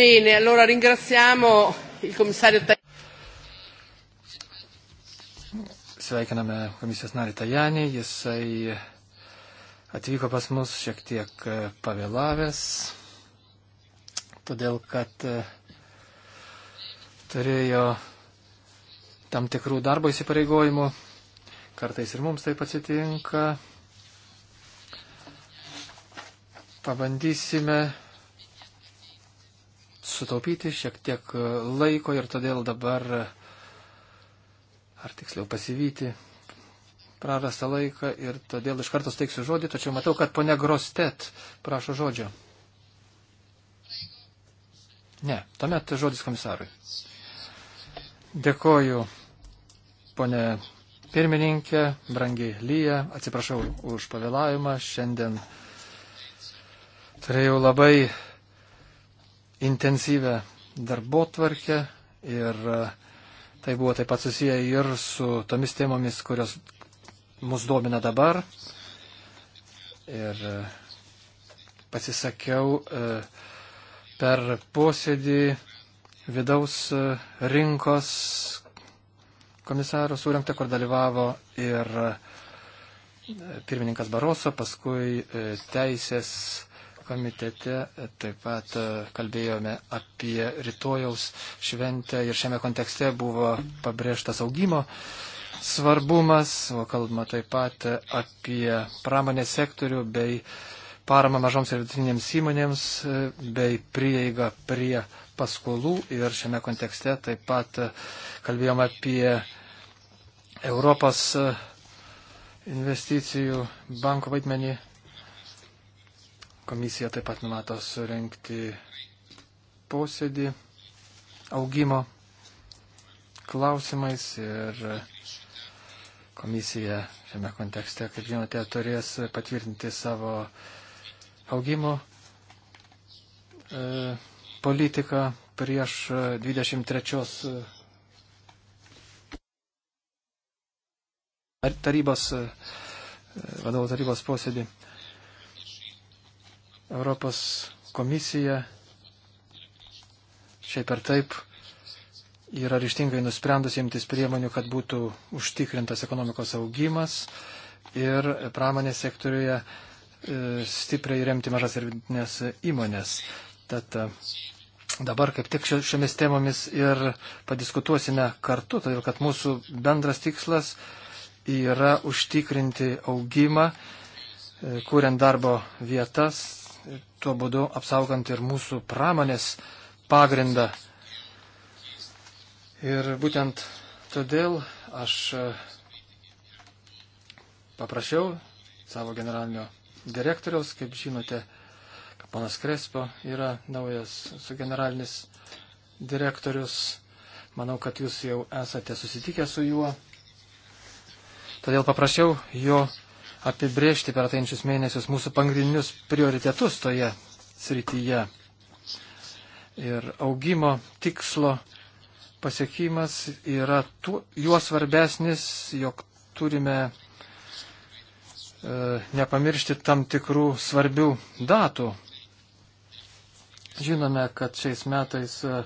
Bene, allora ringraziamo il commissario Tajani. Sveikiname komisijos narį Tajanį, jisai atvyko pas mus šiek tiek e, pavėlavęs, todėl kad e, turėjo tam tikrų darbo įsipareigojimų, kartais ir mums taip atsitinka. Pabandysime sutaupyti šiek tiek e, laiko ir todėl dabar, ar tiksliau pasivyti prarastą laiką ir todėl iš karto steiksiu žodį, tačiau matau, kad ponia Grostet prašo žodžio. Ne, tuomet žodis komisarui. Dėkoju, ponė pirmininkė, brangi Lyja, atsiprašau už pavėlavimą, šiandien turėjau labai intensyvę darbo tvarkę ir e, tai buvo taip pat susiję ir su tomis temomis, kurios mus domina dabar. Ir e, pasisakiau e, per posėdį vidaus rinkos komisaro surinktą, kur dalyvavo ir pirmininkas Baroso, paskui teisės komitete e, taip pat e, kalbėjome apie rytojaus šventę ir šiame kontekste buvo pabrėžtas augimo svarbumas, o kalbama taip pat e, apie pramonės sektorių bei paramą mažoms ir vidutinėms įmonėms bei prieigą prie paskolų ir šiame kontekste taip pat kalbėjom apie Europos investicijų banko vaidmenį Komisija taip pat numato surenkti posėdį augimo klausimais ir komisija šiame kontekste, kaip žinote, turės patvirtinti savo augimo e, politiką prieš 23 tarybos, e, vadovų tarybos posėdį. Europos komisija šiaip ar taip yra ryštingai nusprendus imtis priemonių, kad būtų užtikrintas ekonomikos augimas ir pramonės sektoriuje e, stipriai remti mažas ir vidutinės įmonės. Tad e, dabar kaip tik šiomis temomis ir padiskutuosime kartu, todėl kad mūsų bendras tikslas yra užtikrinti augimą, e, kuriant darbo vietas, tuo būdu apsaugant ir mūsų pramonės pagrindą. Ir būtent todėl aš e, paprašiau savo generalinio direktoriaus, kaip žinote, kad panas Krespo yra naujas su generalinis direktorius. Manau, kad jūs jau esate susitikę su juo. Todėl paprašiau jo apibriežti per ateinčius mėnesius mūsų pagrindinius prioritetus toje srityje. Ir augimo tikslo pasiekimas yra tu, juo svarbesnis, jog turime e, nepamiršti tam tikrų svarbių datų. Žinome, kad šiais metais e,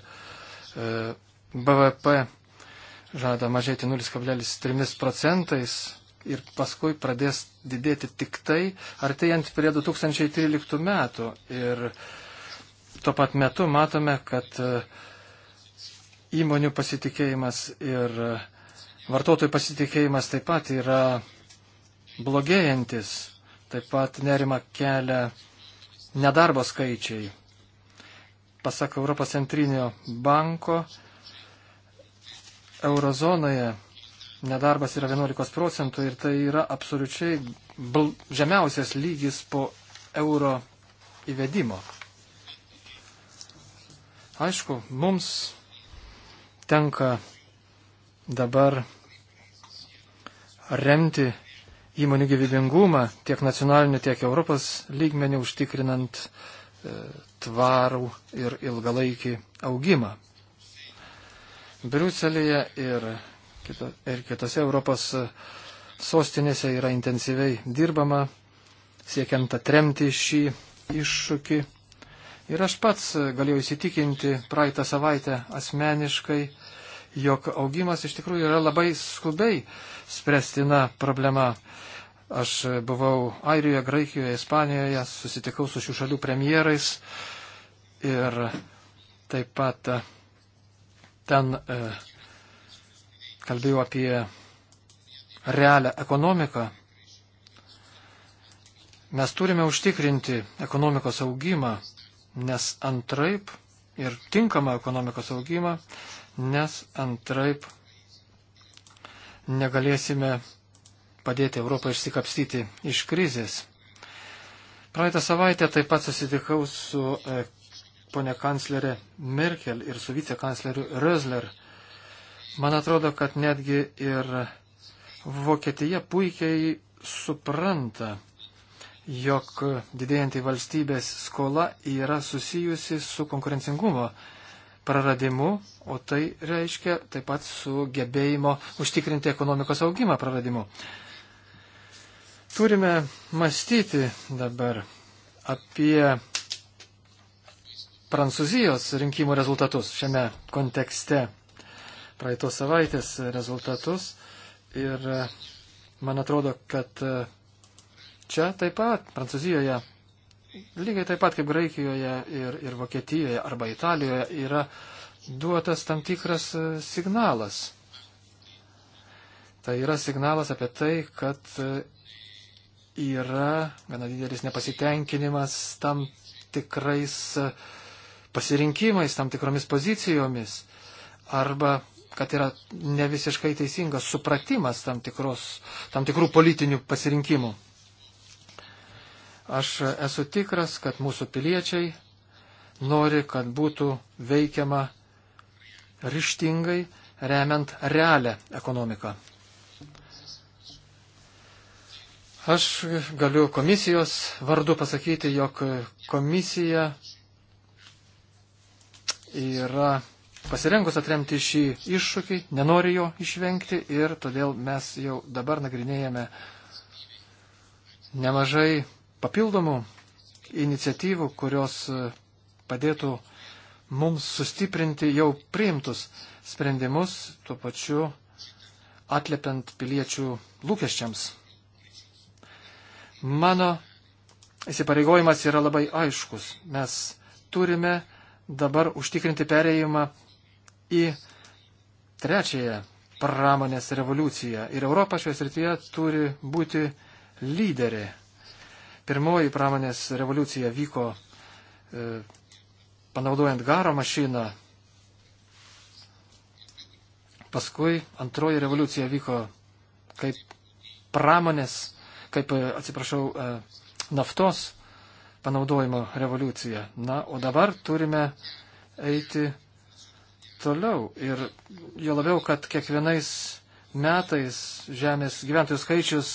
e BVP žada mažėti 0,3 procentais ir paskui pradės didėti tik tai, artėjant prie 2013 metų. Ir tuo pat metu matome, kad e, įmonių pasitikėjimas ir e, vartotojų pasitikėjimas taip pat yra blogėjantis, taip pat nerima kelia nedarbo skaičiai. Pasak Europos centrinio banko, eurozonoje nedarbas yra 11 procentų ir tai yra absoliučiai žemiausias lygis po euro įvedimo. Aišku, mums tenka dabar remti įmonių gyvybingumą tiek nacionaliniu, tiek Europos lygmeniu užtikrinant e, tvarų ir ilgalaikį augimą. Briuselėje ir kito, ir kitose Europos e, sostinėse yra intensyviai dirbama, siekiant atremti šį iššūkį. Ir aš pats e, galėjau įsitikinti praeitą savaitę asmeniškai, jog augimas iš tikrųjų yra labai skubiai spręstina problema. Aš e, buvau Airijoje, Graikijoje, Ispanijoje, susitikau su šių šalių premjerais ir taip pat ten e, kalbėjau apie realią ekonomiką, mes turime užtikrinti ekonomikos augimą, nes antraip ir tinkamą ekonomikos augimą, nes antraip negalėsime padėti Europą išsikapstyti iš krizės. Praeitą savaitę taip pat susitikau su e, ponė kanclerė Merkel ir su vicekancleriu Rösler. Man atrodo, kad netgi ir Vokietija puikiai supranta, jog didėjanti valstybės skola yra susijusi su konkurencingumo praradimu, o tai reiškia taip pat su gebėjimo užtikrinti ekonomikos augimą praradimu. Turime mąstyti dabar apie Prancūzijos rinkimų rezultatus šiame kontekste praeitos savaitės rezultatus. Ir e, man atrodo, kad e, čia taip pat, Prancūzijoje, lygiai taip pat kaip Graikijoje ir, ir Vokietijoje arba Italijoje, yra duotas tam tikras e, signalas. Tai yra signalas apie tai, kad yra gana didelis nepasitenkinimas tam tikrais pasirinkimais, tam tikromis pozicijomis. Arba kad yra ne visiškai teisingas supratimas tam, tikros, tam tikrų politinių pasirinkimų. Aš esu tikras, kad mūsų piliečiai nori, kad būtų veikiama ryštingai, remiant realią ekonomiką. Aš galiu komisijos vardu pasakyti, jog komisija yra pasirengus atremti šį iššūkį, nenori jo išvengti ir todėl mes jau dabar nagrinėjame nemažai papildomų iniciatyvų, kurios e, padėtų mums sustiprinti jau priimtus sprendimus, tuo pačiu atliepiant piliečių lūkesčiams. Mano įsipareigojimas yra labai aiškus. Mes turime dabar užtikrinti perėjimą į trečiąją pramonės revoliuciją. Ir Europa šioje srityje turi būti lyderė. Pirmoji pramonės revoliucija vyko e, panaudojant garo mašiną. Paskui antroji revoliucija vyko kaip pramonės, kaip, e, atsiprašau, e, naftos panaudojimo revoliucija. Na, o dabar turime eiti toliau. Ir jo labiau, kad kiekvienais metais žemės gyventojų skaičius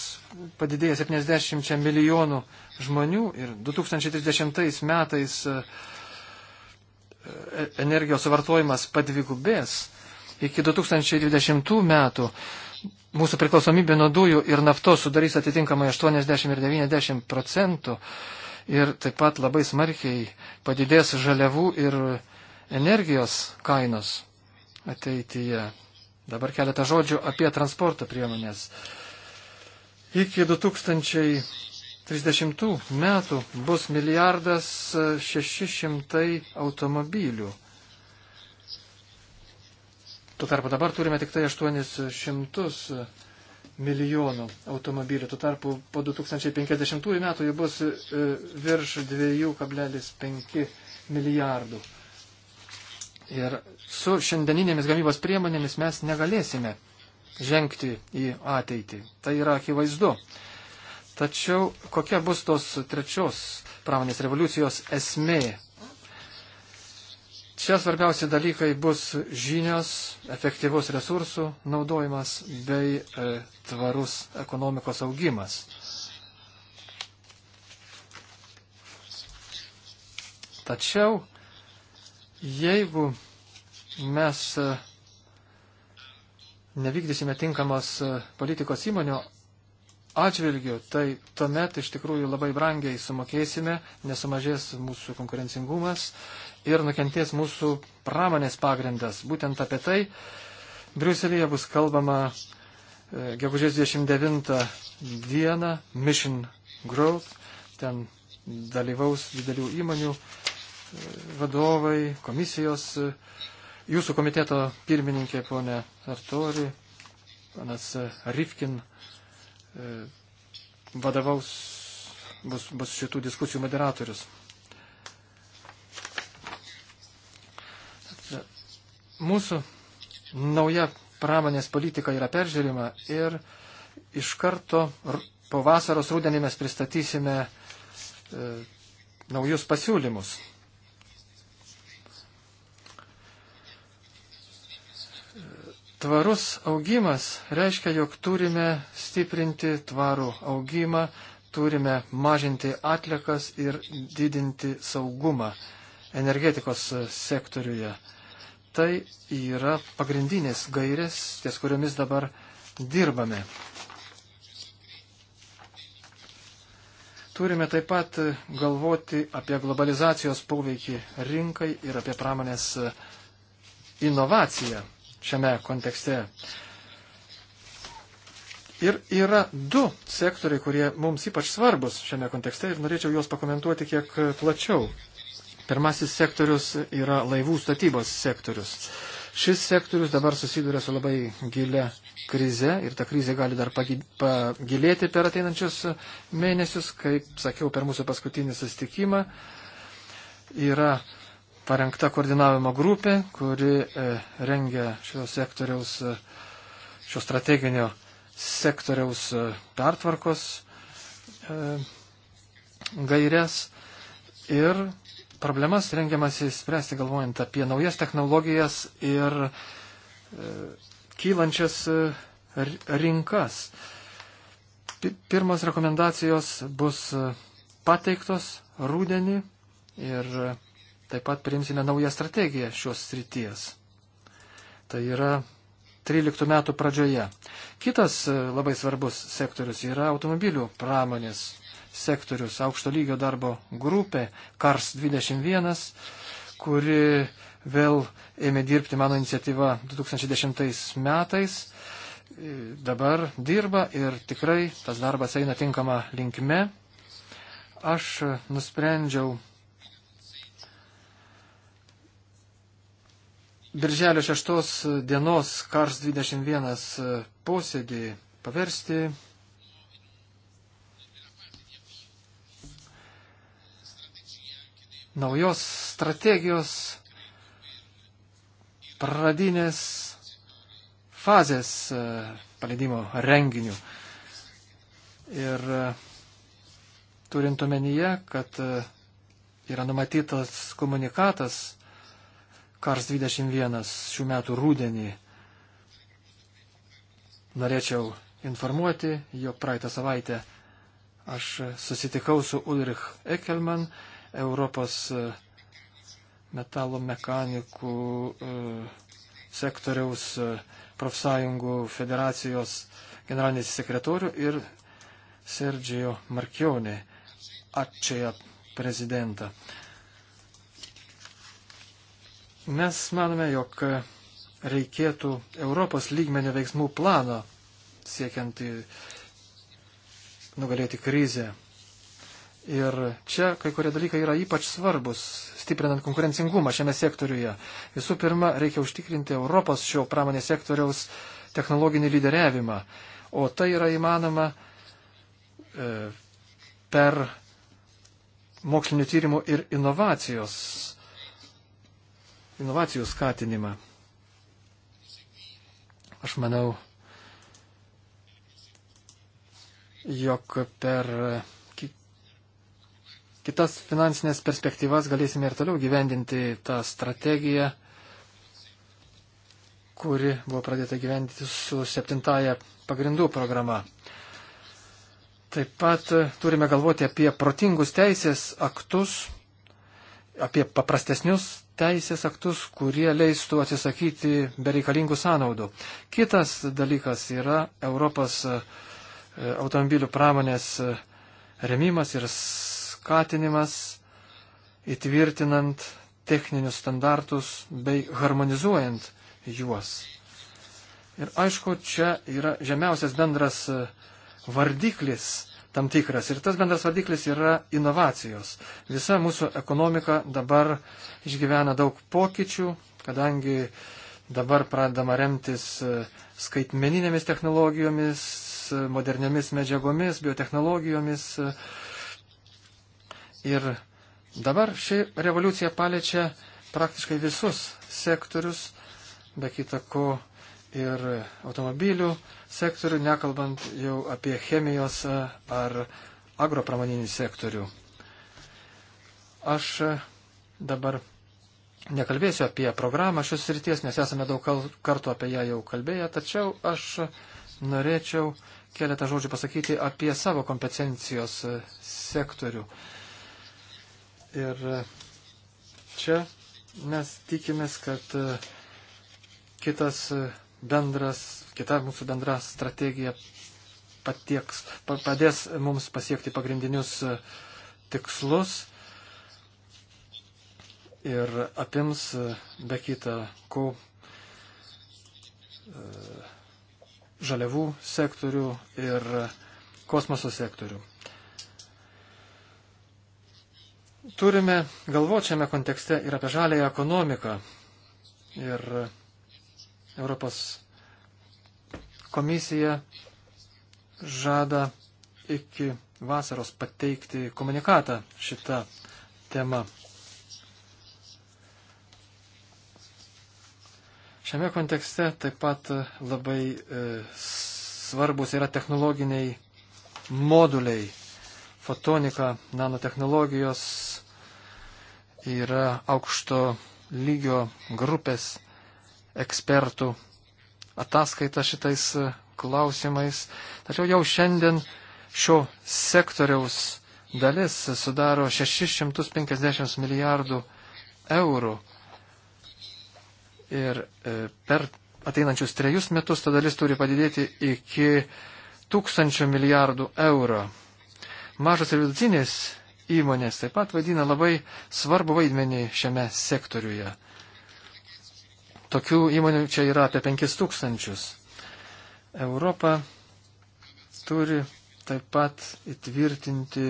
padidėja 70 milijonų žmonių ir 2030 metais e, e, energijos suvartojimas padvigubės. Iki 2020 metų mūsų priklausomybė nuo dujų ir naftos sudarys atitinkamai 80 ir 90 procentų ir taip pat labai smarkiai padidės žaliavų ir energijos kainos ateityje. Dabar keletą žodžių apie transporto priemonės. Iki 2030 metų bus milijardas 600 automobilių. Tuo tarpu dabar turime tik tai 800 milijonų automobilių. Tuo tarpu po 2050 metų jų bus e, virš 2,5 milijardų. Ir su šiandieninėmis gamybos priemonėmis mes negalėsime žengti į ateitį. Tai yra akivaizdu. Tačiau kokia bus tos trečios pramonės revoliucijos esmė? Čia svarbiausi dalykai bus žinios, efektyvus resursų naudojimas bei e, tvarus ekonomikos augimas. Tačiau Jeigu mes e, nevykdysime tinkamos e, politikos įmonių atžvilgių, tai tuomet iš tikrųjų labai brangiai sumokėsime, nesumažės mūsų konkurencingumas ir nukentės mūsų pramonės pagrindas. Būtent apie tai Briuselėje bus kalbama e, gegužės 29 dieną Mission Growth. Ten dalyvaus didelių įmonių vadovai, komisijos, jūsų komiteto pirmininkė ponė Artori, panas Rifkin e, vadovaus, bus, bus šitų diskusijų moderatorius. Mūsų nauja pramonės politika yra peržiūrima ir iš karto po vasaros rūdienį mes pristatysime e, naujus pasiūlymus. Tvarus augimas reiškia, jog turime stiprinti tvarų augimą, turime mažinti atlikas ir didinti saugumą energetikos sektoriuje. Tai yra pagrindinės gairės, ties kuriomis dabar dirbame. Turime taip pat galvoti apie globalizacijos poveikį rinkai ir apie pramonės inovaciją šiame kontekste. Ir yra du sektoriai, kurie mums ypač svarbus šiame kontekste ir norėčiau juos pakomentuoti kiek plačiau. Pirmasis sektorius yra laivų statybos sektorius. Šis sektorius dabar susiduria su labai gilia krize ir ta krize gali dar pagilėti per ateinančius mėnesius, kaip sakiau per mūsų paskutinį sustikimą. Yra parengta koordinavimo grupė, kuri e, rengia šio sektoriaus, e, šio strateginio sektoriaus e, pertvarkos gairias ir problemas rengiamasi spręsti galvojant apie naujas technologijas ir kylančias rinkas. Pirmas rekomendacijos bus pateiktos rūdienį ir Taip pat priimsime naują strategiją šios srities. Tai yra 13 metų pradžioje. Kitas e, labai svarbus sektorius yra automobilių pramonės sektorius, aukšto lygio darbo grupė Kars 21, kuri vėl ėmė dirbti mano iniciatyva 2010 metais. E, dabar dirba ir tikrai tas darbas eina tinkama linkme. Aš nusprendžiau Birželio 6 dienos Kars 21 e, posėdį paversti naujos strategijos pradinės fazės e, paleidimo renginių. Ir e, turint omenyje, kad yra numatytas komunikatas Kars 21 šių metų rūdienį. Norėčiau informuoti, jog praeitą savaitę aš susitikau su Ulrich Ekelman, Europos e, metalo mechanikų e, sektoriaus e, profsąjungų federacijos generalinis sekretorių ir Sergio Markionė, atčioje prezidentą. Mes manome, jog reikėtų Europos lygmenio veiksmų plano siekiant nugalėti krizę. Ir čia kai kurie dalykai yra ypač svarbus, stiprinant konkurencingumą šiame sektoriuje. Visų pirma, reikia užtikrinti Europos šio pramonės sektoriaus technologinį lyderiavimą. O tai yra įmanoma e, per mokslinių tyrimų ir inovacijos inovacijų skatinimą. Aš manau, jog per e, kitas finansinės perspektyvas galėsime ir toliau gyvendinti tą strategiją, kuri buvo pradėta gyvendinti su septintaja pagrindų programa. Taip pat e, turime galvoti apie protingus teisės aktus, apie paprastesnius teisės aktus, kurie leistų atsisakyti bereikalingų sąnaudų. Kitas dalykas yra Europos e, automobilių pramonės e, remimas ir skatinimas įtvirtinant techninius standartus bei harmonizuojant juos. Ir aišku, čia yra žemiausias bendras e, vardiklis tam tikras. Ir tas bendras vardiklis yra inovacijos. Visa mūsų ekonomika dabar išgyvena daug pokyčių, kadangi dabar pradama remtis e, skaitmeninėmis technologijomis, e, moderniomis medžiagomis, biotehnologijomis. E. Ir dabar ši revoliucija paliečia praktiškai visus sektorius, be kita ko ir automobilių sektorių, nekalbant jau apie chemijos e, ar agropramoninį sektorių. Aš e, dabar nekalbėsiu apie programą šios ryties, nes esame daug kartų apie ją jau kalbėję, tačiau aš norėčiau keletą žodžių pasakyti apie savo kompetencijos e, sektorių. Ir čia mes tikimės, kad kitas bendras, kita mūsų bendra strategija patieks, padės mums pasiekti pagrindinius e, tikslus ir apims e, be kita ko e, žaliavų sektorių ir kosmoso sektorių. Turime galvočiame kontekste ir apie žalėją ekonomiką. Ir Europos komisija žada iki vasaros pateikti komunikatą šitą temą. Šiame kontekste taip pat labai e, svarbus yra technologiniai moduliai. Fotonika, nanotehnologijos yra aukšto lygio grupės ekspertų ataskaitą šitais e, klausimais. Tačiau jau šiandien šio sektoriaus dalis sudaro 650 milijardų eurų. Ir e, per ateinančius trejus metus ta dalis turi padidėti iki tūkstančių milijardų eurų. Mažos ir vidutinės įmonės taip pat vadina labai svarbu vaidmenį šiame sektoriuje. Tokių įmonių čia yra apie 5000. Europa turi taip pat įtvirtinti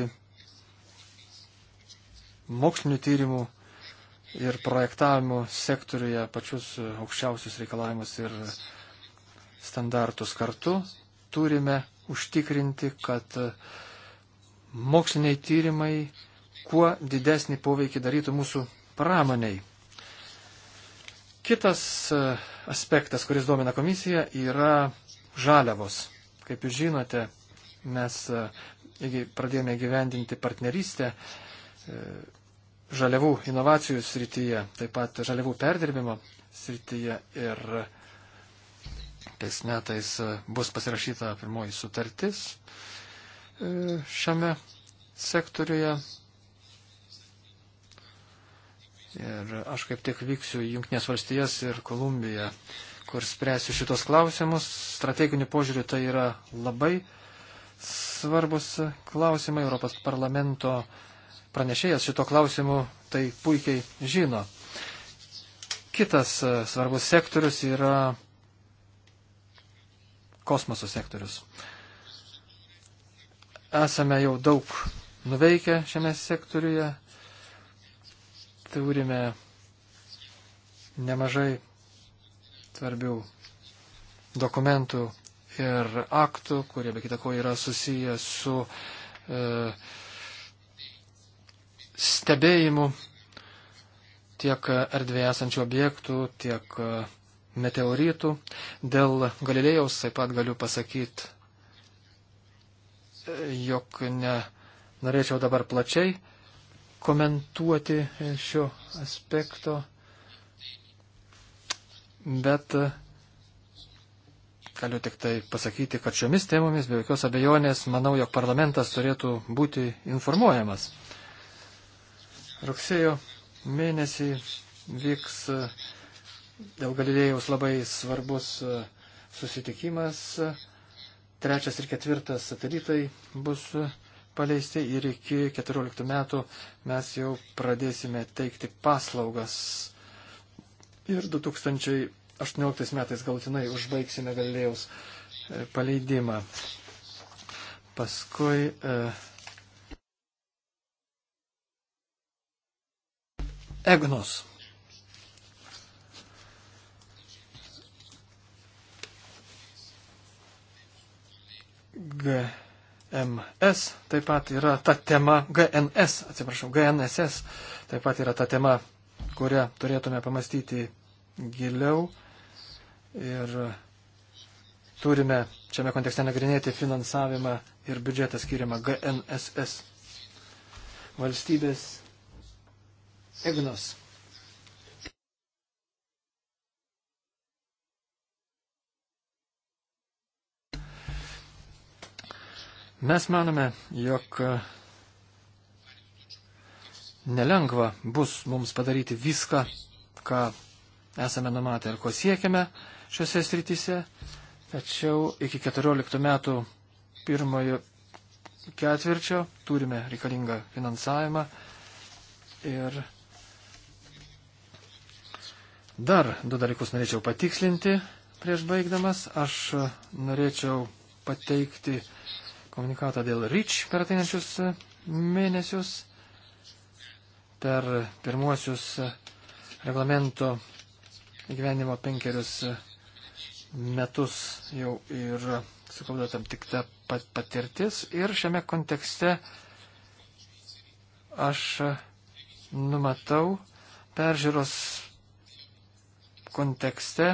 mokslinių tyrimų ir projektavimo sektoriuje pačius aukščiausius reikalavimus ir standartus kartu. Turime užtikrinti, kad moksliniai tyrimai kuo didesnį poveikį darytų mūsų pramoniai. Kitas e, aspektas, kuris domina komisiją, yra žaliavos. Kaip jūs žinote, mes e, pradėjome gyvendinti partnerystę e, žaliavų inovacijų srityje, taip pat žaliavų perdirbimo srityje ir tais metais bus pasirašyta pirmoji sutartis šiame sektoriuje Ir aš kaip tik vyksiu į Junktinės valstijas ir Kolumbiją, kur spręsiu šitos klausimus. Strateginiu požiūriu tai yra labai svarbus klausimai. Europos parlamento pranešėjas šito klausimu tai puikiai žino. Kitas svarbus sektorius yra kosmoso sektorius. Esame jau daug nuveikę šiame sektoriuje turime nemažai svarbių dokumentų ir aktų, kurie be kitako yra susiję su e, stebėjimu tiek erdvėje esančių objektų, tiek e, meteoritų. Dėl Galilėjaus taip pat galiu pasakyti, e, jog ne, norėčiau dabar plačiai komentuoti e, šio aspekto, bet e, galiu tik tai pasakyti, kad šiomis temomis be jokios abejonės manau, jog parlamentas turėtų būti informuojamas. Rugsėjo mėnesį vyks e, dėl galilėjaus labai svarbus susitikimas. Trečias ir ketvirtas satelitai bus paleisti ir iki 14 metų mes jau pradėsime teikti paslaugas. Ir 2018 metais galutinai užbaigsime galėjus e, paleidimą. Paskui. E, Egnos. G. MS taip pat yra ta tema, GNS, atsiprašau, GNSS taip pat yra ta tema, kurią turėtume pamastyti giliau ir turime šiame kontekste nagrinėti finansavimą ir biudžetą skiriamą GNSS. Valstybės EGNOS Mes manome, jog nelengva bus mums padaryti viską, ką esame numatę ir ko siekiame šiuose srityse, tačiau iki 14 metų pirmojo ketvirčio turime reikalingą finansavimą ir dar du dalykus norėčiau patikslinti prieš baigdamas. Aš norėčiau pateikti komunikatą dėl REACH per ateinančius e, mėnesius, per pirmuosius e, reglamento gyvenimo penkerius e, metus jau ir sukaupta tam tik ta patirtis ir šiame kontekste aš numatau peržiūros kontekste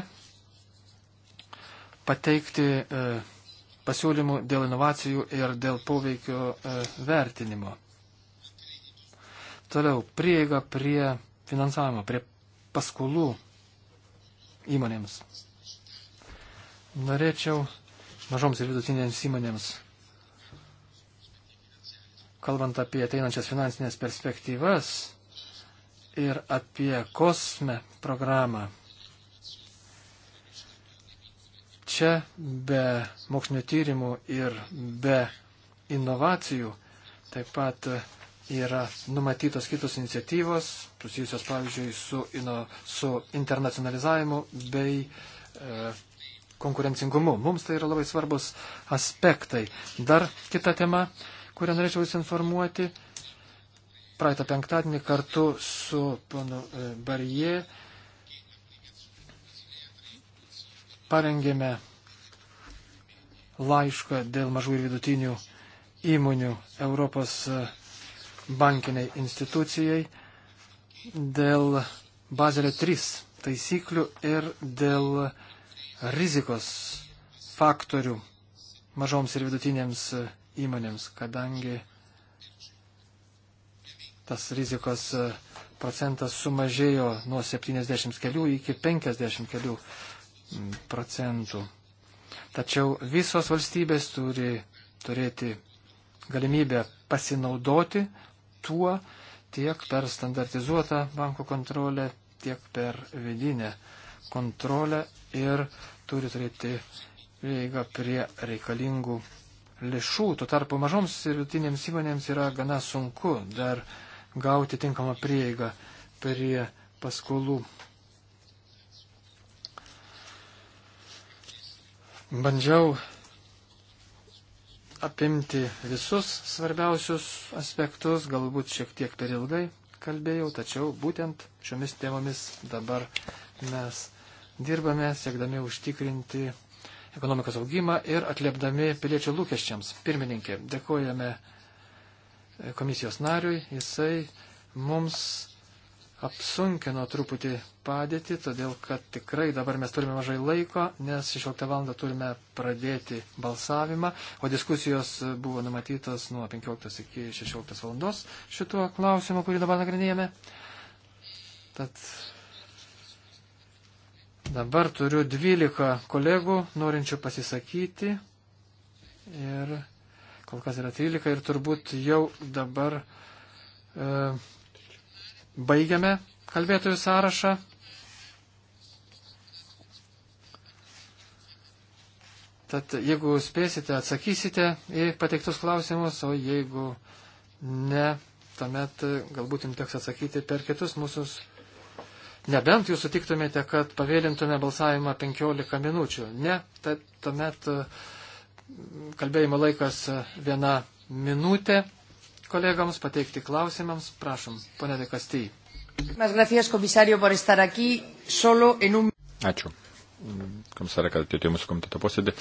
pateikti e, pasiūlymų dėl inovacijų ir dėl poveikio e, vertinimo. Toliau, prieiga prie finansavimo, prie paskolų įmonėms. Norėčiau mažoms ir vidutinėms įmonėms, kalbant apie ateinančias finansinės perspektyvas ir apie kosme programą, Čia be mokslinio tyrimų ir be inovacijų taip pat yra numatytos kitos iniciatyvos, susijusios pavyzdžiui su, ino, su internacionalizavimu bei e, konkurencingumu. Mums tai yra labai svarbus aspektai. Dar kita tema, kurią norėčiau jūs informuoti. Praeitą penktadienį kartu su panu e, Barje parengėme laišką dėl mažų ir vidutinių įmonių Europos e, bankiniai institucijai, dėl Bazelio 3 taisyklių ir dėl rizikos faktorių mažoms ir vidutinėms e, įmonėms, kadangi tas rizikos e, procentas sumažėjo nuo 70 kelių iki 50 kelių procentų. Tačiau visos valstybės turi turėti galimybę pasinaudoti tuo tiek per standartizuotą banko kontrolę, tiek per vidinę kontrolę ir turi turėti prieigą prie reikalingų lėšų. Tuo tarpu mažoms ir vidutinėms įmonėms yra gana sunku dar gauti tinkamą prieigą prie paskolų Bandžiau apimti visus svarbiausius aspektus, galbūt šiek tiek per ilgai kalbėjau, tačiau būtent šiomis temomis dabar mes dirbame, siekdami užtikrinti ekonomikos augimą ir atliepdami piliečių lūkesčiams. Pirmininkė, dėkojame komisijos nariui, jisai mums apsunkino truputį padėtį, todėl kad tikrai dabar mes turime mažai laiko, nes 16 val. turime pradėti balsavimą, o diskusijos buvo numatytos nuo 15 iki 16 val. šituo klausimu, kurį dabar nagrinėjame. Tad dabar turiu 12 kolegų norinčių pasisakyti ir kol kas yra 13 ir turbūt jau dabar. E, Baigiame kalbėtojų sąrašą. Tad jeigu spėsite, atsakysite į pateiktus klausimus, o jeigu ne, tuomet galbūt jums teks atsakyti per kitus mūsų. Nebent jūs sutiktumėte, kad pavėlintume balsavimą 15 minučių. Ne, tad tuomet e, kalbėjimo laikas e, viena minutė kolegoms pateikti klausimams. Prašom, ponė De Kastijai. Ačiū. Komisarė, kad atėjote į mūsų komiteto posėdį.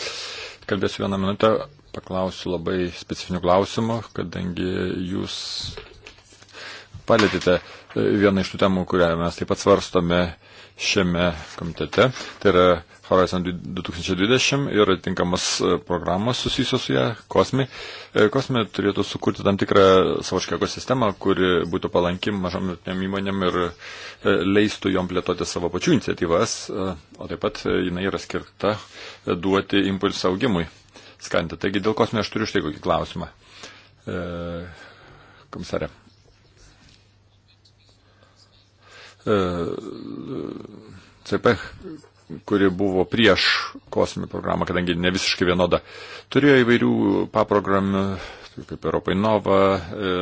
Kalbėsiu vieną minutę, paklausiu labai specifinių klausimų, kadangi jūs palėtėte vieną iš tų temų, kurią mes taip pat svarstome šiame komitete. Tai yra Horizon 2020 ir tinkamas e, programas susijusios su ją, Kosmi. E, Kosmi turėtų sukurti tam tikrą savošką ekosistemą, kuri būtų palanki mažom įmonėm ir e, leistų jom plėtoti savo pačių iniciatyvas, o taip pat jinai yra skirta duoti impulsą augimui skanti. Taigi dėl Kosmi aš turiu štai kokį klausimą. Komisarė. CP kuri buvo prieš kosminį programą, kadangi ne visiškai vienoda. Turėjo įvairių paprogramų, kaip Europai Nova, e,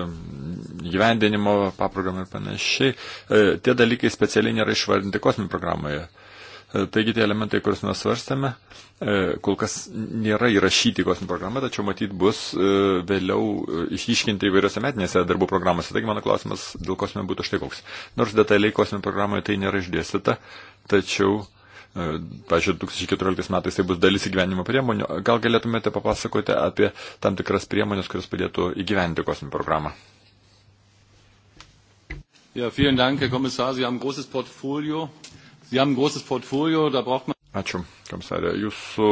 gyvendinimo paprogramų ir panašiai. E, tie dalykai specialiai nėra išvardinti kosminį programoje. E, taigi tie elementai, kuriuos mes svarstame, kol kas nėra įrašyti kosminį programą, tačiau matyt bus vėliau išiškinti įvairiose metinėse darbų programose. Taigi mano klausimas dėl kosminio būtų štai koks. Nors detaliai kosminio programoje tai nėra išdėstyta, tačiau uh, E, pavyzdžiui, 2014 metais tai bus dalis įgyvenimo priemonių. Gal galėtumėte papasakoti apie tam tikras priemonės, kuris padėtų įgyventi kosminį programą? Ja, vielen Dank, Herr Kommissar. Sie haben ein großes Portfolio. Sie haben ein großes Portfolio, da braucht man. Ačiū, komisarė. Jūsų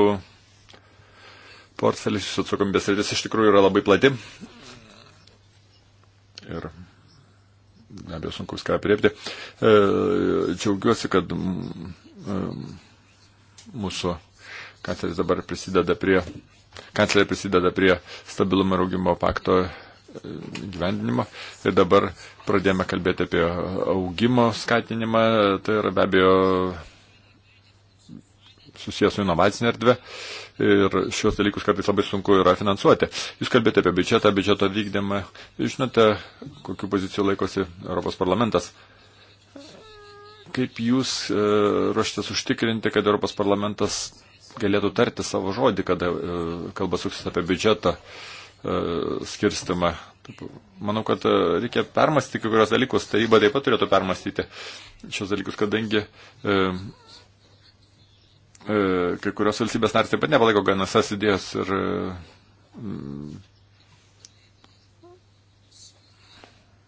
portfelis, jūsų atsakomybės rytis iš tikrųjų yra labai plati. Ir be abejo sunku viską apriepti. E, džiaugiuosi, kad Ehm, mūsų kancleris dabar prisideda prie, kanclerė prisideda prie stabilumo ir augimo pakto ehm, gyvendinimo. Ir dabar pradėjome kalbėti apie augimo skatinimą, tai yra be abejo susijęs su inovacinė erdvė ir šios dalykus kartais labai sunku yra finansuoti. Jūs kalbėte apie biudžetą, biudžeto vykdymą, žinote, kokiu poziciju laikosi Europos parlamentas. Kaip jūs e, ruoštės užtikrinti, kad Europos parlamentas galėtų tarti savo žodį, kada e, kalba suksis apie biudžetą e, skirstimą? Manau, kad e, reikia permastyti kai kurios dalykus, taryba taip pat turėtų permastyti šios dalykus, kadangi e, e, kai kurios valstybės narės taip pat nepalaiko GNSS idėjos ir e,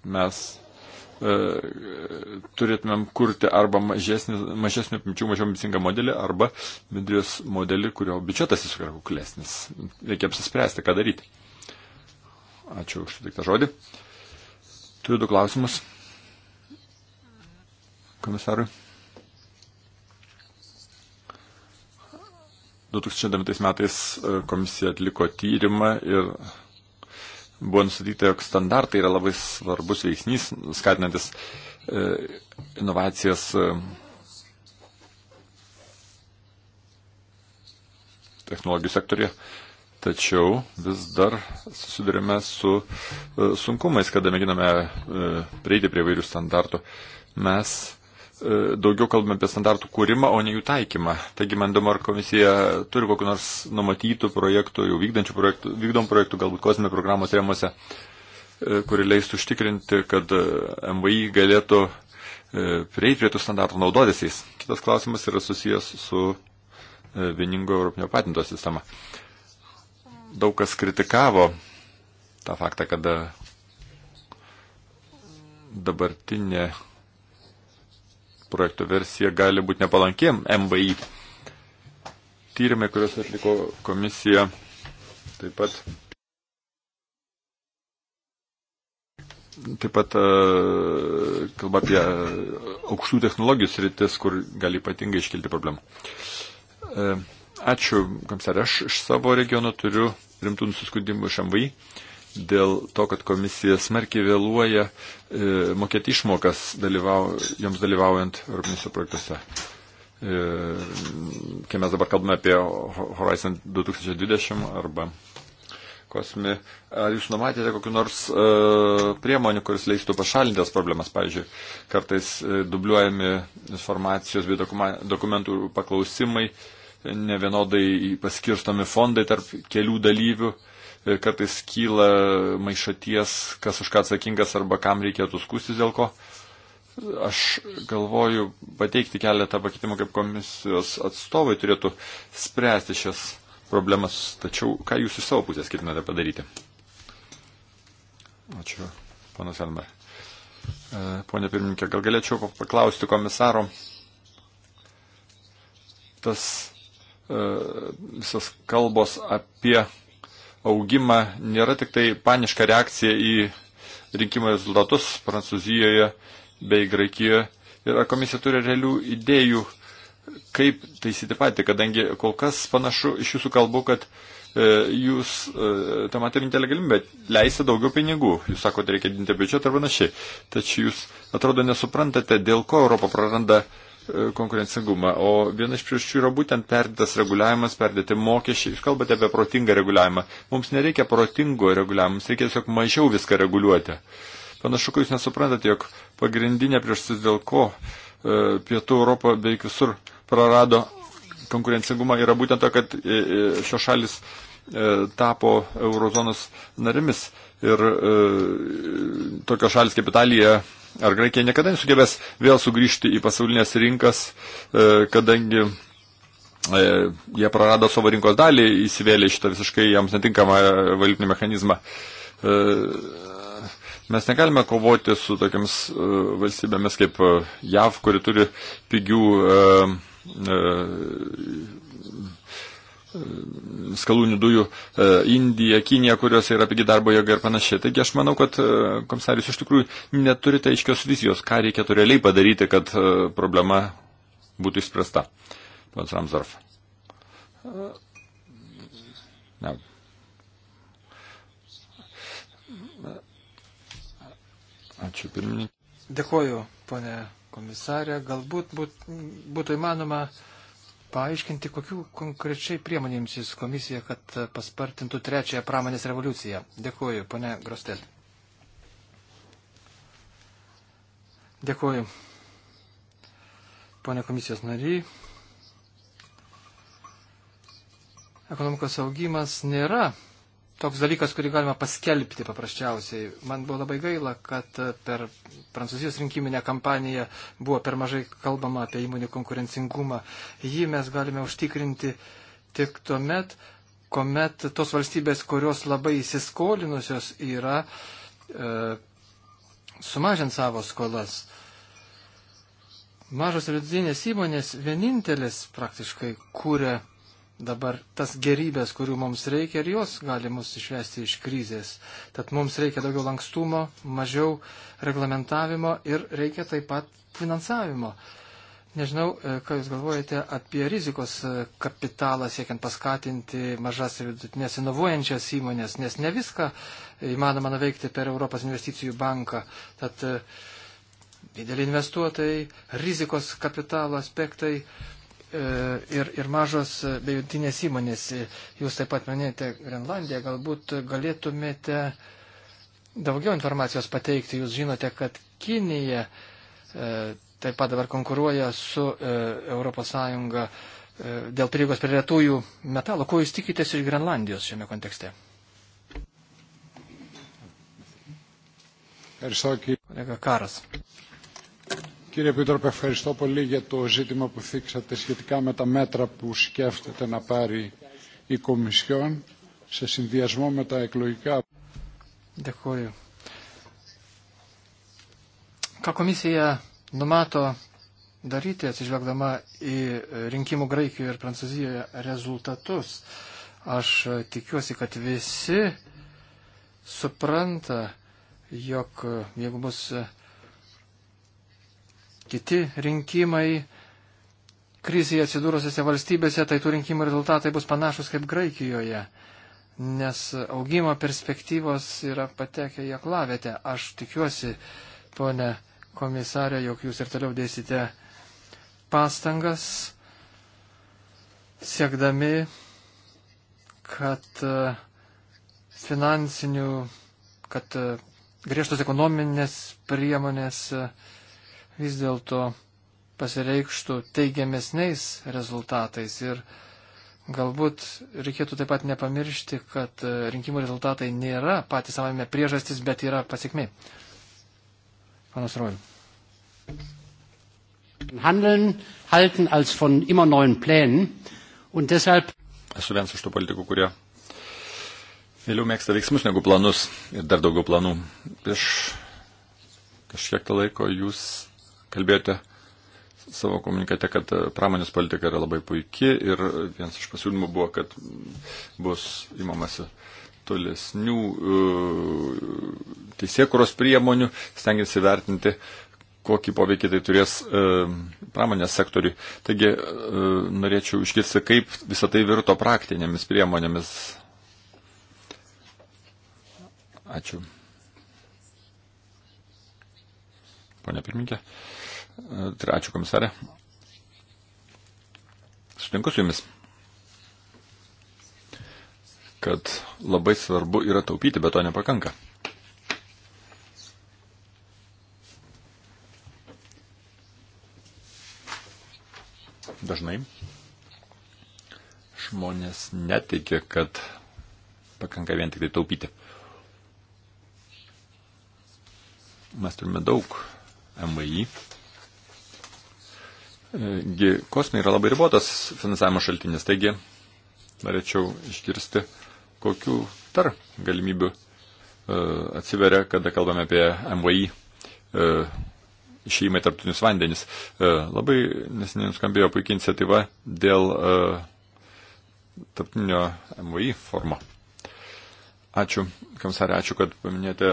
mes E, turėtumėm kurti arba mažesnį, mažesnį apimčių, mažiau ambicingą modelį, arba bendrijos modelį, kurio biudžetas jis yra kuklesnis. Reikia apsispręsti, ką daryti. Ačiū už sutiktą žodį. Turiu du klausimus komisarui. 2009 metais e, komisija atliko tyrimą ir buvo nustatyta, jog standartai yra labai svarbus veiksnys, skatinantis e, inovacijas. E, technologijų sektorė, tačiau vis dar susidurime su e, sunkumais, kada mėginame e, prieiti prie vairių standartų. Mes E, daugiau kalbame apie standartų kūrimą, o ne jų taikymą. Taigi, man įdomu, ar komisija turi kokiu nors numatytų projektų, jau vykdančių projektų, vykdom projektų, galbūt kosminio programos rėmose, e, kuri leistų užtikrinti, kad e, MVI galėtų prieiti prie tų standartų naudotis jais. Kitas klausimas yra susijęs su vieningo Europinio patento sistema. Daug kas kritikavo tą faktą, kad dabartinė projekto versija gali būti nepalankiem MVI. Tyrimai, kuriuos atliko komisija, taip pat, taip pat e, kalba apie e, aukštų technologijų sritis, kur gali ypatingai iškilti problemų. E, ačiū, komisarė. Aš iš savo regiono turiu rimtų nusiskundimų iš MVI dėl to, kad komisija smarkiai vėluoja e, mokėti išmokas dalyvau, joms dalyvaujant europinėse projektuose. E, kai mes dabar kalbame apie Horizon 2020 arba kosmi, ar jūs numatėte kokiu nors e, priemonių, kuris leistų pašalinti tas problemas? Pavyzdžiui, kartais e, dubliuojami informacijos bei dokumentų paklausimai, nevienodai paskirstomi fondai tarp kelių dalyvių. E, kartais kyla maišaties, kas už ką atsakingas arba kam reikėtų skūstis dėl ko. Aš galvoju pateikti keletą pakeitimų, kaip komisijos atstovai turėtų spręsti šias problemas. Tačiau ką jūs iš savo pusės ketinate padaryti? Ačiū, panas Elmer. E, Pone pirmininkė, gal galėčiau paklausti komisaro. Tas e, visas kalbos apie augimą nėra tik tai paniška reakcija į rinkimų rezultatus Prancūzijoje bei Graikijoje. Ir komisija turi realių idėjų, kaip taisyti patį, kadangi kol kas panašu iš jūsų kalbų, kad e, jūs e, tam atrinktelė galimybę leisti daugiau pinigų. Jūs sakote, reikia didinti biudžetą ar panašiai. Tačiau jūs atrodo nesuprantate, dėl ko Europą praranda e, E, konkurencingumą. O viena iš priežasčių yra būtent perdėtas reguliavimas, perdėti mokesčiai. Jūs kalbate apie protingą reguliavimą. Mums nereikia protingo reguliavimo, mums reikia tiesiog mažiau viską reguliuoti. Panašu, kad jūs nesuprantate, jog pagrindinė priežastis, dėl ko e, Pietų Europą beveik visur prarado konkurencingumą, yra būtent to, kad e, e, šios šalis e, tapo eurozonos narimis ir e, tokios šalis kaip Italija ar Graikija niekada nesugebės vėl sugrįžti į pasaulinės rinkas, e, kadangi e, jie prarado savo rinkos dalį, įsivėlė šitą visiškai jiems netinkamą valiutinį mechanizmą. E, mes negalime kovoti su tokiams e, valstybėmis kaip e, JAV, kuri turi pigių e, e, skalūnių dujų e, Indija, Kinija, kurios yra pigi darbo jėga ir panašiai. Taigi aš manau, kad e, komisarius iš tikrųjų neturite aiškios vizijos, ką reikėtų realiai padaryti, kad e, problema būtų išspręsta. Pats Ramsdorf. Ne. Ačiū pirmininkai. Dėkuoju, ponė komisarė. Galbūt būt, būtų įmanoma uh, paaiškinti, kokiu konkrečiai priemonėms jis komisija, kad paspartintų trečiąją pramonės revoliuciją. Dėkuoju, ponė Grostel. Dėkuoju, ponė komisijos nariai. Ekonomikos augimas nėra toks dalykas, kurį galima paskelbti paprasčiausiai. Man buvo labai gaila, kad per Prancūzijos rinkiminę kampaniją buvo per mažai kalbama apie įmonių konkurencingumą. Jį mes galime užtikrinti tik tuo met, kuomet tos valstybės, kurios labai įsiskolinusios yra, e, sumažint savo skolas. Mažos ir vidutinės įmonės vienintelis praktiškai kūrė dabar tas gerybės, kurių mums reikia ir jos gali mus išvesti iš krizės. Tad mums reikia daugiau lankstumo, mažiau reglamentavimo ir reikia taip pat finansavimo. Nežinau, e, ką Jūs galvojate apie rizikos e, kapitalą siekiant paskatinti mažas ir vidutinės inovuojančias įmonės, nes ne viską įmanoma nuveikti per Europos investicijų banką. Tad e, dideli investuotojai, rizikos kapitalo aspektai E, ir, ir mažos e, bei jungtinės įmonės. E, jūs taip pat minėjote Grenlandiją, galbūt galėtumėte daugiau informacijos pateikti. Jūs žinote, kad Kinija taip pat dabar konkuruoja su ES dėl prieigos prie retųjų metalų. Ko jūs tikitės iš Grenlandijos šiame kontekste? Kolega Karas. Κύριε Επίτροπε, ευχαριστώ πολύ για το ζήτημα που θίξατε σχετικά με τα μέτρα που σκέφτεται να πάρει η Κομισιόν σε συνδυασμό με τα εκλογικά. Dėkuoju. Ką komisija numato daryti, atsižvelgdama į rinkimų Graikijoje ir Prancūzijoje rezultatus? Aš tikiuosi, kad visi supranta, jog jeigu bus kiti rinkimai krizėje atsidūrusiose valstybėse, tai tų rinkimų rezultatai bus panašus kaip Graikijoje, nes augimo perspektyvos yra patekę į aklavietę. Aš tikiuosi, ponė komisarė, jog jūs ir toliau dėsite pastangas, siekdami, kad e, finansinių, kad e, griežtos ekonominės priemonės uh, vis dėlto pasireikštų teigiamesniais rezultatais. Ir galbūt reikėtų taip pat nepamiršti, kad e, rinkimų rezultatai nėra patys savame priežastis, bet yra pasiekmi. Panas Rojų. Handeln halten als von immer neuen Plänen und deshalb. Esu vienas iš tų politikų, kurie vėliau mėgsta veiksmus negu planus ir dar daugiau planų. Prieš kažkiek to tai laiko jūs kalbėjote savo komunikate, kad e, pramonės politika yra labai puikia ir vienas iš pasiūlymų buvo, kad bus įmamasi tolesnių e, teisėkuros priemonių, stengiasi vertinti, kokį poveikį tai turės e, pramonės sektoriui. Taigi norėčiau iškirsti, kaip visą tai virto praktinėmis priemonėmis. Ačiū. Pone pirminkė. Uh, Tai ačiū komisarė. Sutinku su jumis, kad labai svarbu yra taupyti, bet to nepakanka. Dažnai žmonės neteikia, kad pakanka vien tik tai taupyti. Mes turime daug MVI, kosmė yra labai ribotas finansavimo šaltinis, taigi norėčiau išgirsti, kokiu tar galimybių e, atsiveria, kada kalbame apie MVI e, išėjimą į tarptautinius vandenis. E, labai nesiniai nuskambėjo puikiai iniciatyva dėl e, tarptautinio MVI formo. Ačiū, komisarė, ačiū, kad paminėjote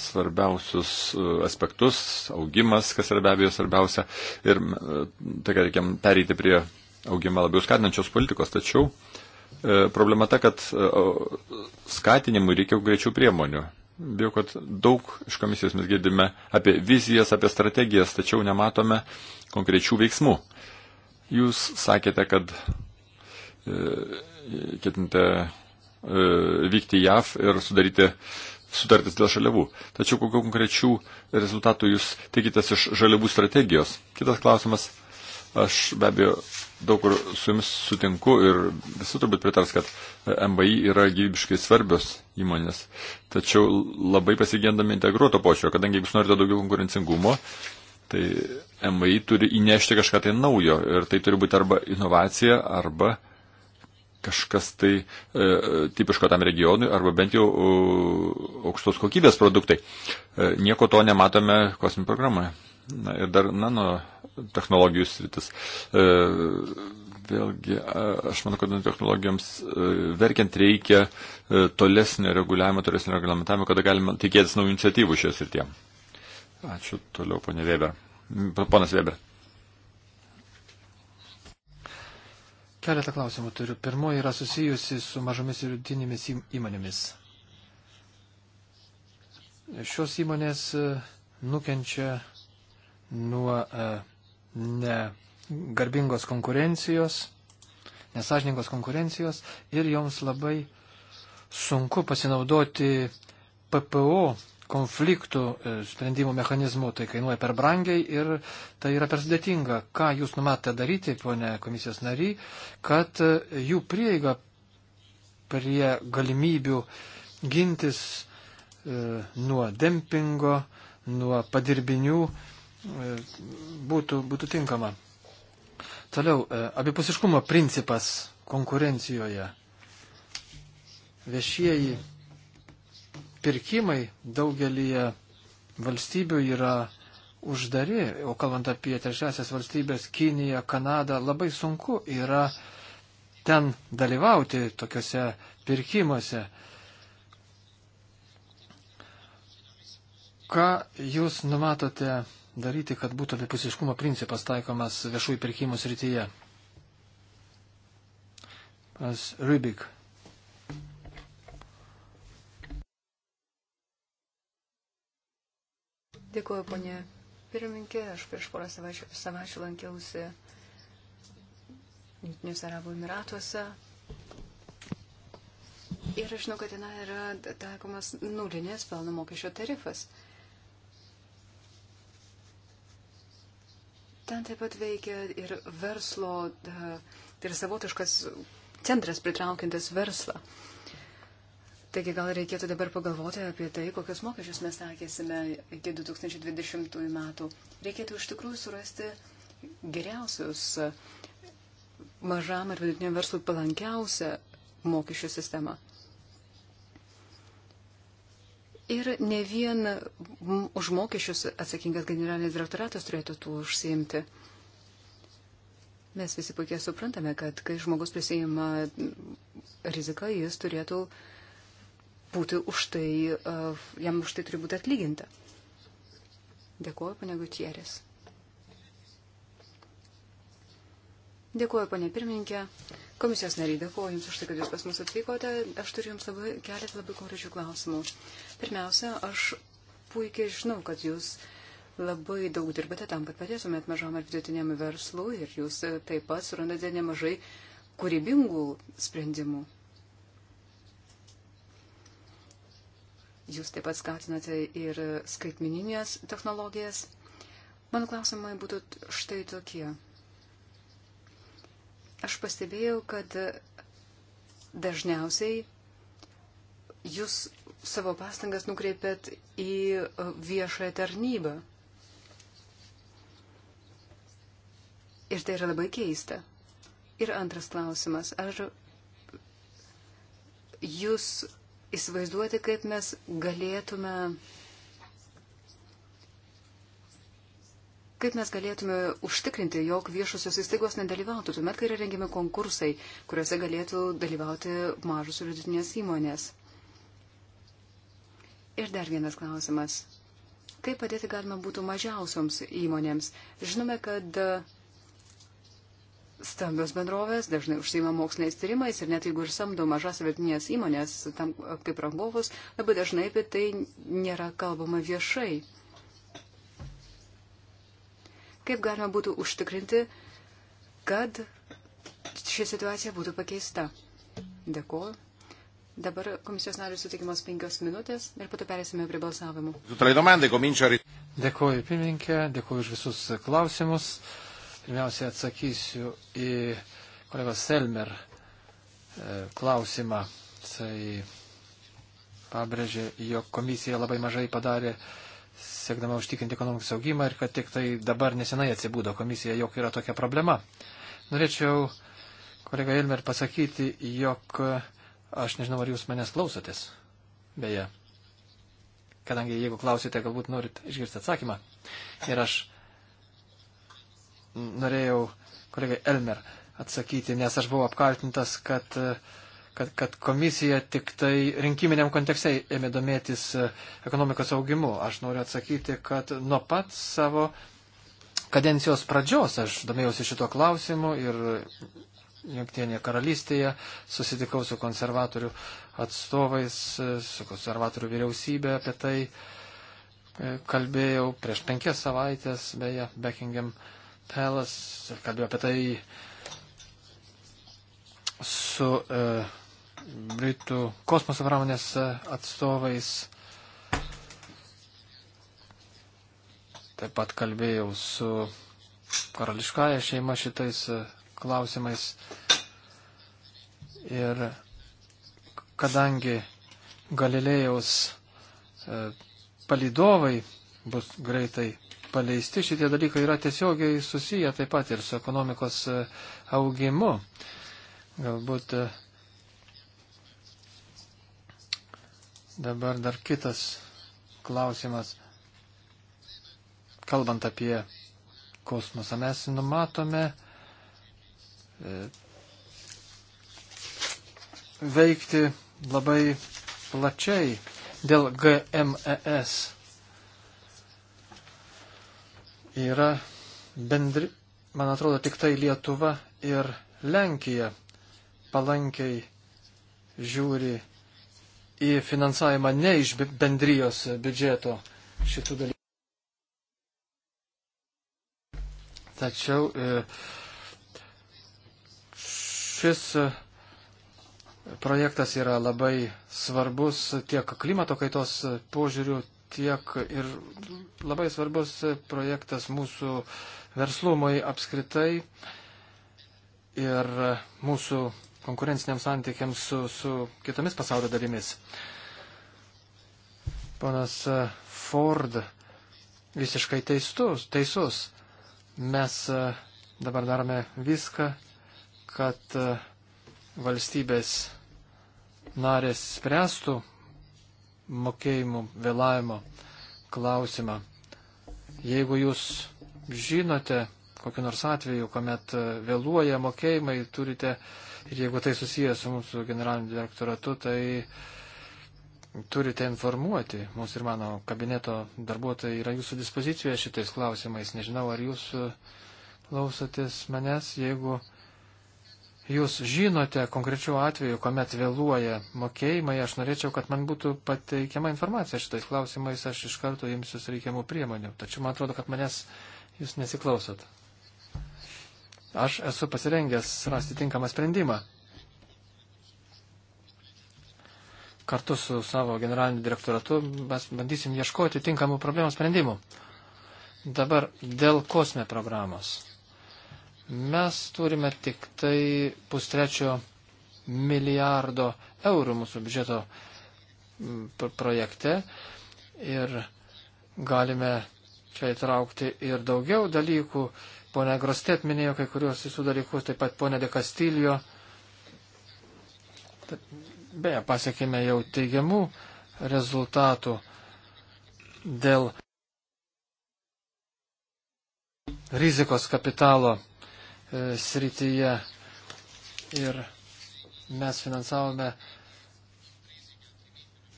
svarbiausius e, aspektus, augimas, kas yra be abejo svarbiausia, ir e, tai, kad reikiam pereiti prie augimą labiau skatinančios politikos, tačiau e, problema ta, kad skatinimui reikia greičių priemonių. Bijau, kad daug iš komisijos mes girdime apie vizijas, apie strategijas, tačiau nematome konkrečių veiksmų. Jūs sakėte, kad ketinate E, vykti į JAV ir sudaryti sutartis dėl žaliavų. Tačiau kokiu konkrečių rezultatų jūs tikitės iš žaliavų strategijos? Kitas klausimas. Aš be abejo daug kur su jumis sutinku ir visi turbūt pritars, kad MBI yra gyvybiškai svarbios įmonės. Tačiau labai pasigendame integruoto pošio, kadangi jeigu jūs norite daugiau konkurencingumo, tai MBI turi įnešti kažką tai naujo ir tai turi būti arba inovacija, arba kažkas tai e, tipiško tam regionui arba bent jau e, aukštos kokybės produktai. E, nieko to nematome kosminėje programoje. Na ir dar nano technologijų sritis. E, vėlgi, aš manau, kad technologijoms e, verkiant reikia e, tolesnio reguliavimo, tolesnio reglamentavimo, kada galima tikėtis naujų iniciatyvų šioje srityje. Ačiū toliau, ponė Weber. Ponas Weber. Keletą klausimų turiu. Pirmoji yra susijusi su mažomis ir vidutinėmis įmonėmis. Šios įmonės e, nukenčia nuo e, negarbingos konkurencijos, nesažningos konkurencijos ir joms labai sunku pasinaudoti PPO konfliktų e, sprendimo mechanizmų, tai kainuoja per brangiai ir tai yra per sudėtinga. Ką jūs numatote daryti, ponė komisijos nary, kad e, jų prieiga prie galimybių gintis e, nuo dempingo, nuo padirbinių būtų, būtų tinkama. Toliau, abipusiškumo principas konkurencijoje. Viešieji pirkimai daugelį valstybių yra uždari, o kalbant apie trečiasias valstybės, Kiniją, Kanadą, labai sunku yra ten dalyvauti tokiuose pirkimuose. Ką jūs numatote daryti, kad būtų abipusiškumo principas taikomas viešųjų pirkimų srityje? Pas Rubik. Dėkuoju, ponė pirmininkė. Aš prieš porą savaičių, savaičių lankiausi Junktiniuose Arabų Emiratuose. Ir aš žinau, kad ten yra taikomas nulinės pelno mokesčio tarifas. Ten taip pat veikia ir verslo, tai yra savotiškas centras pritraukintas verslą. Uh, Taigi gal reikėtų dabar pagalvoti apie tai, kokius mokesčius mes sakėsime iki 2020 metų. Reikėtų iš tikrųjų surasti geriausius mažam ir vidutiniam verslui palankiausią mokesčių sistemą. Ir ne vien už mokesčius atsakingas generalinis direktoratas turėtų tuo užsiimti. Mes visi puikiai suprantame, kad kai žmogus prisijima riziką, jis turėtų uh, būti už tai, e, jam už tai turi būti atlyginta. Dėkuoju, pane Gutierės. Dėkuoju, pane pirmininkė. Komisijos nariai, dėkuoju Jums už tai, kad Jūs pas mus atvykote. Aš turiu Jums labai, keletą labai konkrečių klausimų. Pirmiausia, aš puikiai žinau, kad Jūs labai daug dirbate tam, kad padėtumėt mažam ir vidutiniam verslui ir Jūs taip pat surandate nemažai kūrybingų sprendimų. Jūs taip pat skatinate ir skaitmininės technologijas. Mano klausimai būtų štai tokie. Aš pastebėjau, kad dažniausiai jūs savo pastangas nukreipėt į viešąją tarnybą. Ir tai yra labai keista. Ir antras klausimas. Ar jūs įsivaizduoti, kaip mes galėtume, kaip mes galėtume užtikrinti, jog viešosios įstaigos nedalyvautų tuomet, kai yra rengiami konkursai, kuriuose galėtų dalyvauti mažos ir vidutinės įmonės. Ir dar vienas klausimas. Kaip padėti galima būtų mažiausioms įmonėms? Žinome, kad Stambios bendrovės dažnai užsima moksliniais tyrimais ir net jeigu ir samdo mažas vietinės įmonės, tam kaip rangovus, labai dažnai apie tai nėra kalbama viešai. Kaip galima būtų užtikrinti, kad ši situacija būtų pakeista? Dėkuoju. Dabar komisijos narius sutikimas penkios minutės ir pato perėsime prie balsavimų. Dėkuoju, pirmininkė, dėkuoju už visus klausimus. Pirmiausia, atsakysiu į kolegos Selmer e, klausimą. Tai pabrėžė, jog komisija labai mažai padarė, siekdama užtikrinti ekonomikos saugimą ir kad tik tai dabar nesenai atsibūdo komisija, jog yra tokia problema. Norėčiau, kolega Elmer, pasakyti, jog aš nežinau, ar jūs manęs klausotės. Beje, kadangi jeigu klausite, galbūt norit išgirsti atsakymą. Ir aš norėjau kolegai Elmer atsakyti, nes aš buvau apkaltintas, kad, kad, kad komisija tik tai rinkiminiam kontekste ėmė domėtis e, ekonomikos augimu. Aš noriu atsakyti, kad nuo pat savo kadencijos pradžios aš domėjausi šito klausimu ir Junktinėje karalystėje susitikau su konservatorių atstovais, e, su konservatorių vyriausybė apie tai e, kalbėjau prieš penkias savaitės, beje, Beckingham uh, Telas ir kalbėjo apie tai su e, Britų kosmoso pramonės e, atstovais. Taip pat kalbėjau su karališkąja šeima šitais e, klausimais. Ir kadangi Galilėjaus e, palidovai bus greitai paleisti, šitie dalykai yra tiesiogiai susiję taip pat ir su ekonomikos e, augimu. Galbūt e, dabar dar kitas klausimas, kalbant apie kosmosą. Mes numatome e, veikti labai plačiai dėl GMES yra bendri, man atrodo, tik tai Lietuva ir Lenkija palankiai žiūri į finansavimą ne iš bendrijos biudžeto šitų dalykų. Tačiau e, šis e, projektas yra labai svarbus tiek klimato kaitos e, požiūrių, tiek ir labai svarbus projektas mūsų verslumui apskritai ir mūsų konkurenciniams santykiams su, su kitomis pasaulio dalimis. Ponas Ford visiškai teistus, teisus. Mes dabar darome viską, kad valstybės narės spręstų mokėjimų vėlavimo klausimą. Jeigu jūs žinote kokiu nors atveju, kuomet e, vėluoja mokėjimai, turite, ir jeigu tai susijęs su mūsų generaliniu direktoratu, tai turite informuoti. Mūsų ir mano kabineto darbuotojai yra jūsų dispozicijoje šitais klausimais. Nežinau, ar jūs e, klausotės manęs, jeigu jūs žinote konkrečių atvejų, kuomet vėluoja mokėjimai, aš norėčiau, kad man būtų pateikiama informacija šitais klausimais, aš iš karto imsiu reikiamų priemonių. Tačiau man atrodo, kad manęs jūs nesiklausot. Aš esu pasirengęs rasti tinkamą sprendimą. Kartu su savo generaliniu direktoratu mes bandysim ieškoti tinkamų problemų sprendimų. Dabar dėl kosme programos. Mes turime tik tai pustrečio milijardo eurų mūsų biudžeto projekte ir galime čia įtraukti ir daugiau dalykų. Pone Grostet minėjo kai kuriuos visų dalykus, taip pat pone De Castillo. Beje, pasiekime jau teigiamų rezultatų dėl rizikos kapitalo E, srityje. Ir mes finansavome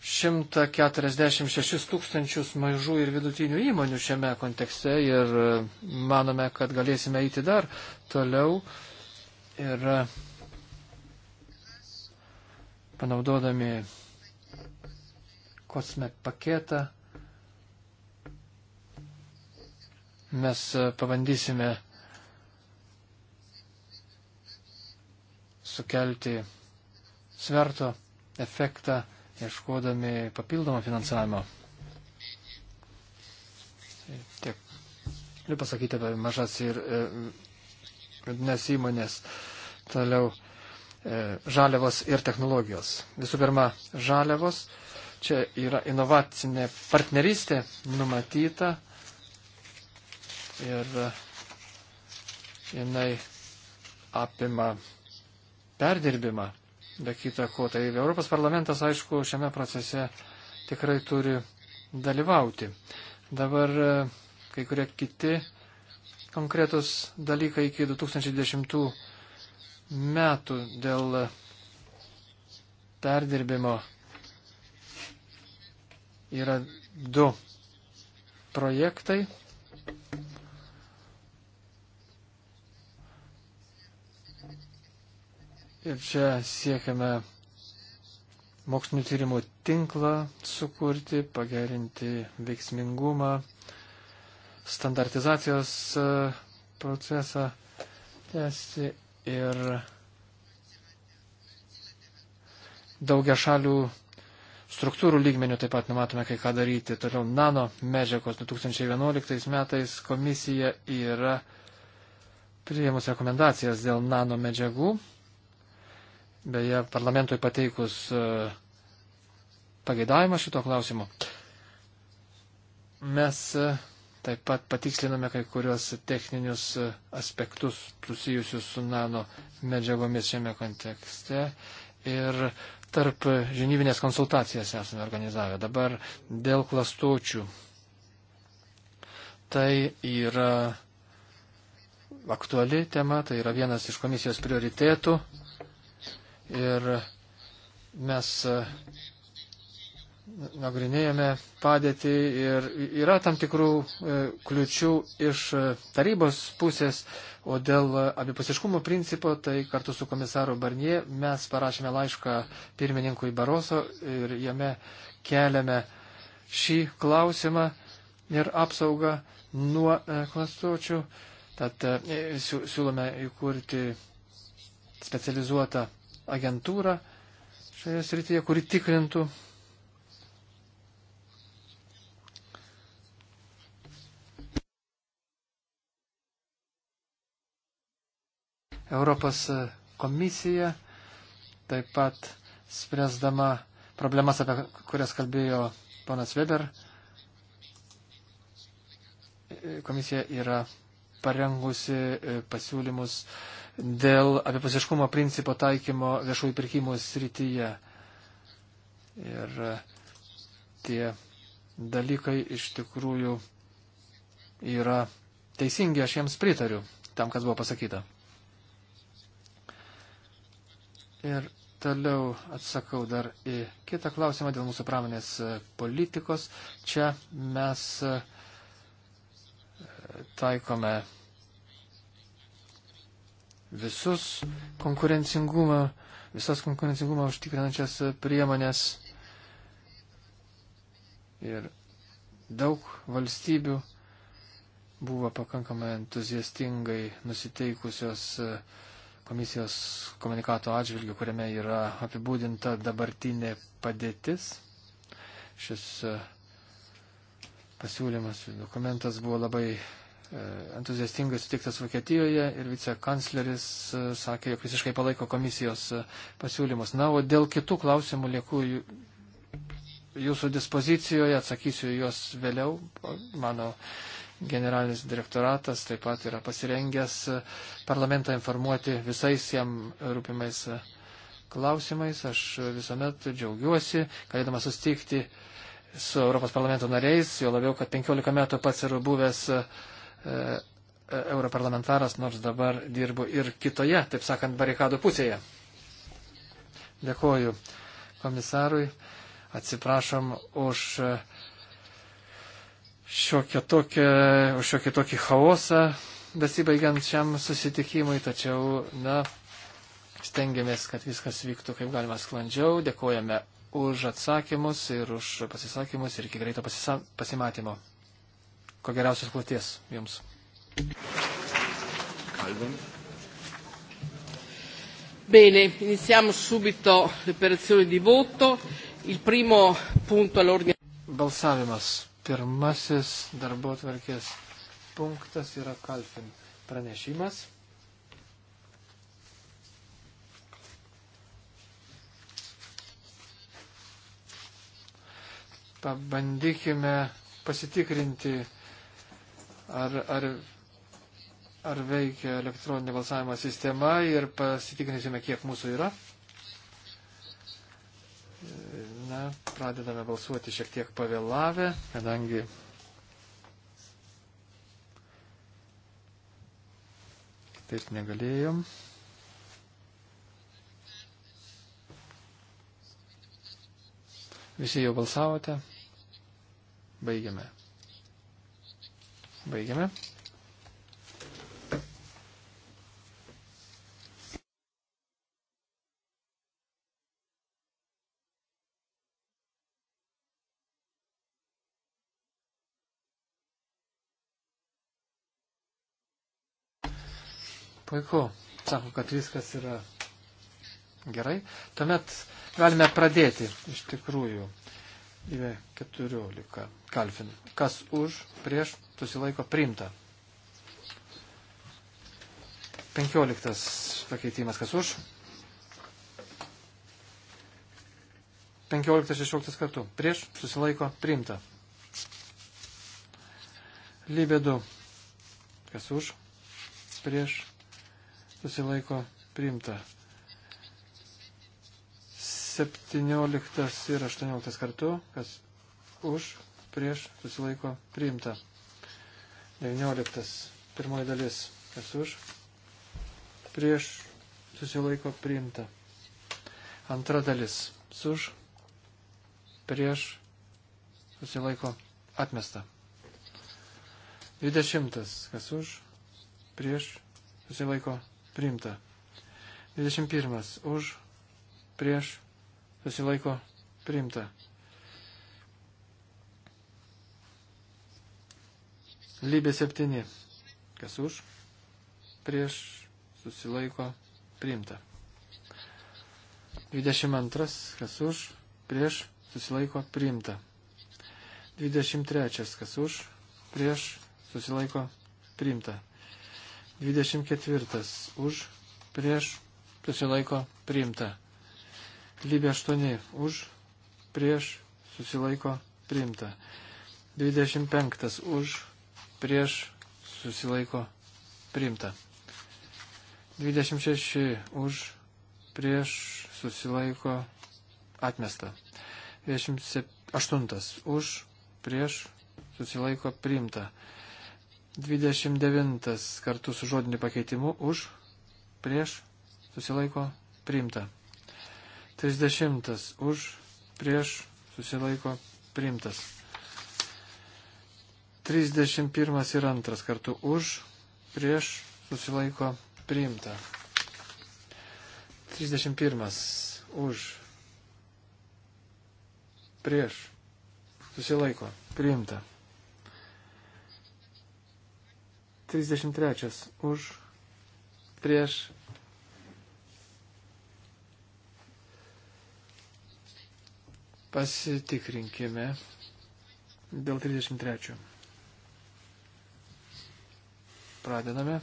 146 tūkstančius mažų ir vidutinių įmonių šiame kontekste ir e, manome, kad galėsime eiti dar toliau. Ir e, panaudodami kosme paketą mes pabandysime sukelti sverto efektą, ieškodami papildomą finansavimą. Tiek. Galiu pasakyti apie mažas ir e, vidinės e, įmonės. Toliau e, žaliavos ir technologijos. Visų pirma, žaliavos. Čia yra inovacinė partnerystė numatyta ir e, jinai apima perdirbimą. Be kita ko, tai Europos parlamentas, aišku, šiame procese tikrai turi dalyvauti. Dabar e, kai kurie kiti konkretus dalykai iki 2010 metų dėl perdirbimo yra du projektai. Ir čia siekiame mokslinių tyrimų tinklą sukurti, pagerinti veiksmingumą, standartizacijos e, procesą tęsti ir daugia šalių struktūrų lygmenių taip pat numatome kai ką daryti. Toliau nano medžiagos 2011 metais komisija yra priėmus rekomendacijas dėl nano medžiagų beje, parlamentui pateikus e, pageidavimą šito klausimu. Mes e, taip pat patiksliname kai kurios techninius e, aspektus susijusius su nano medžiagomis šiame kontekste ir tarp žinybinės konsultacijas esame organizavę. Dabar dėl klastočių. Tai yra aktuali tema, tai yra vienas iš komisijos prioritėtų ir mes e, nagrinėjame padėtį ir yra tam tikrų e, kliučių iš e, tarybos pusės, o dėl abipusiškumo principo, tai kartu su komisaru Barnie mes parašėme laišką pirmininkui Baroso ir jame keliame šį klausimą ir apsaugą nuo klastočių. Tad siūlome įkurti specializuotą agentūrą šioje srityje, kuri tikrintų Europos komisija, taip pat spręsdama problemas, apie kurias kalbėjo ponas Weber, komisija yra parengusi pasiūlymus dėl abipusiškumo principo taikymo viešųjų pirkimų srityje. Ir e, tie dalykai iš tikrųjų yra teisingi, aš jiems pritariu tam, kas buvo pasakyta. Ir toliau atsakau dar į kitą klausimą dėl mūsų pramonės e, politikos. Čia mes e, taikome visus konkurencingumą, visas konkurencingumą užtikrinančias priemonės. Ir daug valstybių buvo pakankamai entuziastingai nusiteikusios e, komisijos komunikato atžvilgių, kuriame yra apibūdinta dabartinė padėtis. Šis e, pasiūlymas, dokumentas buvo labai E, entuziastingai sutiktas Vokietijoje ir vicekancleris e, sakė, jog visiškai palaiko komisijos e, pasiūlymus. Na, o dėl kitų klausimų lieku jūsų dispozicijoje, atsakysiu juos vėliau. Mano generalinis direktoratas taip pat yra pasirengęs parlamentą informuoti visais jam rūpimais klausimais. Aš visuomet džiaugiuosi, galėdamas sustikti su Europos parlamento nariais, jo labiau, kad 15 metų pats yra buvęs uh, E, e, europarlamentaras, nors dabar dirbu ir kitoje, taip sakant, barikadų pusėje. Dėkoju komisarui, atsiprašom už e, šiokią tokią, už šiokią tokį chaosą besibaigiant šiam susitikimui, tačiau, na, stengiamės, kad viskas vyktų kaip galima sklandžiau, dėkojame už atsakymus ir už pasisakymus ir iki greito pasisa pasimatymo ko geriausios kloties jums. Calvin. Bene, iniziamo subito l'operazione di voto. Il primo punto all'ordine. Balsavimas. Pirmasis darbo tvarkės punktas yra Kalfin pranešimas. Pabandykime pasitikrinti ar, ar, ar veikia elektroninė balsavimo sistema ir pasitikrinsime, kiek mūsų yra. Na, pradedame balsuoti šiek tiek pavėlavę, kadangi kitaip negalėjom. Visi jau balsavote. Baigiame. Baigiame. Puiku. Sako, kad viskas yra gerai. Tuomet galime pradėti iš tikrųjų Įve 14. Kalfin. Kas už, prieš, susilaiko priimta. 15. Pakeitimas. Kas už? 15-16 kartų. Prieš, susilaiko priimta. Lybė 2. Kas už, prieš, susilaiko priimta. 17 ir 18 kartu, kas už, prieš, susilaiko, priimta. 19. Pirmoji dalis, kas už, prieš, susilaiko, priimta. Antra dalis, už, prieš, susilaiko, atmesta. 20. Kas už, prieš, susilaiko, priimta. 21. Už, prieš, susilaiko priimta. Lybė 7. Kas už, prieš, susilaiko priimta. 22. Kas už, prieš, susilaiko priimta. 23. Kas už, prieš, susilaiko priimta. 24. Už, prieš, susilaiko priimta. Libė 8 už, prieš, susilaiko, priimta. 25 už, prieš, susilaiko, priimta. 26 už, prieš, susilaiko, atmesta. 28 už, prieš, susilaiko, priimta. 29 kartu su žodiniu pakeitimu už, prieš, susilaiko, priimta. 30 už, prieš, susilaiko, priimtas. 31 ir 2 kartu už, prieš, susilaiko, priimta. 31 už, prieš, susilaiko, priimta. 33 už, prieš, Pasitikrinkime dėl 33. Pradedame.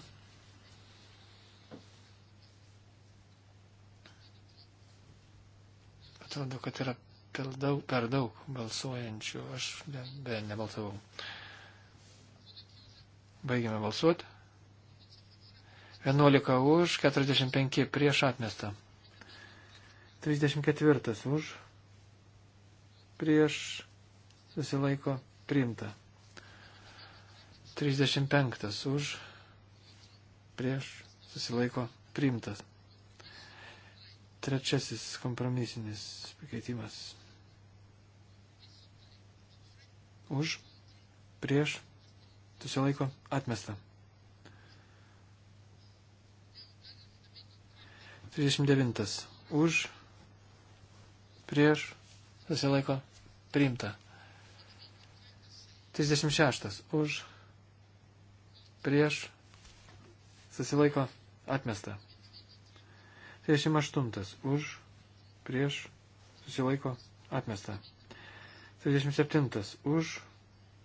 Atrodo, kad yra per daug, per daug balsuojančių. Aš be, be nebalsavau. Baigiame balsuoti. 11 už, 45 prieš atmestą. 34 už prieš susilaiko priimta. 35 už prieš susilaiko priimtas. Trečiasis kompromisinis pakeitimas. Už prieš susilaiko atmesta. 39. Už prieš susilaiko priimta. 36 už, prieš, susilaiko, atmesta. 38 už, prieš, susilaiko, atmesta. 37 už,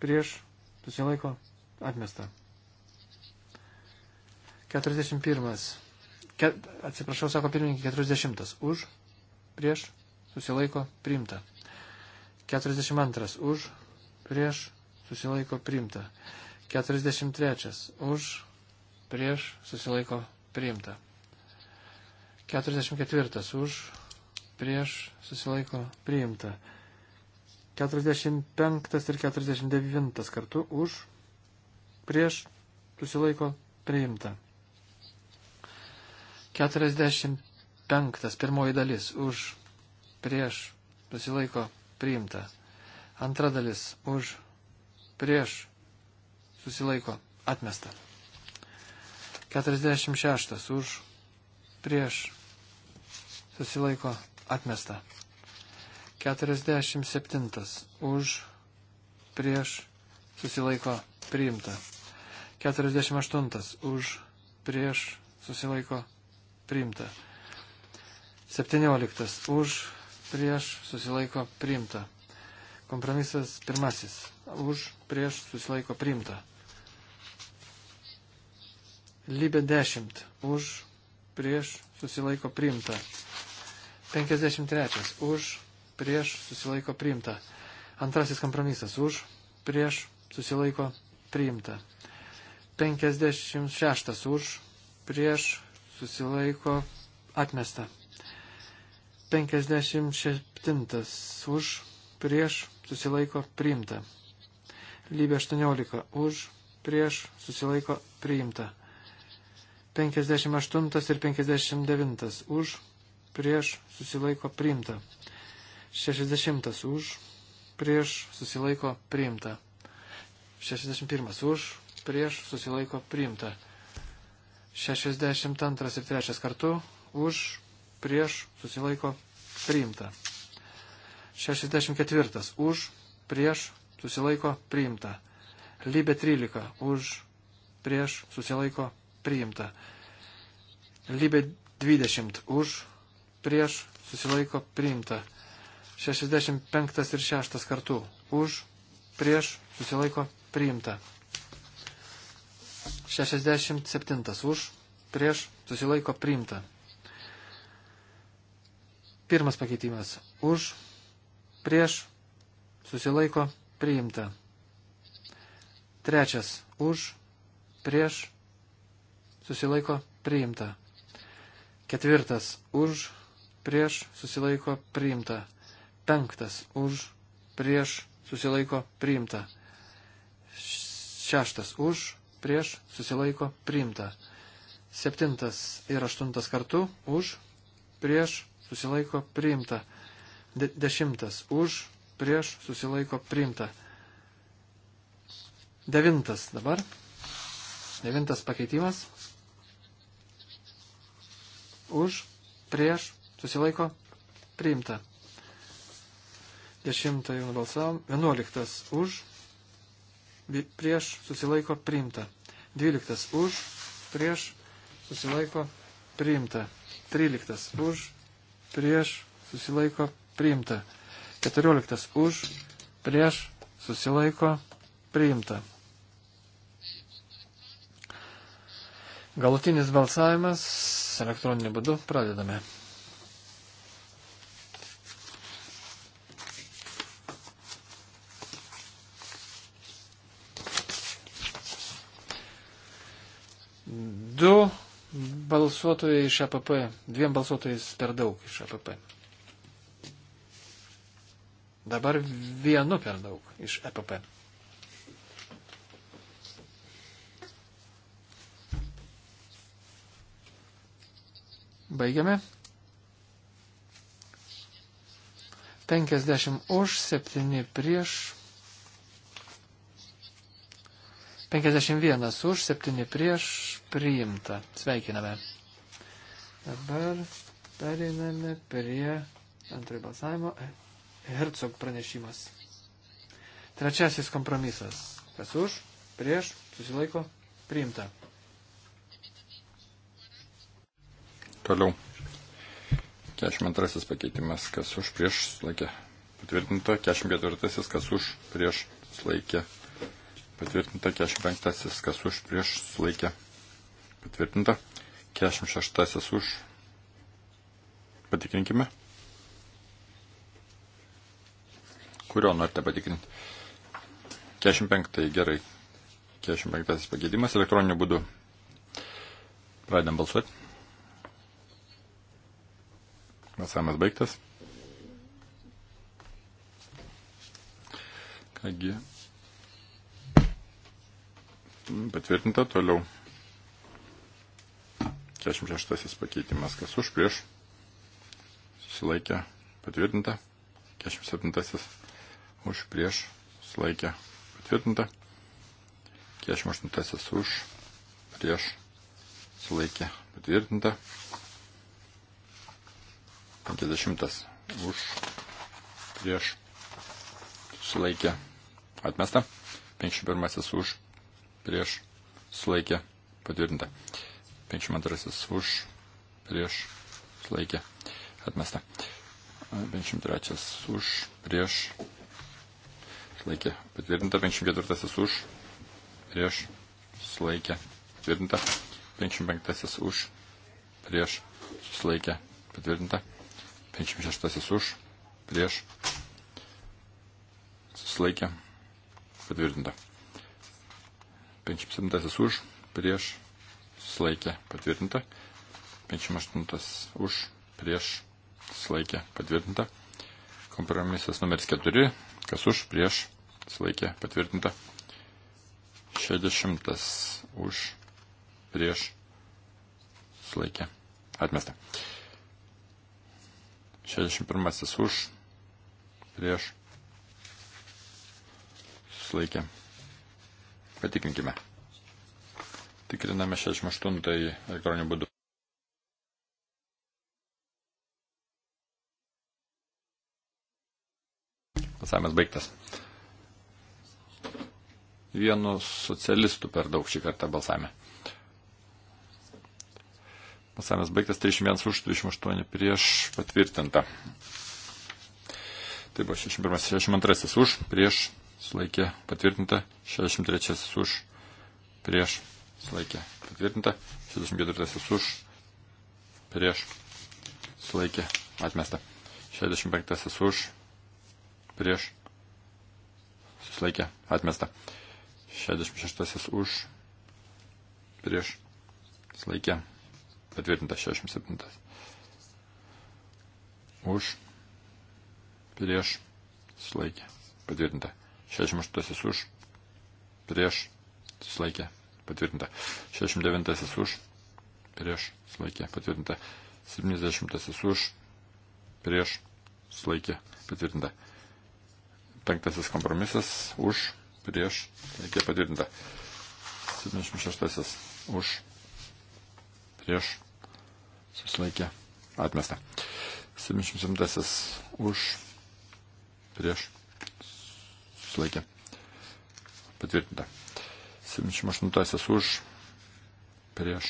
prieš, susilaiko, atmesta. 41. Ket, atsiprašau, sako pirmininkė, 40. Už, prieš, susilaiko, priimta. 42 už, prieš, susilaiko priimta. 43 už, prieš, susilaiko priimta. 44 už, prieš, susilaiko priimta. 45 ir 49 kartu už, prieš, susilaiko priimta. 45 pirmoji dalis už, prieš, susilaiko priimta priimta. Antra dalis už prieš susilaiko atmesta. 46 už prieš susilaiko atmesta. 47 už prieš susilaiko priimta. 48 už prieš susilaiko priimta. 17 už prieš susilaiko priimta. Kompromisas pirmasis. Už prieš susilaiko priimta. Lybė 10. Už prieš susilaiko priimta. 53. Už prieš susilaiko priimta. Antrasis kompromisas. Už prieš susilaiko priimta. 56. Už prieš susilaiko atmesta. 157 už, prieš, susilaiko priimta. Lybė 18 už, prieš, susilaiko priimta. 58 ir 59 už, prieš, susilaiko priimta. 60 už, prieš, susilaiko priimta. 61 už, prieš, susilaiko priimta. 62 ir 3 kartu, už, prieš, susilaiko, priimta. 64 už, prieš, susilaiko, priimta. Lybė 13 už, prieš, susilaiko, priimta. Lybė 20 už, prieš, susilaiko, priimta. 65 ir 6 kartu už, prieš, susilaiko, priimta. 67 už, prieš, susilaiko, priimta. Pirmas pakeitimas už, prieš, susilaiko, priimta. Trečias už, prieš, susilaiko, priimta. Ketvirtas už, prieš, susilaiko, priimta. Penktas už, prieš, susilaiko, priimta. Šeštas už, prieš, susilaiko, priimta. Septintas ir aštuntas kartu už, prieš, susilaiko priimta. De dešimtas už, prieš susilaiko priimta. Devintas dabar. Devintas pakeitimas. Už, prieš susilaiko priimta. Dešimtą jau nubalsavom. Vienuoliktas už, prieš susilaiko priimta. Dvyliktas už, prieš susilaiko priimta. Tryliktas už, prieš susilaiko priimta. 14 už prieš susilaiko priimta. Galutinis balsavimas elektroniniu būdu pradedame. balsuotojai iš APP, dviem balsuotojais per daug iš APP. Dabar vienu per daug iš EPP. Baigiame. 50 už, 7 prieš. 51 už, 7 prieš priimta. Sveikiname. Dabar periname prie antrojo balsavimo. E, Hercog pranešimas. Trečiasis kompromisas. Kas už, prieš, susilaiko, priimta. Toliau. 42 pakeitimas, kas už, prieš, susilaikė, patvirtinta. 44 kas už, prieš, susilaikė, patvirtinta. 45 kas už, prieš, susilaikė, patvirtinta. 46 už. Patikrinkime. Kurio norite patikrinti? 45, tai gerai. 45 pagėdimas elektroniniu būdu. Pradedam balsuoti. Balsavimas baigtas. Kągi. Patvirtinta toliau. 46 pakeitimas, kas už prieš, susilaikė, patvirtinta. 47 už prieš, susilaikė, patvirtinta. 48 už prieš, susilaikė, patvirtinta. 50 už prieš, susilaikė, atmesta. 51 už prieš, susilaikė, patvirtinta. 52 už, prieš, laikė, atmesta. 53 už, prieš, laikė, patvirtinta. 54 už, prieš, sulaikė, patvirtinta. 55 už, prieš, sulaikė, patvirtinta. 56 už, prieš, susilaikė, patvirtinta. 57 už, prieš, slaikė patvirtinta. 58 už prieš slaikė patvirtinta. Kompromisas numeris 4, kas už prieš slaikė patvirtinta. 60 už prieš slaikė atmesta. 61 už prieš slaikė. Patikrinkime. Tikriname 68 elektroniniu būdu. Pasavimas baigtas. Vienu socialistų per daug šį kartą balsavime. Balsavimas baigtas 31 už 28 prieš patvirtinta. Tai buvo 61, 62 už prieš sulaikė patvirtinta, 63 už prieš sulaikė patvirtinta, 64 už, prieš, sulaikė atmesta, 65 už, prieš, susilaikė atmesta, 66 už, prieš, sulaikė patvirtinta, 67 už, prieš, sulaikė patvirtinta, 68 už, prieš, susilaikė patvirtinta. 69 už, prieš, sulaikė, patvirtinta. 70 už, prieš, sulaikė, patvirtinta. Penktasis kompromisas už, prieš, sulaikė, patvirtinta. 76 už, prieš, susilaikė, atmesta. 77 už, prieš, susilaikė, patvirtinta. 78 už, prieš,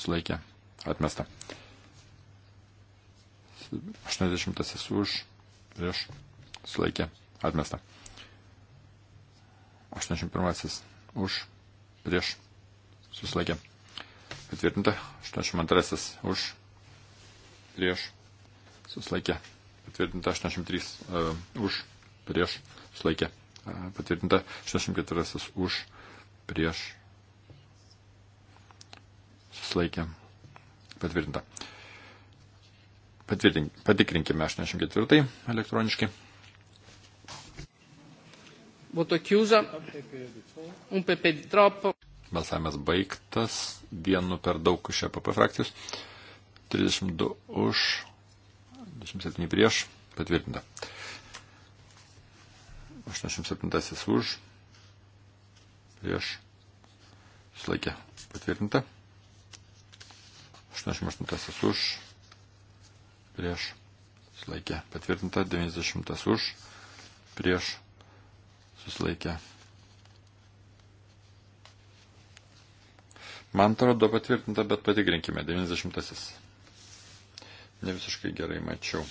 susilaikė, atmesta. 80 už, prieš, susilaikė, atmesta. 81 už, prieš, susilaikė. Patvirtinta. 82 už, prieš, susilaikė. Patvirtinta. 83 uh, e, už, prieš, susilaikė patvirtinta 64 už prieš susilaikė patvirtinta. Patvirtink, patikrinkime 84 elektroniškai. Voto chiusa, un pepe di troppo. Balsavimas baigtas, vienu per daug iš EPP frakcijos, 32 už, 27 prieš, patvirtinta. 87 už, prieš, sulaikė patvirtinta. 88 už, prieš, sulaikė patvirtinta. 90 už, prieš, susilaikė. Man atrodo patvirtinta, bet patikrinkime. 90. -asis. Ne visiškai gerai mačiau.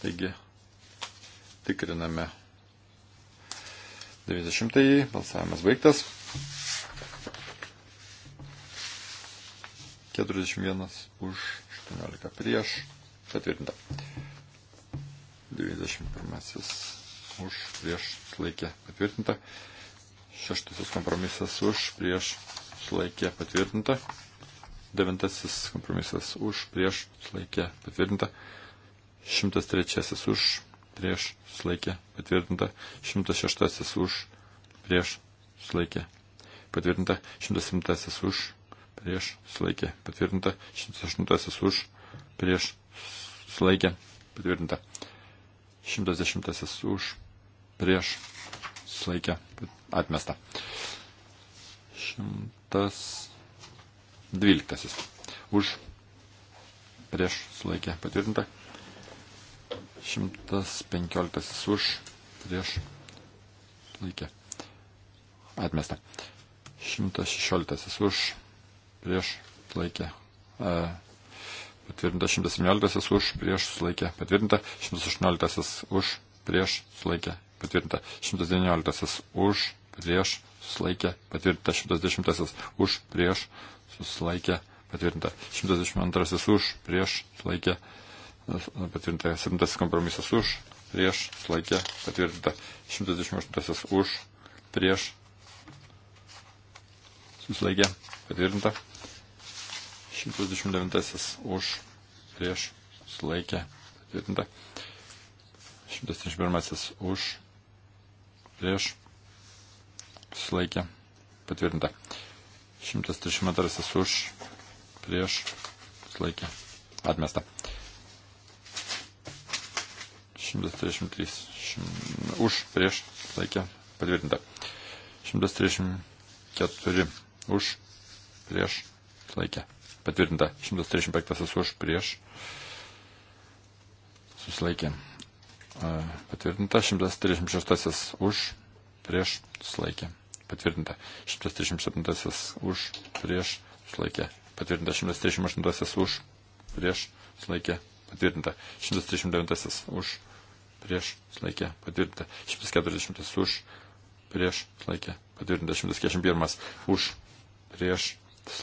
Taigi, tikriname 90. Balsavimas baigtas. 41 už 18 prieš. Patvirtinta. 91 už prieš laikė patvirtinta. Šeštasis kompromisas už prieš laikė patvirtinta. Devintasis kompromisas už prieš laikė patvirtinta. 103 už prieš sulaikė patvirtinta, 106 už prieš sulaikė patvirtinta, 107 už prieš sulaikė patvirtinta, 108 už prieš sulaikė patvirtinta, 110 už prieš sulaikė atmesta. 112 už prieš sulaikė patvirtinta, 115 už prieš laikė. Atmesta. 116 e, už prieš laikė. Patvirtinta 117 už prieš sulaikė. Patvirtinta 118 už prieš sulaikė. Patvirtinta 119 už prieš susilaikė. Patvirtinta 110 už prieš susilaikė. Patvirtinta 122 už prieš sulaikė patvirtinta 7 kompromisas už, prieš, sulaikė, patvirtinta 128 už, prieš, susilaikė, patvirtinta 129 už, prieš, sulaikė, patvirtinta 131 už, prieš, sulaikė, patvirtinta 132 už, prieš, sulaikė, atmesta. 133 už prieš laikė patvirtinta. 134 už prieš laikė patvirtinta. 135 e, už prieš susilaikė patvirtinta. 136 už prieš susilaikė patvirtinta. 137 už prieš susilaikė patvirtinta. 138 už prieš susilaikė patvirtinta. 139 už prieš laikė patvirtinta. 140 už prieš laikė patvirtinta. 141 už prieš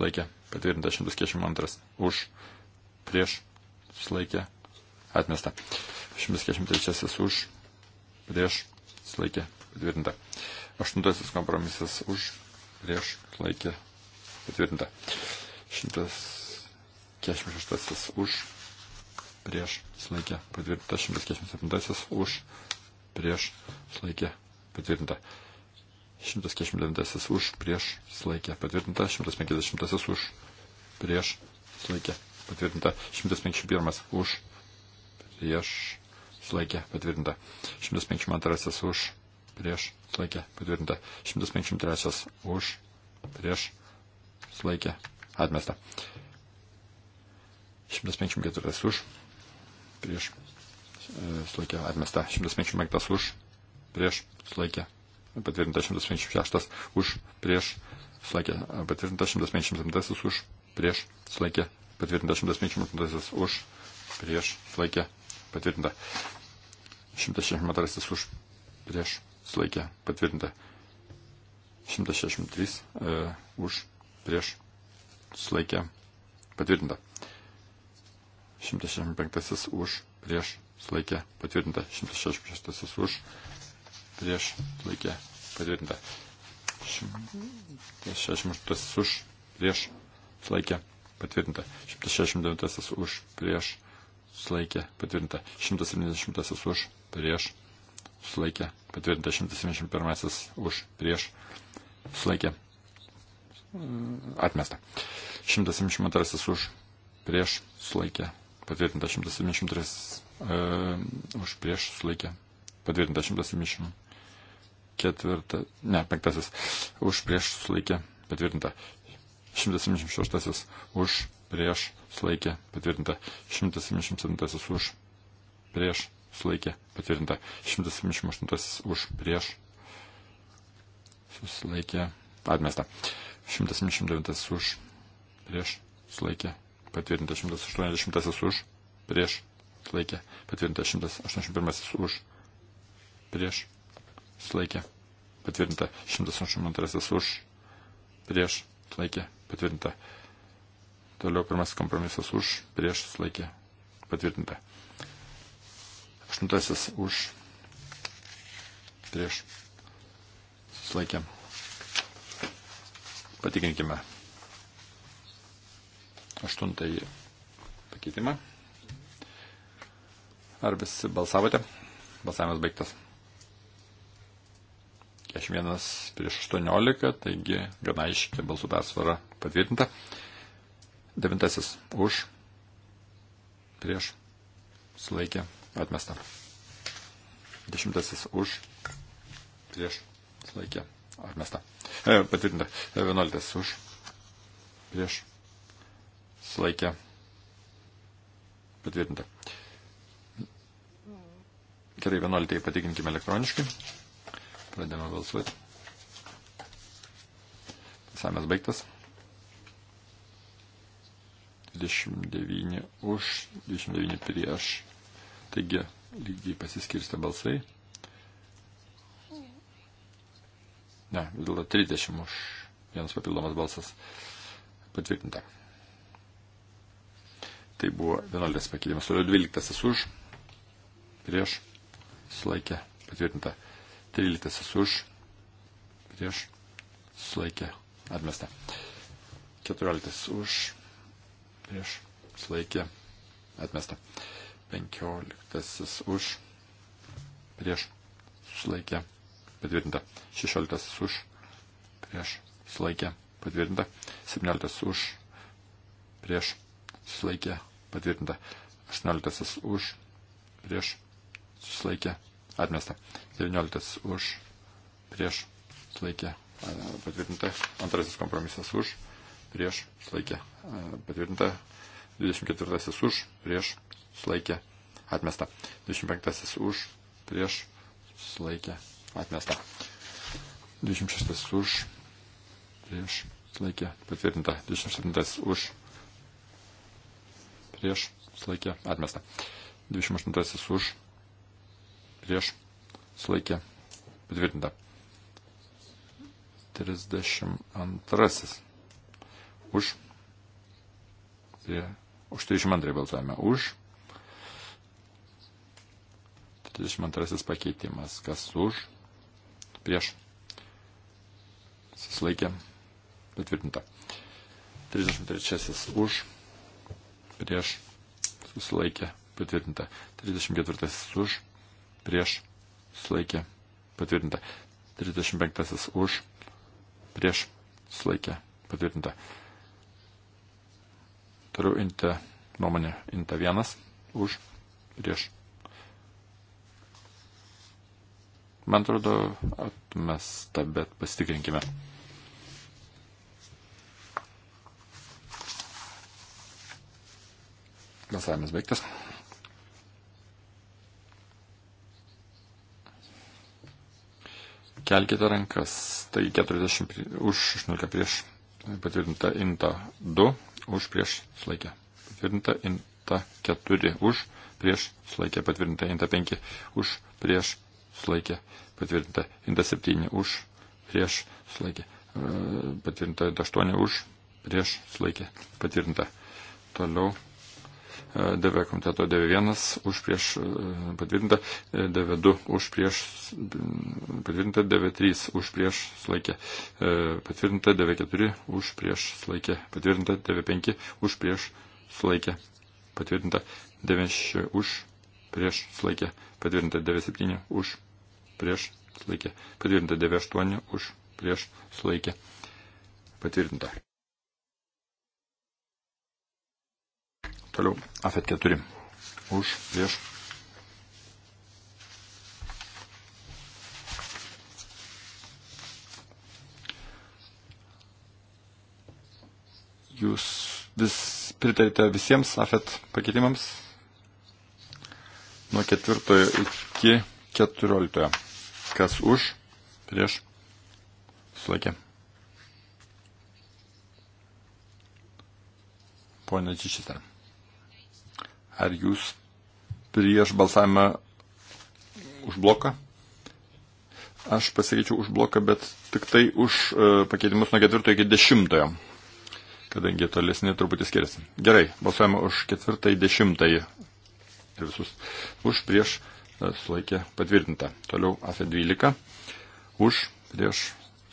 laikė patvirtinta. 142 už prieš laikė atmesta. 143 už prieš laikė patvirtinta. 8 kompromisas už prieš laikė patvirtinta. 146 už prieš sulaikė patvirtinta, 147 už prieš sulaikė patvirtinta, 149 už prieš sulaikė patvirtinta, 150 už prieš sulaikė patvirtinta, 151 už prieš sulaikė patvirtinta, 152 už prieš sulaikė patvirtinta, 153 už prieš sulaikė atmesta. 154 už, prieš e, sulaikė atmesta 155 už, prieš sulaikė patvirtinta 156 už, prieš sulaikė patvirtinta 157 už, prieš sulaikė patvirtinta 158 už, prieš sulaikė patvirtinta 162 už, prieš sulaikė patvirtinta 163 e, už, prieš sulaikė patvirtinta 165 už, prieš sulaikė patvirtinta, 166 už, prieš sulaikė patvirtinta, 168 už, prieš sulaikė patvirtinta, 169 už, prieš sulaikė patvirtinta, 170 už, prieš sulaikė patvirtinta, 171 už, prieš sulaikė atmesta. 172 už prieš sulaikė patvirtinta 173 uh, e, už prieš sulaikę, patvirtinta 174, ne, penktasis už prieš sulaikę, patvirtinta 176 už prieš sulaikė patvirtinta, 177 už prieš sulaikė patvirtinta, 178 už prieš susilaikė atmesta, 179 už prieš sulaikė patvirtintas 180 už, prieš sulaikė, patvirtintas 181 už, prieš sulaikė, patvirtinta 182 už, prieš sulaikė, patvirtinta. Toliau pirmasis kompromisas už, prieš sulaikė, patvirtinta. Aštuntasis už, prieš sulaikė. Patikrinkime aštuntąjį pakeitimą. Ar visi balsavote? Balsavimas baigtas. 41 prieš 18, taigi gana aiškiai balsų persvara patvirtinta. Devintasis už, prieš, sulaikė, atmesta. Dešimtasis už, prieš, sulaikė, atmesta. E, patvirtinta. E, vienuoliktasis už, prieš, Sulaikė. Patvirtinta. Gerai, 11 patikinkime elektroniškai. Pradėjome balsuoti. Pasamės baigtas. 29 už, 29 prieš. Taigi, lygiai pasiskirsti balsai. Ne, vis dėlto 30 už. Vienas papildomas balsas. Patvirtinta. Tai buvo 11 pakeitimas. Toliau 12 už, prieš, sulaikė, patvirtinta. 13 už, prieš, sulaikė, atmesta. 14 už, prieš, sulaikė, atmesta. 15 už, prieš, sulaikė, patvirtinta. 16 už, prieš, sulaikė, patvirtinta. 17 už, prieš, sulaikė, patvirtinta. 18 už, prieš, susilaikė, atmesta. 19 už, prieš, susilaikė, patvirtinta. Antrasis kompromisas už, prieš, susilaikė, patvirtinta. 24 už, prieš, susilaikė, atmesta. 25 už, prieš, susilaikė, atmesta. 26 už, prieš, susilaikė, patvirtinta. 27 už, prieš, sulaikė, atmesta. 28 už, prieš, sulaikė, patvirtinta. 32 už, prie, už 32 balsuojame už. 32 pakeitimas, kas už, prieš, susilaikė, patvirtinta. 33 už prieš susilaikė patvirtinta. 34 už prieš susilaikė patvirtinta. 35 už prieš susilaikė patvirtinta. Turiu inte nuomonę inte vienas už prieš. Man atrodo, atmesta, bet pasitikrinkime. Balsavimas baigtas. Kelkite rankas. Tai 40 už 16 prieš patvirtinta inta 2, už prieš sulaikę. Patvirtinta inta 4, už prieš sulaikę. Patvirtinta inta 5, už prieš sulaikę. Patvirtinta inta 7, už prieš sulaikę. Patvirtinta inta 8, už prieš sulaikę. Patvirtinta. Toliau DV komiteto DV1 už prieš e, patvirtintą, e, DV2 už prieš patvirtintą, DV3 už prieš sulaikė e, patvirtintą, DV4 už prieš sulaikė patvirtintą, DV5 už prieš sulaikė patvirtintą, DV6 už prieš sulaikė patvirtintą, DV7 už prieš sulaikė patvirtintą, DV8 už prieš sulaikė patvirtintą. Toliau AFET 4. Už, prieš. Jūs vis pritarite visiems AFET pakeitimams nuo 4 iki 14. Kas už, prieš, sulaikė. Pone Čičistė. Ar jūs prieš balsavimą už bloką? Aš pasakyčiau už bloką, bet tik tai už e, pakeitimus nuo ketvirtojo iki dešimtojo, kadangi tolesni truputį skiriasi. Gerai, balsuojame už ketvirtąjį dešimtąjį ir visus. Už prieš e, sulaikė patvirtinta. Toliau AFE 12. Už prieš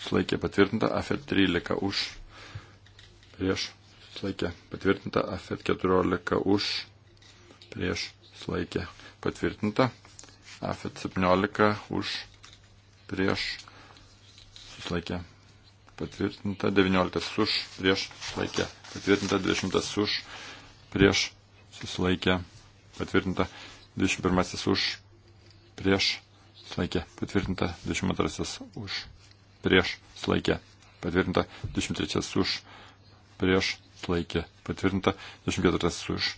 sulaikė patvirtinta. AFE 13 už prieš sulaikė patvirtinta. AFE 14 už prieš sulaikė patvirtinta. AFET 17 už prieš sulaikė patvirtinta. 19 už prieš sulaikė patvirtinta. 20 už prieš susilaikė patvirtinta. 21 už prieš sulaikė patvirtinta. 22 už prieš sulaikė patvirtinta. 23 už prieš sulaikė patvirtinta. 24 už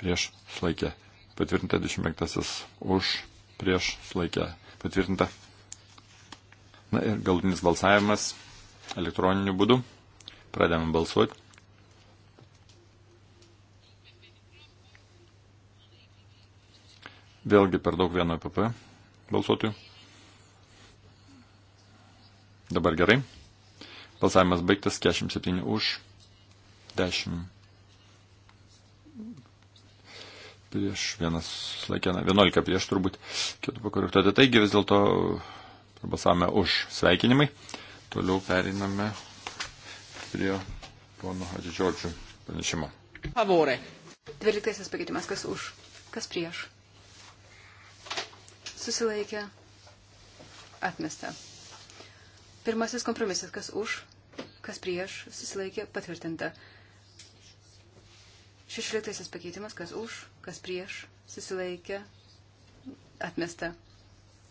prieš sulaikę patvirtinta, 25 už prieš sulaikę patvirtinta. Na ir galutinis balsavimas elektroniniu būdu. Pradėjome balsuoti. Vėlgi per daug vieno EPP balsuotojų. Dabar gerai. Balsavimas baigtas 47 už 10 prieš, vienas laikėna, 11 prieš turbūt, kitų pakorektuoti. Taigi vis dėlto balsavome už sveikinimai. Toliau periname prie pono Adžiodžių pranešimo. Favorė. 12 pakeitimas, kas už, kas prieš. Susilaikė. Atmesta. Pirmasis kompromisas, kas už, kas prieš, susilaikė, patvirtinta. Šešioliktasis pakeitimas, kas už, kas prieš, susilaikė, atmesta.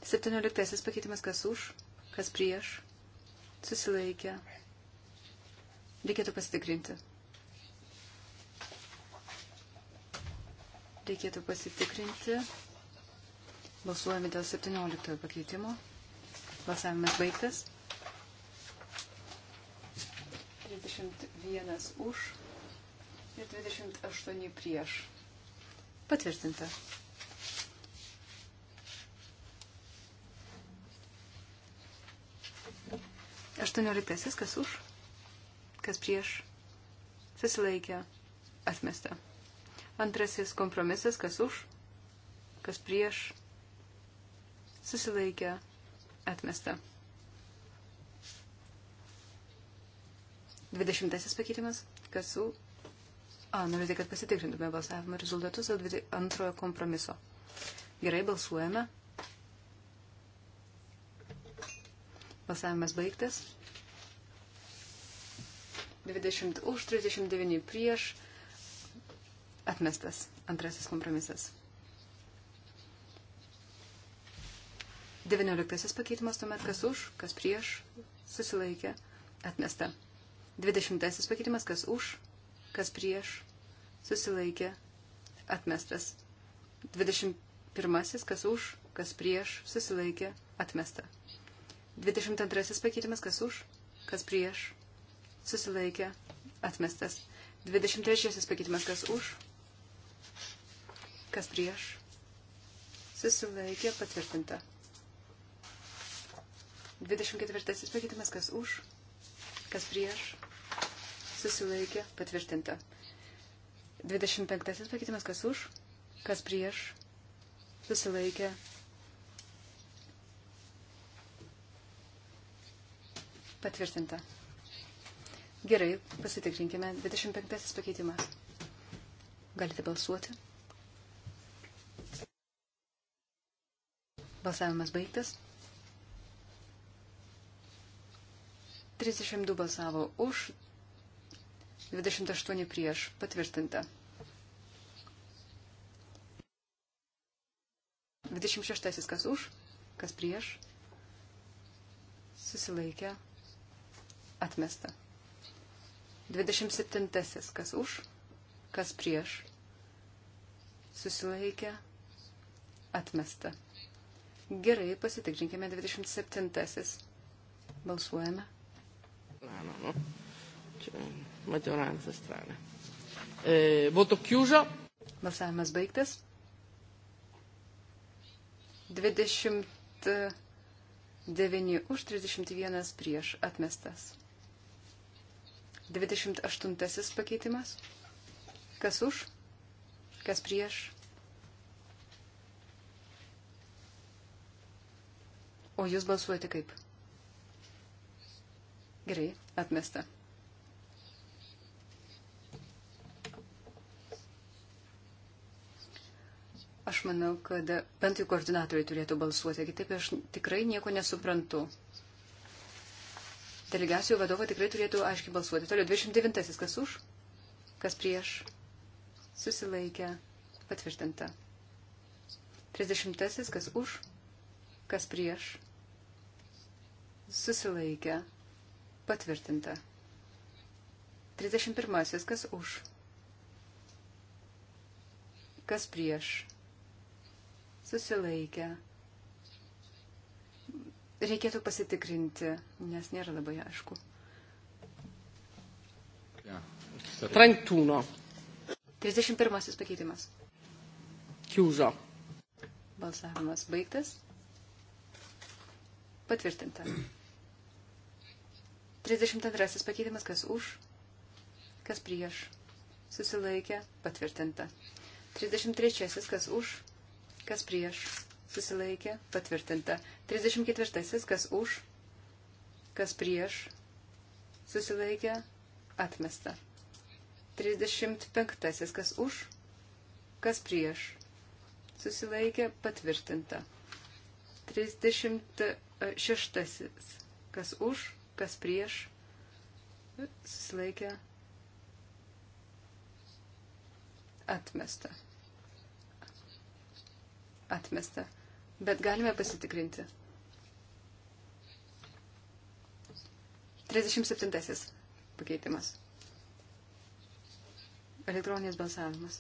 Septynioliktasis pakeitimas, kas už, kas prieš, susilaikė. Reikėtų pasitikrinti. Reikėtų pasitikrinti. Balsuojame dėl 17 pakeitimo. Balsavimas baigtas. 31 už, ir 28 prieš. Patvirtinta. Aštuonioliktasis, kas už, kas prieš, susilaikė, atmesta. Antrasis kompromisas, kas už, kas prieš, susilaikė, atmesta. Dvidešimtasis pakeitimas, kas už, A, norite, kad pasitikrintume balsavimo rezultatus dėl antrojo kompromiso. Gerai, balsuojame. Balsavimas baigtas. 20 už, 39 prieš. Atmestas antrasis kompromisas. 19 pakeitimas tuomet kas už, kas prieš, susilaikė, atmesta. 20 pakeitimas kas už, kas prieš, susilaikė, atmestas. 21. kas už, kas prieš, susilaikė, atmesta. 22. pakeitimas, kas už, kas prieš, susilaikė, atmestas. 23. pakeitimas, kas už, kas prieš, susilaikė, patvirtinta. 24. pakeitimas, kas už, kas prieš, susilaikė, patvirtinta. 25 pakeitimas, kas už, kas prieš, susilaikė. Patvirtinta. Gerai, pasitikrinkime. 25 pakeitimas. Galite balsuoti. Balsavimas baigtas. 32 balsavo už, 28 prieš. Patvirtinta. 26 kas už, kas prieš. Susilaikė. Atmesta. 27 kas už, kas prieš. Susilaikė. Atmesta. Gerai, pasitikrinkime 27. Balsuojame. Ne, ne, ne. Čia maggioranza strana. Eh, voto chiuso. Balsavimas baigtas. 29 už 31 prieš atmestas. 28 pakeitimas. Kas už, kas prieš. O jūs balsuojate kaip? Gerai, atmesta. manau, kad bent jau koordinatoriai turėtų balsuoti, kitaip aš tikrai nieko nesuprantu. Delegacijų vadovai tikrai turėtų aiškiai balsuoti. Toliau 29. Kas už? Kas prieš? Susilaikę. Patvirtinta. 30. Kas už? Kas prieš? Susilaikę. Patvirtinta. 31. Kas už? Kas prieš? susilaikę. Reikėtų pasitikrinti, nes nėra labai aišku. 31. 31 pakeitimas. Kiuzo. Balsavimas baigtas. Patvirtinta. 32 pakeitimas, kas už, kas prieš. Susilaikė, patvirtinta. 33 kas už, kas prieš, susilaikė, patvirtinta. 34. kas už, kas prieš, susilaikė, atmesta. 35. kas už, kas prieš, susilaikė, patvirtinta. 36. kas už, kas prieš, susilaikė, atmesta atmesta, bet galime pasitikrinti. 37 pakeitimas. Elektroninis balsavimas.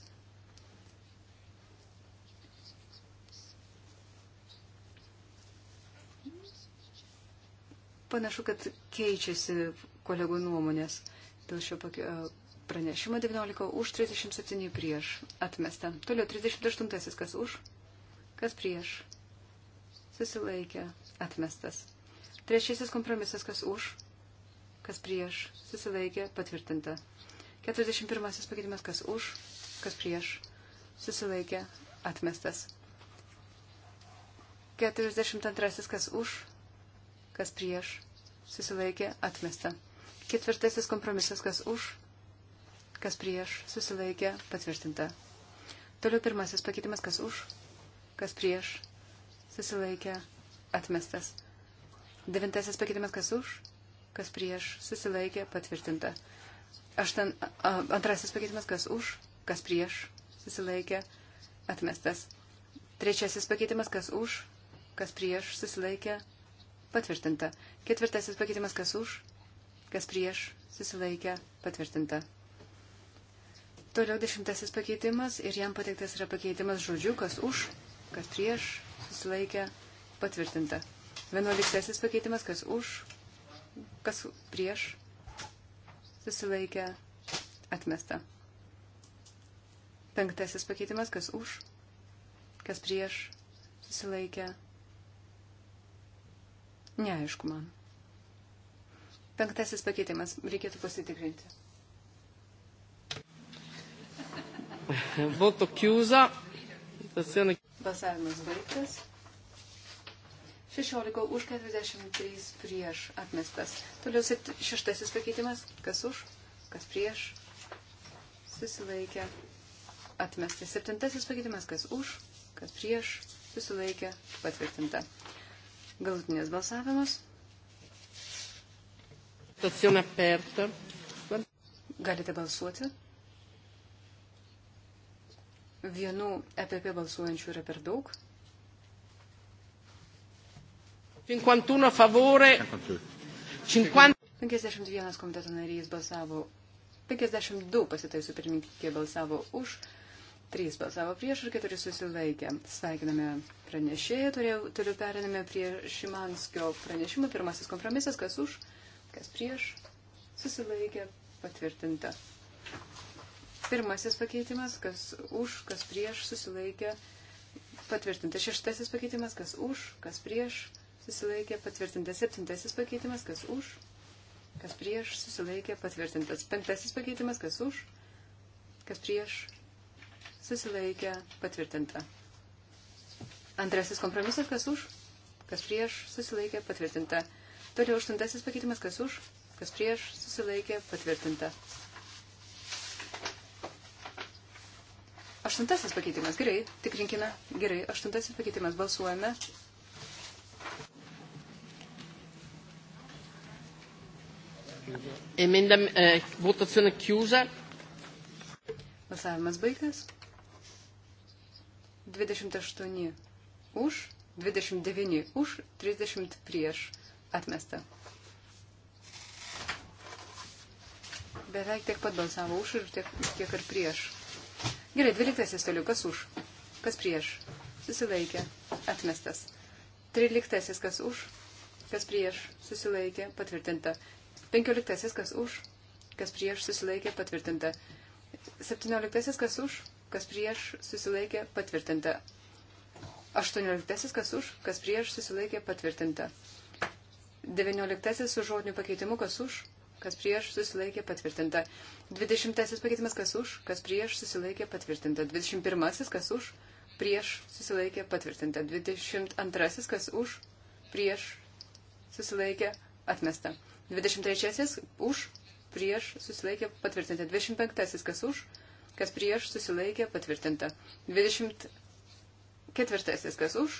Panašu, kad keičiasi kolegų nuomonės dėl šio e, pranešimo 19 už 37 prieš atmestą. Toliau 38 kas už Kas prieš? Susilaikė. Atmestas. Trečiasis kompromisas. Kas už? Kas prieš? Susilaikė. Patvirtinta. 41 pakeitimas. Kas už? Kas prieš? Susilaikė. Atmestas. 42 kas už? Kas prieš? Susilaikė. Atmesta. Ketvirtasis kompromisas. Kas už? Kas prieš? Susilaikė. Patvirtinta. Toliau pirmasis pakeitimas. Kas už? kas prieš, susilaikė, atmestas. Devintasis pakeitimas, kas už, kas prieš, susilaikė, patvirtinta. Aštan, a, antrasis pakeitimas, kas už, kas prieš, susilaikė, atmestas. Trečiasis pakeitimas, kas už, kas prieš, susilaikė, patvirtinta. Ketvirtasis pakeitimas, kas už, kas prieš, susilaikė, patvirtinta. Toliau dešimtasis pakeitimas ir jam pateiktas yra pakeitimas žodžiu, kas už, kas prieš, susilaikė, patvirtinta. Vienuoliktasis pakeitimas, kas už, kas prieš, susilaikė, atmesta. Penktasis pakeitimas, kas už, kas prieš, susilaikė, neaišku man. Penktasis pakeitimas, reikėtų pasitikrinti. Voto chiusa. Votazione. Balsavimas baigtas. 16 už 43 prieš atmestas. Toliau šeštasis pakeitimas. Kas už, kas prieš. Susilaikė. Atmestas. Septintasis pakeitimas. Kas už, kas prieš. Susilaikė. Patvirtinta. Galutinės balsavimas. Galite balsuoti vienų EPP balsuojančių yra per daug. 51 favore. 50... 51 komiteto narys balsavo, 52 pasitaisų pirmininkė balsavo už, 3 balsavo prieš ir 4 susilaikė. Sveikiname pranešėją, toliau periname prie Šimanskio pranešimą. Pirmasis kompromisas, kas už, kas prieš, susilaikė, patvirtinta. Pirmasis pakeitimas, kas už, kas prieš, susilaikė, patvirtinta. Šeštasis pakeitimas, kas už, kas prieš, susilaikė, patvirtinta. Septintasis pakeitimas, kas už, kas prieš, susilaikė, patvirtintas. Penktasis pakeitimas, kas už, kas prieš, susilaikė, patvirtinta. Antrasis kompromisas, kas už, kas prieš, susilaikė, patvirtinta. Toliau aštuntasis pakeitimas, kas už, kas prieš, susilaikė, patvirtinta. Aštuntasis pakeitimas. Gerai, tikrinkime. Gerai, aštuntasis pakeitimas. Balsuojame. Emendam, eh, votazione chiusa. Balsavimas baigtas. 28 už, 29 už, 30 prieš. Atmesta. Beveik tiek pat balsavo už ir tiek, tiek ir prieš. Gerai, dvyliktasis toliau, kas už, kas prieš, susilaikė, atmestas. Tryliktasis, kas už, kas prieš, susilaikė, patvirtinta. Penkioliktasis, kas už, kas prieš, susilaikė, patvirtinta. Septynioliktasis, kas už, kas prieš, susilaikė, patvirtinta. Aštuonioliktasis, kas už, kas prieš, susilaikė, patvirtinta. Devinioliktasis su žodiniu pakeitimu, kas už, kas prieš susilaikė patvirtinta. 20 pakeitimas, kas už, kas prieš susilaikė patvirtinta. 21 kas už, prieš susilaikė patvirtinta. 22 kas už, prieš susilaikė atmesta. 23 už, prieš susilaikė patvirtinta. 25 kas už, kas prieš susilaikė patvirtinta. 24 kas už,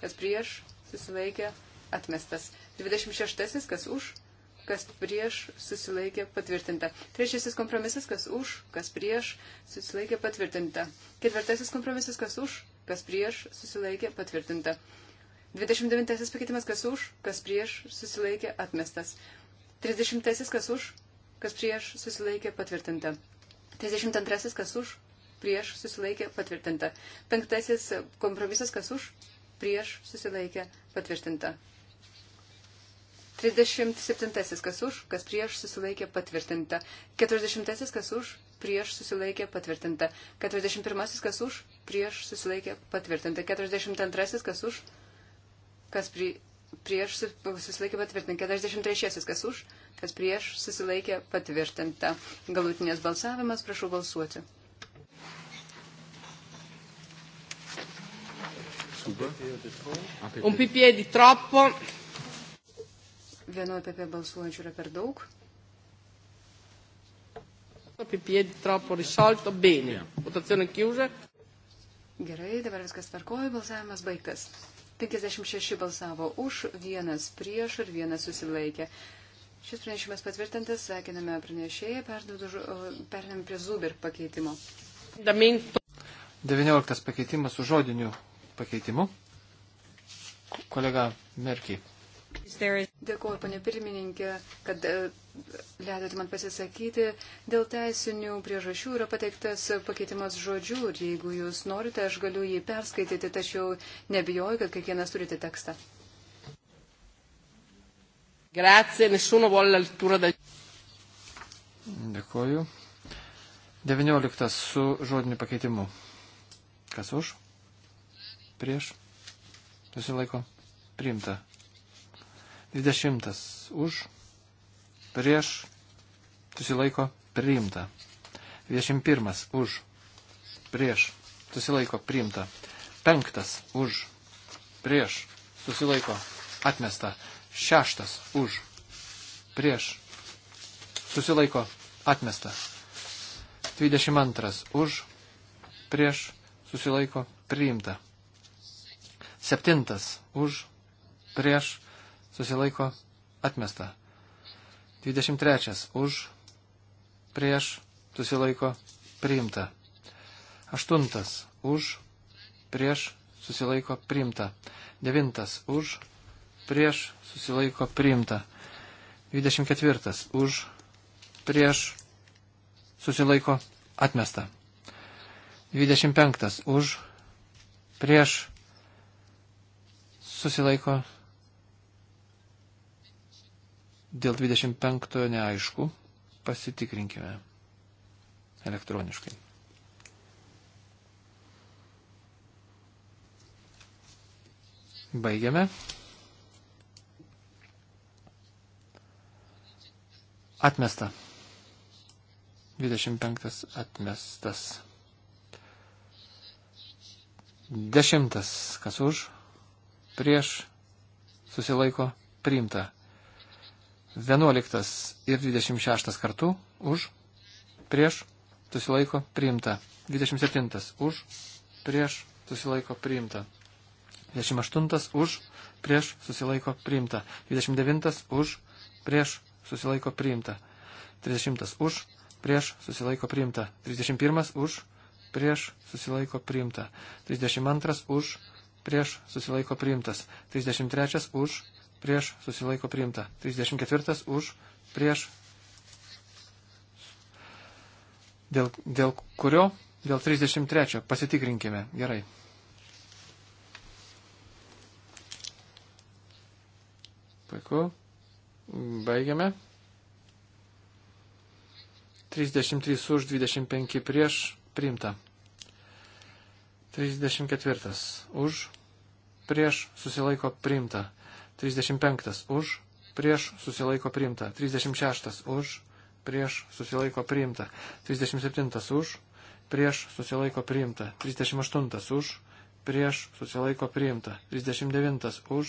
kas prieš susilaikė atmestas. 26 kas už, kas prieš, susilaikė patvirtinta. Trečiasis kompromisas, kas už, kas prieš, susilaikė patvirtinta. Ketvirtasis kompromisas, kas už, kas prieš, susilaikė patvirtinta. 29 pakeitimas, kas už, kas prieš, susilaikė atmestas. 30 kas už, kas prieš, susilaikė patvirtinta. 32 kas už, prieš, susilaikė patvirtinta. Penktasis kompromisas, kas už, prieš, susilaikė patvirtinta. 37. Kas už, kas prieš susilaikė patvirtinta. 40. Kas už, prieš susilaikė patvirtinta. 41. Kas už, prieš susilaikė patvirtinta. 42. Kas už, kas pri, prieš susilaikė patvirtinta. 43. Kas už, kas prieš susilaikė patvirtinta. Galutinės balsavimas, prašau balsuoti. Un PPE di troppo vieno EPP balsuojančių yra per daug. Gerai, dabar viskas tvarkoja, balsavimas baigtas. 56 balsavo už, vienas prieš ir vienas susilaikė. Šis pranešimas patvirtintas, sveikiname pranešėją, perinam prie Zuber pakeitimo. 19 pakeitimas su žodiniu pakeitimu. Kolega Merkiai. Dėkuoju, ponė pirmininkė, kad e, leidote man pasisakyti. Dėl teisinių priežasčių yra pateiktas pakeitimas žodžių ir jeigu jūs norite, aš galiu jį perskaityti, tačiau nebijoju, kad kiekvienas turite tekstą. Grazie, nessuno vuole la lettura da... Dėkuoju. 19 su žodiniu pakeitimu. Kas už? Prieš? Susilaiko? Priimta. 20 už, prieš, susilaiko, priimta. 21 už, prieš, susilaiko, priimta. 5 už, prieš, susilaiko, atmesta. 6 už, prieš, susilaiko, atmesta. 22 už, prieš, susilaiko, priimta. 7 už, prieš, susilaiko atmesta. 23 už, prieš, susilaiko priimta. 8 už, prieš, susilaiko priimta. 9 už, prieš, susilaiko priimta. 24 už, prieš, susilaiko atmesta. 25 už, prieš, susilaiko Dėl 25 neaišku. Pasitikrinkime elektroniškai. Baigiame. Atmesta. 25 atmestas. Dešimtas, kas už, prieš, susilaiko, priimta. 11 ir 26 kartų už, prieš, susilaiko, priimta. 27 už, prieš, susilaiko, priimta. 28 už, prieš, susilaiko, priimta. 29 už, prieš, susilaiko, priimta. 30 už, prieš, susilaiko, priimta. 31 už, prieš, susilaiko, priimta. 32 už, prieš, susilaiko, priimtas. 33 už, prieš susilaiko priimta. 34 už prieš. Dėl, dėl kurio? Dėl 33. Pasitikrinkime. Gerai. Puiku. Baigiame. 33 už 25 prieš priimta. 34 už prieš susilaiko priimta. 35 už, prieš susilaiko priimta. 36 už, prieš susilaiko priimta. 37 už, prieš susilaiko priimta. 38 už, prieš susilaiko priimta. 39 už,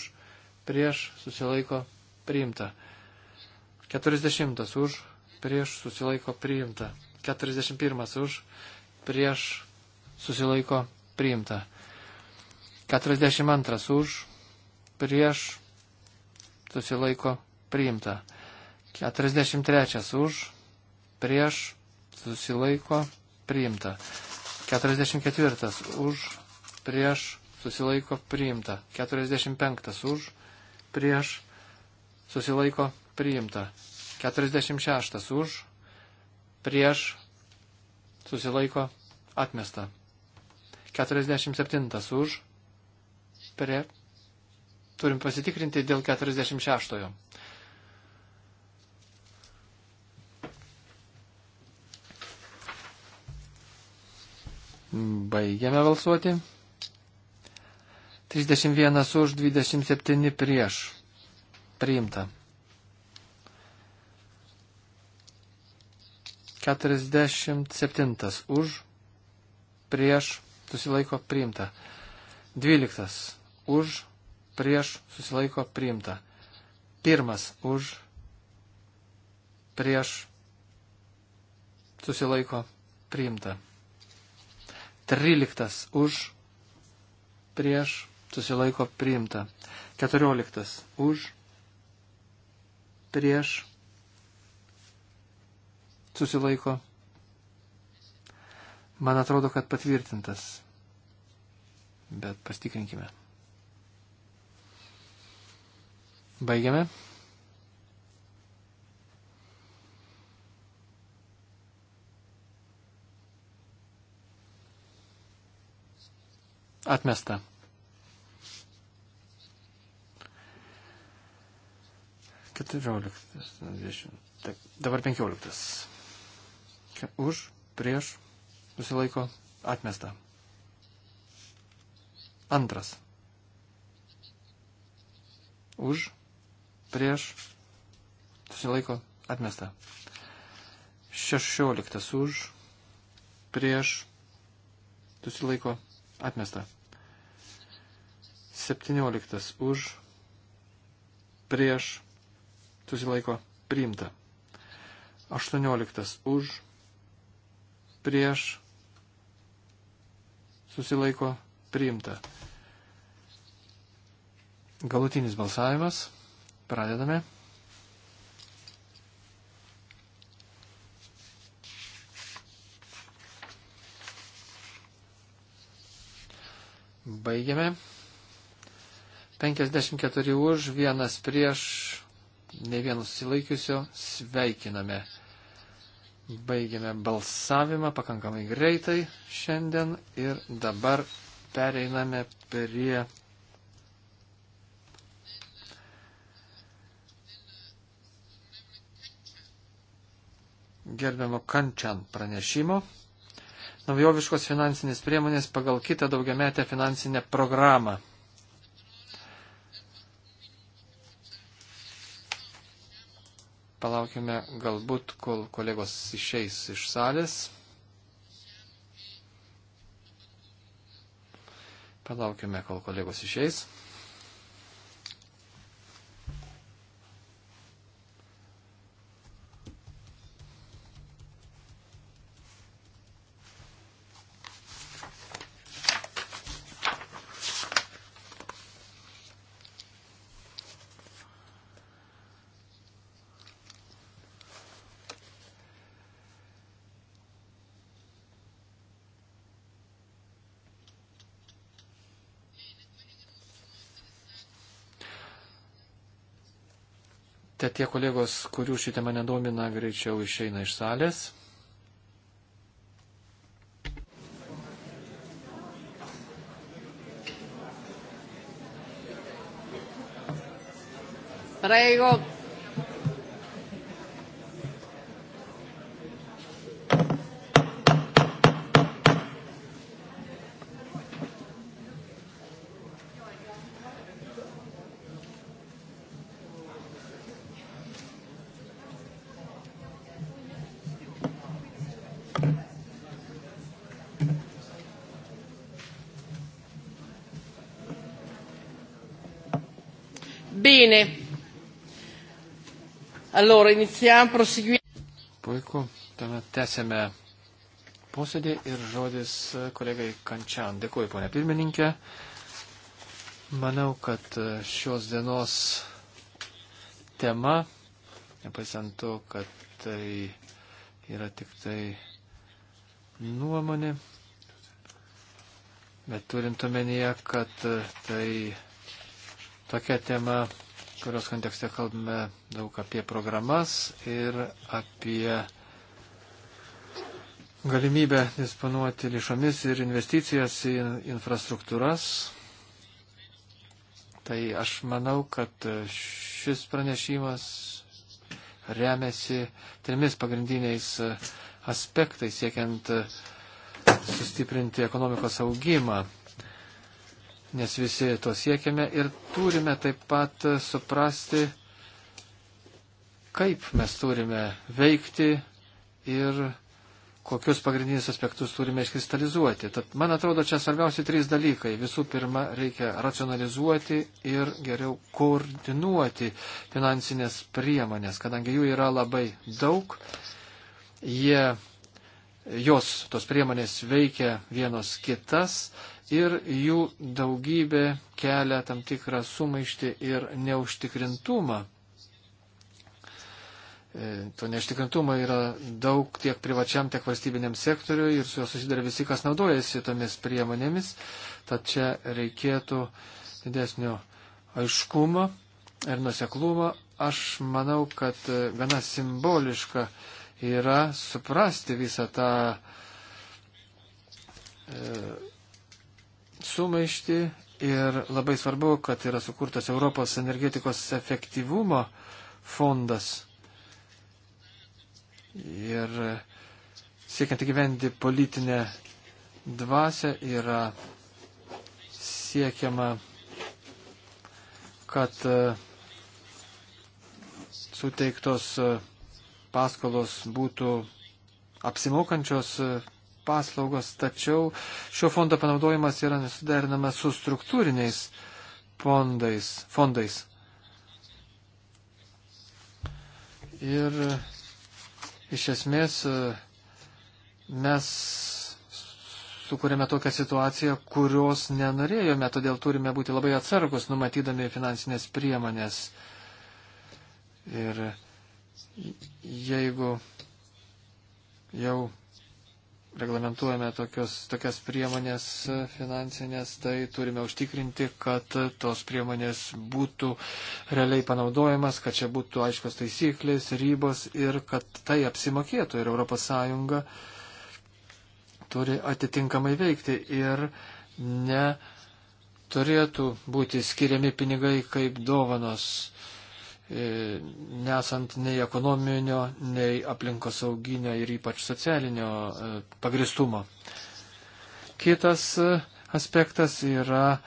prieš susilaiko priimta. 40 už, prieš susilaiko priimta. 41 už, prieš susilaiko priimta. 42 už, prieš susilaiko priimta. 43 už, prieš, susilaiko priimta. 44 už, prieš, susilaiko priimta. 45 už, prieš, susilaiko priimta. 46 už, prieš, susilaiko atmesta. 47 už, prie, Turim pasitikrinti dėl 46. Baigiame balsuoti. 31 už 27 prieš. Priimta. 47 už prieš. Susilaiko priimta. 12 už prieš susilaiko priimta. Pirmas už prieš susilaiko priimta. Tryliktas už prieš susilaiko priimta. Keturioliktas už prieš susilaiko. Man atrodo, kad patvirtintas. Bet pastikrinkime. Baigiame. Atmesta. Keturioliktas, dvidešimt. Taip, dabar penkioliktas. Už, prieš, susilaiko, atmesta. Antras. Už, prieš, susilaiko, atmesta. 16 už, prieš, susilaiko, atmesta. 17 už, prieš, susilaiko, priimta. 18 už, prieš, susilaiko, priimta. Galutinis balsavimas. Pradedame. Baigiame. 54 už, vienas prieš, ne vienas susilaikiusio, sveikiname. Baigiame balsavimą pakankamai greitai šiandien ir dabar pereiname prie gerbiamo Kančian pranešimo. Naujoviškos finansinės priemonės pagal kitą daugiametę finansinę programą. Palaukime galbūt, kol kolegos išeis iš salės. Palaukime, kol kolegos išeis. kad tie kolegos, kurių ši tema nedomina, greičiau išeina iš salės. Prego, Allora, iniziamo, proseguiamo. Puiku, tuomet tęsėme posėdį ir žodis kolegai Kančian. Dėkuoju, ponė pirmininkė. Manau, kad šios dienos tema, nepaisant to, kad tai yra tik tai nuomonė, bet turint omenyje, kad tai tokia tema kurios kontekste kalbame daug apie programas ir apie galimybę disponuoti lėšomis ir investicijas į infrastruktūras. Tai aš manau, kad šis pranešimas remiasi trimis pagrindiniais aspektais siekiant sustiprinti ekonomikos augimą nes visi to siekiame ir turime taip pat suprasti, kaip mes turime veikti ir kokius pagrindinius aspektus turime iškristalizuoti. Tad, man atrodo, čia svarbiausi trys dalykai. Visų pirma, reikia racionalizuoti ir geriau koordinuoti finansinės priemonės, kadangi jų yra labai daug. Jie, jos, tos priemonės veikia vienos kitas ir jų daugybė kelia tam tikrą sumaištį ir neužtikrintumą. E, to neužtikrintumo yra daug tiek privačiam, tiek valstybiniam sektoriui ir su juo susiduria visi, kas naudojasi tomis priemonėmis. Tad čia reikėtų didesnio aiškumo ir nuseklumo. Aš manau, kad e, gana simboliška yra suprasti visą tą e, sumaištį ir labai svarbu, kad yra sukurtas Europos energetikos efektyvumo fondas. Ir siekiant įgyvendinti politinę dvasę yra siekiama, kad e, suteiktos e, paskolos būtų apsimokančios e, paslaugos, tačiau šio fondo panaudojimas yra nesuderinamas su struktūriniais fondais. fondais. Ir iš esmės e, mes sukūrėme tokią situaciją, kurios nenorėjome, todėl turime būti labai atsargus, numatydami finansinės priemonės. Ir jeigu jau reglamentuojame tokios, tokias priemonės finansinės, tai turime užtikrinti, kad tos priemonės būtų realiai panaudojamas, kad čia būtų aiškios taisyklės, rybos ir kad tai apsimokėtų ir ES turi atitinkamai veikti ir ne turėtų būti skiriami pinigai kaip dovanos E, nesant nei ekonominio, nei aplinkosauginio ir ypač socialinio e, pagristumo. Kitas e, aspektas yra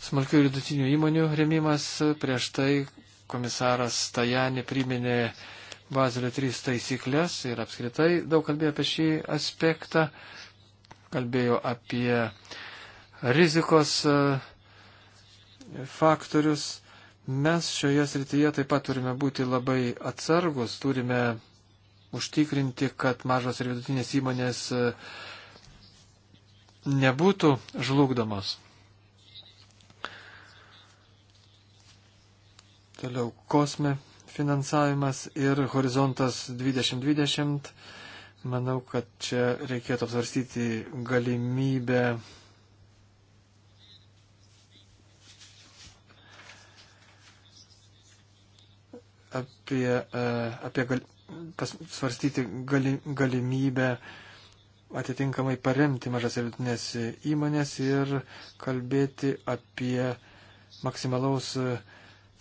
smulkių ir vidutinių įmonių remimas. Prieš tai komisaras Tajani priminė Bazilio 3 taisyklės ir apskritai daug kalbėjo apie šį aspektą. Kalbėjo apie rizikos faktorius Mes šioje srityje taip pat turime būti labai atsargus, turime užtikrinti, kad mažos ir vidutinės įmonės e, nebūtų žlugdomos. Toliau kosme finansavimas ir horizontas 2020. Manau, kad čia reikėtų apsvarstyti galimybę apie, e, apie gal, pas, svarstyti gali, galimybę atitinkamai paremti mažas ir vidutinės įmonės ir kalbėti apie maksimalaus e,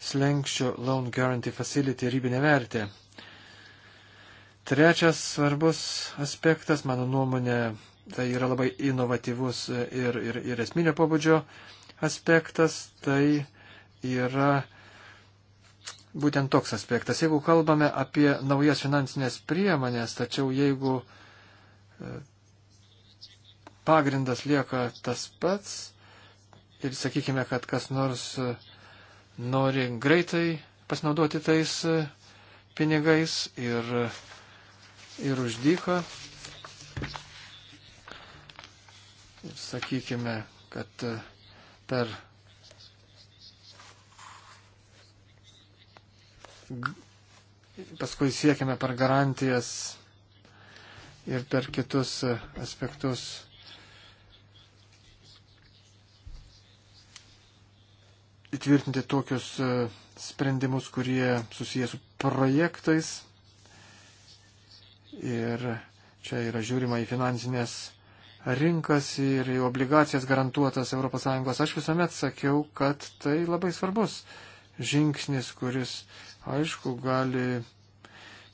slengščio Loan Guarantee Facility rybinę vertę. Trečias svarbus aspektas, mano nuomonė, tai yra labai inovatyvus e, ir, ir, ir esminio pobūdžio aspektas, tai yra būtent toks aspektas. Jeigu kalbame apie naujas finansinės priemonės, tačiau jeigu e, pagrindas lieka tas pats ir sakykime, kad kas nors e, nori greitai pasinaudoti tais e, pinigais ir, ir uždyka. Ir sakykime, kad per paskui siekiame per garantijas ir per kitus aspektus. Įtvirtinti tokius e, sprendimus, kurie susiję su projektais. Ir čia yra žiūrima į finansinės rinkas ir į obligacijas garantuotas ES. Aš visuomet sakiau, kad tai labai svarbus žingsnis, kuris aišku, gali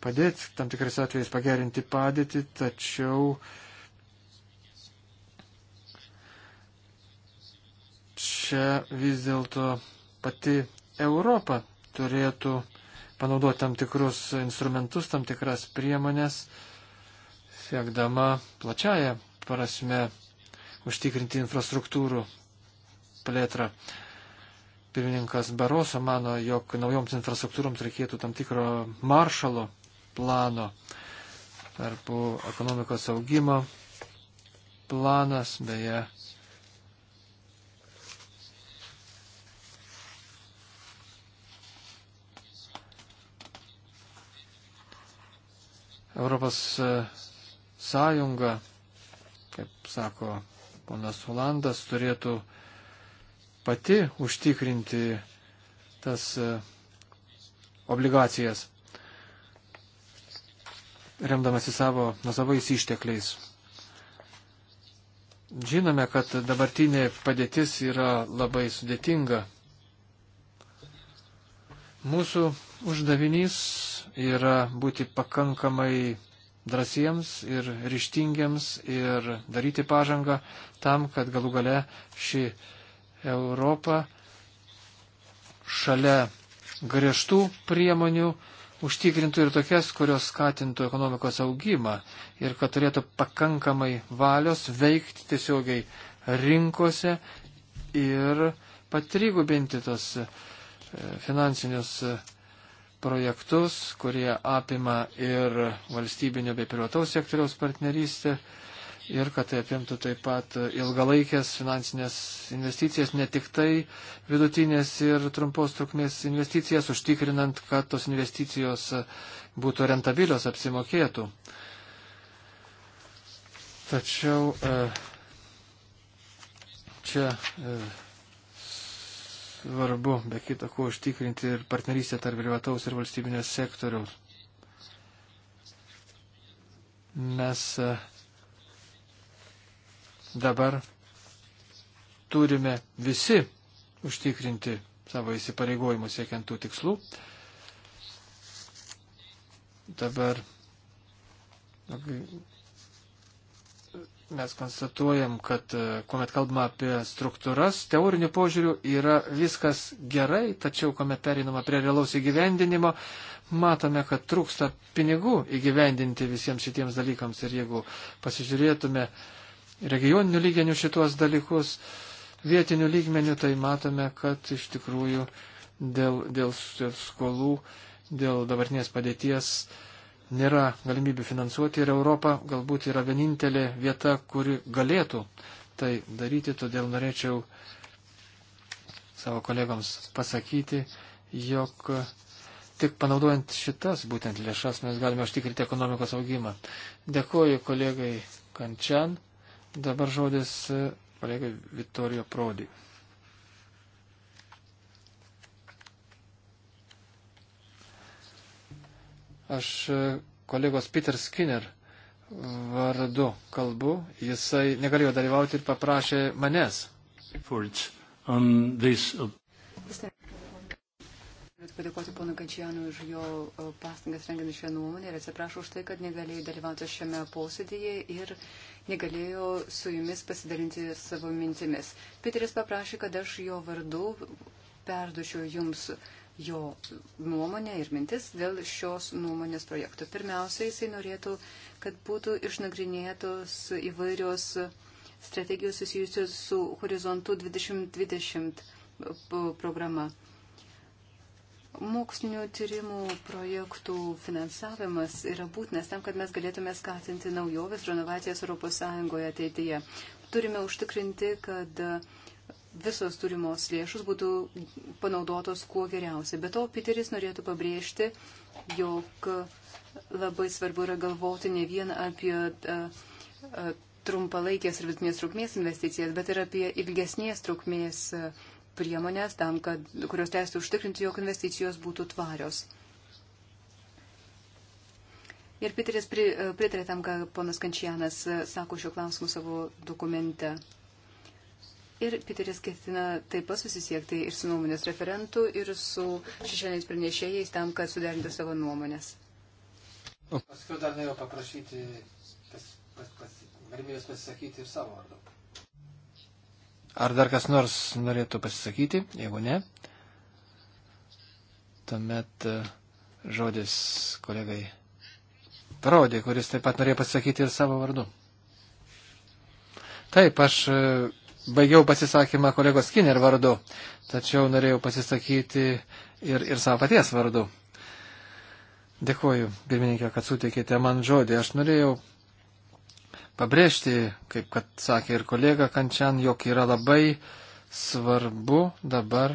padėti tam tikrais atvejais pagerinti padėtį, tačiau čia vis dėlto pati Europa turėtų panaudoti tam tikrus instrumentus, tam tikras priemonės, siekdama plačiają prasme užtikrinti infrastruktūrų plėtrą pirmininkas Baroso mano, jog naujoms infrastruktūroms reikėtų tam tikro maršalo plano tarpu ekonomikos augimo planas, beje. Europos e, sąjunga, kaip sako ponas Holandas, turėtų uh, pati užtikrinti tas e, obligacijas, remdamasi savo nusavais ištekliais. Žinome, kad dabartinė padėtis yra labai sudėtinga. Mūsų uždavinys yra būti pakankamai drąsiems ir ryštingiams ir daryti pažangą tam, kad galų gale ši Europą šalia griežtų priemonių užtikrintų ir tokias, kurios skatintų ekonomikos augimą ir kad turėtų pakankamai valios veikti tiesiogiai rinkose ir patrygubinti tos e, finansinius e, projektus, kurie apima ir valstybinio bei privataus sektoriaus partnerystę ir kad tai apimtų taip pat ilgalaikės finansinės investicijas, ne tik tai vidutinės ir trumpos trukmės investicijas, užtikrinant, kad tos investicijos būtų rentabilios, apsimokėtų. Tačiau e, čia e, svarbu, be kita ko, užtikrinti ir partnerystę tarp privataus ir valstybinės sektoriaus. Mes uh, Dabar turime visi užtikrinti savo įsipareigojimus siekiant tų tikslų. Dabar mes konstatuojam, kad e, kuomet kalbama apie struktūras, teorinių požiūrių yra viskas gerai, tačiau kuomet perinama prie realaus įgyvendinimo, matome, kad trūksta pinigų įgyvendinti visiems šitiems dalykams. Ir jeigu pasižiūrėtume uh, regioninių lygmenių šitos dalykus, vietinių lygmenių, tai matome, kad iš tikrųjų dėl, dėl skolų, dėl dabartinės padėties nėra galimybių finansuoti ir Europa galbūt yra vienintelė vieta, kuri galėtų tai daryti, todėl norėčiau savo kolegams pasakyti, jog tik panaudojant šitas būtent lėšas mes galime užtikrinti ekonomikos augimą. Dėkuoju kolegai Kančian. Dabar žodis e, kolegai Vittorio Prodi. Aš e, kolegos Peter Skinner vardu kalbu. Jisai negalėjo dalyvauti ir paprašė manęs. Uh, Noriu padėkoti ponu Kančianui už jo pastangas rengiant šią nuomonę ir atsiprašau už tai, kad negalėjau dalyvauti šiame posėdėje ir negalėjo su jumis pasidalinti savo mintimis. Peteris paprašė, kad aš jo vardu perdušiu jums jo nuomonę ir mintis dėl šios nuomonės projektų. Pirmiausia, jisai norėtų, kad būtų išnagrinėtos įvairios strategijos susijusios su horizontu 2020 programa. Mokslinių tyrimų projektų finansavimas yra būtinas tam, kad mes galėtume skatinti naujoves ir inovacijas ES ateityje. Turime užtikrinti, kad visos turimos lėšus būtų panaudotos kuo geriausiai. Be to, Piteris norėtų pabrėžti, jog labai svarbu yra galvoti ne vien apie a, a, trumpalaikės ir vidutinės trukmės investicijas, bet ir apie ilgesnės trukmės investicijas priemonės tam, kad, kurios teistų užtikrinti, jog investicijos būtų tvarios. Ir Piteris e, pritarė tam, ką ponas Kančianas e, sako šiuo klausimu savo dokumente. Ir Piteris ketina taip pat susisiekti ir su nuomonės referentu, ir su šešėliniais pranešėjais tam, kad suderintų savo nuomonės. O paskui dar norėjau paprašyti, pas, pas, pas, galimybės pasisakyti ir savo vardu. Ar dar kas nors norėtų pasisakyti? Jeigu ne, tuomet e, žodis kolegai parodė, kuris taip pat norėjo pasisakyti ir savo vardu. Taip, aš e, baigiau pasisakymą kolegos Skinner vardu, tačiau norėjau pasisakyti ir, ir savo paties vardu. Dėkuoju, pirmininkė, kad suteikėte man žodį. Aš norėjau pabrėžti, kaip kad sakė ir kolega Kančian, jog yra labai svarbu dabar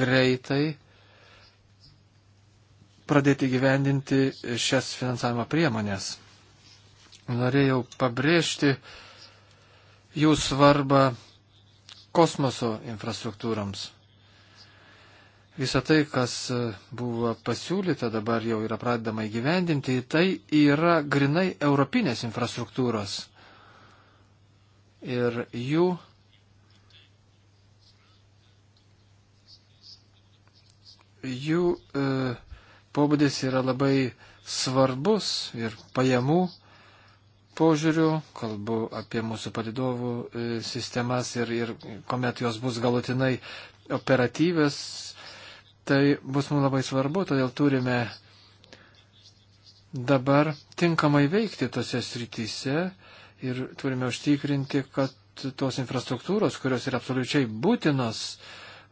greitai pradėti gyvendinti šias finansavimo priemonės. Norėjau pabrėžti jų svarbą kosmoso infrastruktūroms. Visą tai, kas buvo pasiūlyta, dabar jau yra pradedama įgyvendinti, tai yra grinai europinės infrastruktūros ir jų jų e, pobūdis yra labai svarbus ir pajamų požiūrių, kalbu apie mūsų palidovų e, sistemas ir, ir kuomet jos bus galutinai operatyvės, tai bus mums labai svarbu, todėl turime dabar tinkamai veikti tose srityse, ir turime užtikrinti, kad tos infrastruktūros, kurios yra absoliučiai būtinos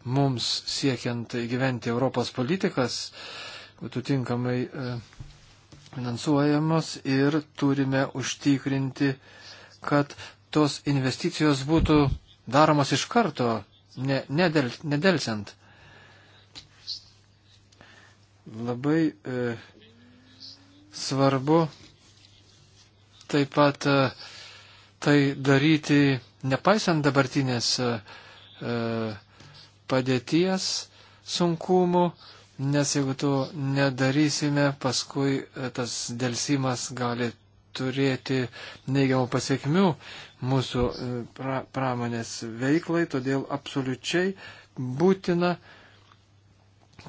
mums siekiant gyventi Europos politikas, būtų tinkamai e, finansuojamos ir turime užtikrinti, kad tos investicijos būtų daromos iš karto, ne, nedel, nedelsiant. Labai e, svarbu taip pat e, tai daryti nepaisant dabartinės e, e, padėties sunkumų, nes jeigu to nedarysime, paskui e, tas dėlsimas gali turėti neigiamų pasiekmių mūsų e, pra, pramonės veiklai, todėl absoliučiai būtina,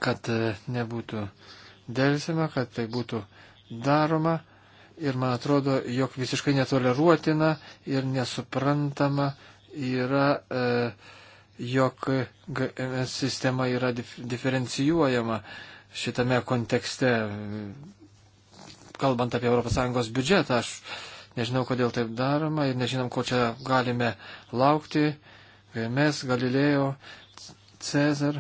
kad nebūtų dėlsima, kad tai būtų daroma. Ir man atrodo, jog visiškai netoleruotina ir nesuprantama yra, e, jog GMS sistema yra diferencijuojama šitame kontekste. Kalbant apie ES biudžetą, aš nežinau, kodėl taip daroma ir nežinom, ko čia galime laukti. GMS, Galilėjo, Cezar.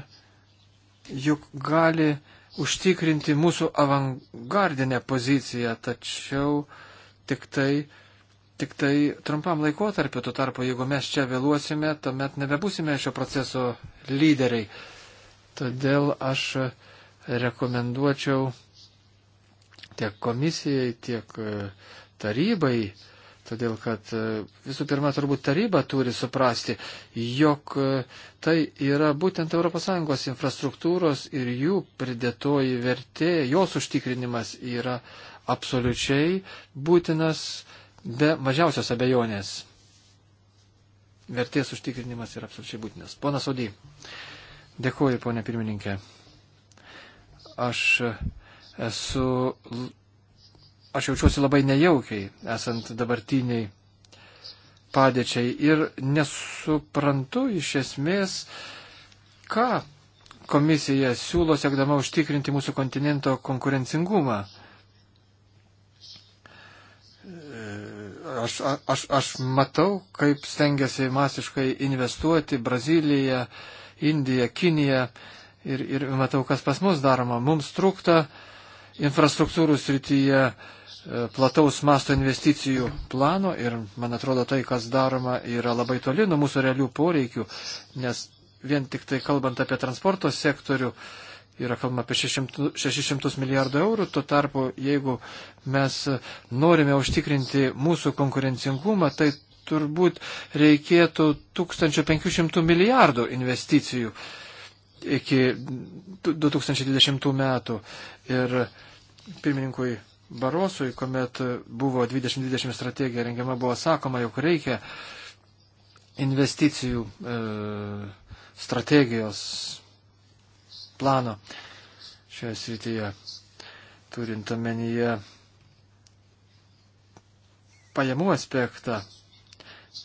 Juk gali užtikrinti mūsų avangardinę poziciją, tačiau tik tai, tik tai trumpam laikotarpiu, tuo tarpu, jeigu mes čia vėluosime, tuomet nebebūsime šio proceso lyderiai. Todėl aš rekomenduočiau tiek komisijai, tiek e, tarybai, Todėl, kad e, visų pirma, turbūt taryba turi suprasti, jog e, tai yra būtent ES infrastruktūros ir jų pridėtoji vertė, jos užtikrinimas yra absoliučiai būtinas be mažiausios abejonės. Vertės užtikrinimas yra absoliučiai būtinas. Ponas Odį, dėkuoju, ponė pirmininkė. Aš e, esu aš jaučiuosi labai nejaukiai, esant dabartiniai padėčiai ir nesuprantu iš esmės, ką komisija siūlo siekdama užtikrinti mūsų kontinento konkurencingumą. Aš, aš, aš matau, kaip stengiasi masiškai investuoti Brazilija, Indija, Kinija ir, ir matau, kas pas mus daroma. Mums trūksta infrastruktūrų srityje, uh, E, plataus masto investicijų plano ir, man atrodo, tai, kas daroma, yra labai toli nuo mūsų realių poreikių, nes vien tik tai kalbant apie transporto sektorių, yra kalbama apie 600, 600 milijardų eurų, tuo tarpu, jeigu mes norime užtikrinti mūsų konkurencingumą, tai turbūt reikėtų 1500 milijardų investicijų iki 2020 metų. Ir pirmininkui Barosui, kuomet buvo 2020 strategija rengiama, buvo sakoma, jog reikia investicijų e, strategijos plano šioje srityje, turint omenyje pajamų aspektą,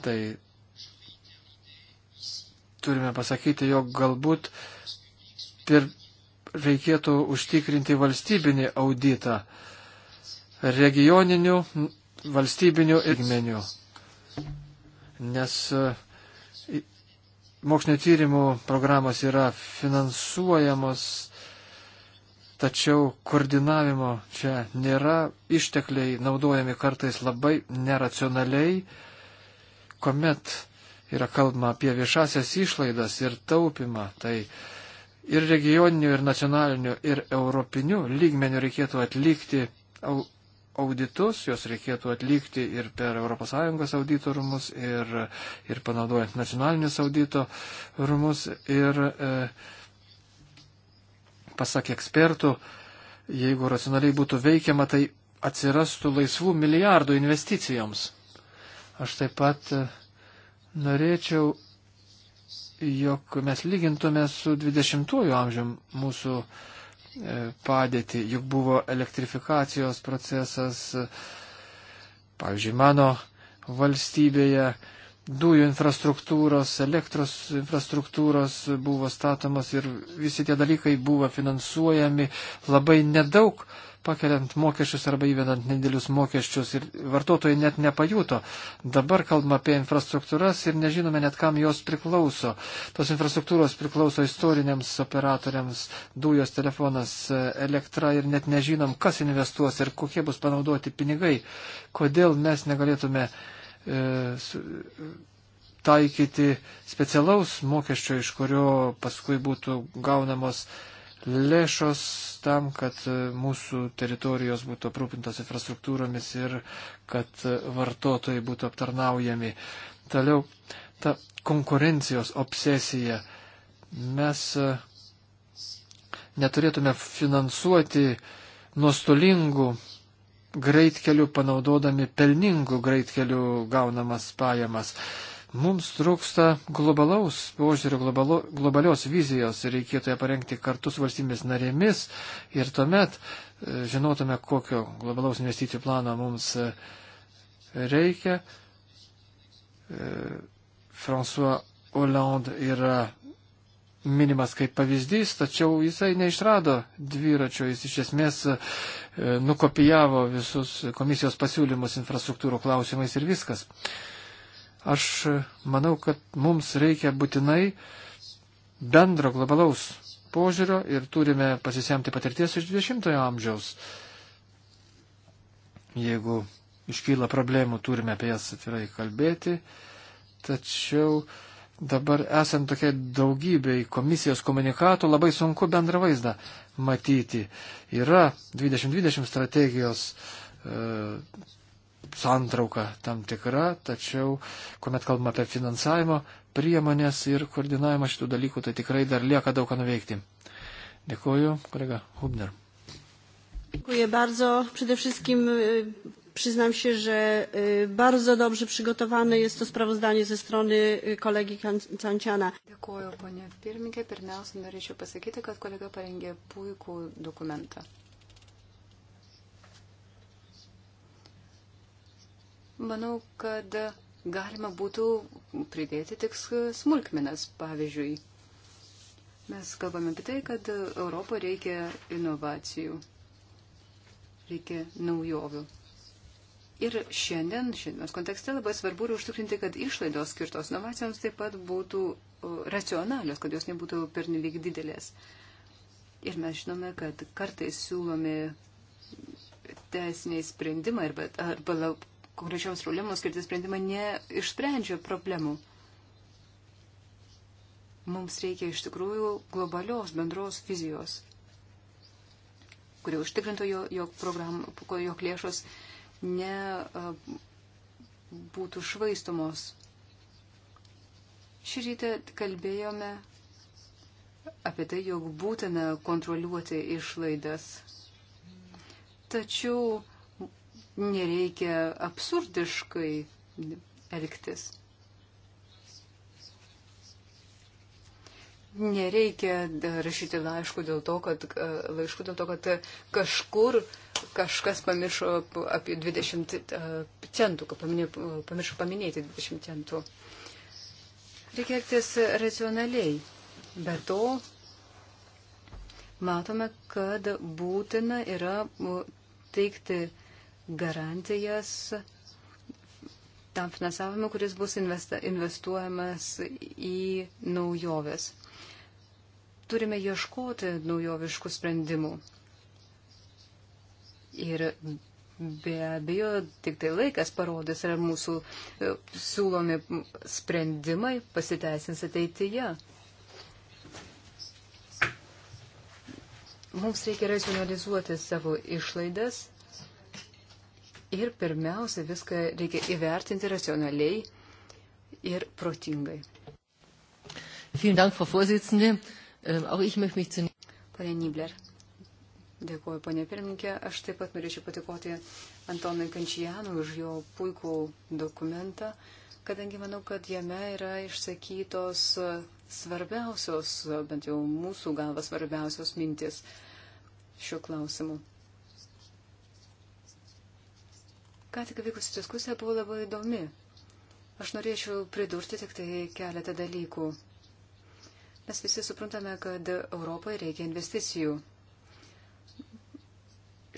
tai turime pasakyti, jog galbūt pir, reikėtų užtikrinti valstybinį auditą. E, regioninių, valstybinių lygmenių. Nes e, mokslinio tyrimų programos yra finansuojamos, tačiau koordinavimo čia nėra, ištekliai naudojami kartais labai neracionaliai, kuomet yra kalbama apie viešasias išlaidas ir taupimą, tai ir regioninių, ir nacionalinių, ir europinių lygmenių reikėtų atlikti auditus, juos reikėtų atlikti ir per ES audito rumus, ir, ir panaudojant nacionalinius audito rumus. Ir e, pasak ekspertų, jeigu racionaliai būtų veikiama, tai atsirastų laisvų milijardų investicijoms. Aš taip pat e, norėčiau, jog mes lygintume su 20-ojo amžiumi mūsų E, padėtį, juk buvo elektrifikacijos procesas, e, pavyzdžiui, mano valstybėje dujų infrastruktūros, elektros infrastruktūros buvo statomos ir visi tie dalykai buvo finansuojami labai nedaug, pakeliant mokesčius arba įvedant nedėlius mokesčius ir vartotojai net nepajuto. Dabar kalbame apie infrastruktūras ir nežinome net kam jos priklauso. Tos infrastruktūros priklauso istoriniams operatoriams, dujos, telefonas, elektra ir net nežinom, kas investuos ir kokie bus panaudoti pinigai. Kodėl mes negalėtume E, taikyti specialaus mokesčio, iš kurio paskui būtų gaunamos lėšos tam, kad e, mūsų teritorijos būtų aprūpintos infrastruktūromis ir kad vartotojai būtų aptarnaujami. Toliau, ta konkurencijos obsesija. Mes e, neturėtume finansuoti nuostolingų greitkelių panaudodami pelningų greitkelių gaunamas pajamas. Mums trūksta globalaus požiūrio, globalo, globalios vizijos ir reikėtų ją parengti kartu su valstybės narėmis ir tuomet e, žinotume, kokio globalaus investicijų plano mums e, reikia. E, François Hollande yra minimas kaip pavyzdys, tačiau jisai neišrado dviračio, jis iš esmės E, nukopijavo visus komisijos pasiūlymus infrastruktūrų klausimais ir viskas. Aš manau, kad mums reikia būtinai bendro globalaus požiūrio ir turime pasisemti patirties iš 20-ojo amžiaus. Jeigu iškyla problemų, turime apie jas atvirai kalbėti, tačiau uh, dabar esant tokiai daugybei komisijos komunikatų, labai sunku bendrą vaizdą matyti. Yra 2020 strategijos e, santrauka tam tikra, tačiau, kuomet kalbame apie finansavimo priemonės ir koordinavimą šitų dalykų, tai tikrai dar lieka daug ką nuveikti. Dėkuoju, kolega Hubner. Dziękuję bardzo. Przede wszystkim e, Przyznam się, że bardzo dobrze przygotowane jest to sprawozdanie ze strony kolegi Canciana. Dėkuoju, ponė pirmininkė. Pirmiausia, norėčiau pasakyti, kad kolega parengė puikų dokumentą. Manau, kad galima būtų pridėti tik smulkmenas. Pavyzdžiui, mes kalbame apie tai, kad Europoje reikia inovacijų, reikia naujovių. Ir šiandien, šiandienos kontekste labai svarbu yra užtikrinti, kad išlaidos skirtos inovacijoms taip pat būtų racionalios, kad jos nebūtų pernelyg didelės. Ir mes žinome, kad kartais siūlomi teisiniai sprendimai arba, arba konkrečioms problemams skirti sprendimai neišsprendžia problemų. Mums reikia iš tikrųjų globalios bendros vizijos, kuri užtikrintų, jog, program, jog lėšos nebūtų švaistomos. Šį rytą kalbėjome apie tai, jog būtina kontroliuoti išlaidas. Tačiau nereikia absurdiškai elgtis. nereikia rašyti laiškų dėl to, kad, e, laiškų dėl to, kad kažkur kažkas pamiršo apie 20 e, centų, kad pamiršo paminėti 20 centų. Reikia elgtis racionaliai. Be to, matome, kad būtina yra teikti garantijas tam finansavimui, kuris bus investuojamas į naujoves turime ieškoti naujoviškų sprendimų. Ir be abejo, tik tai laikas parodys, ar mūsų e, siūlomi sprendimai pasiteisins ateityje. Mums reikia racionalizuoti savo išlaidas ir pirmiausia viską reikia įvertinti racionaliai ir protingai. Vielen Dank, Frau Vorsitzende. Auch ich möchte mich zunächst. Pane Nibler. Dėkuoju, ponė pirmininkė. Aš taip pat norėčiau patikoti Antonui Kančijanui už jo puikų dokumentą, kadangi manau, kad jame yra išsakytos svarbiausios, bent jau mūsų galva svarbiausios mintis šiuo klausimu. Ką tik vykusi diskusija buvo labai įdomi. Aš norėčiau pridurti tik tai keletą dalykų. Mes visi suprantame, kad Europoje reikia investicijų.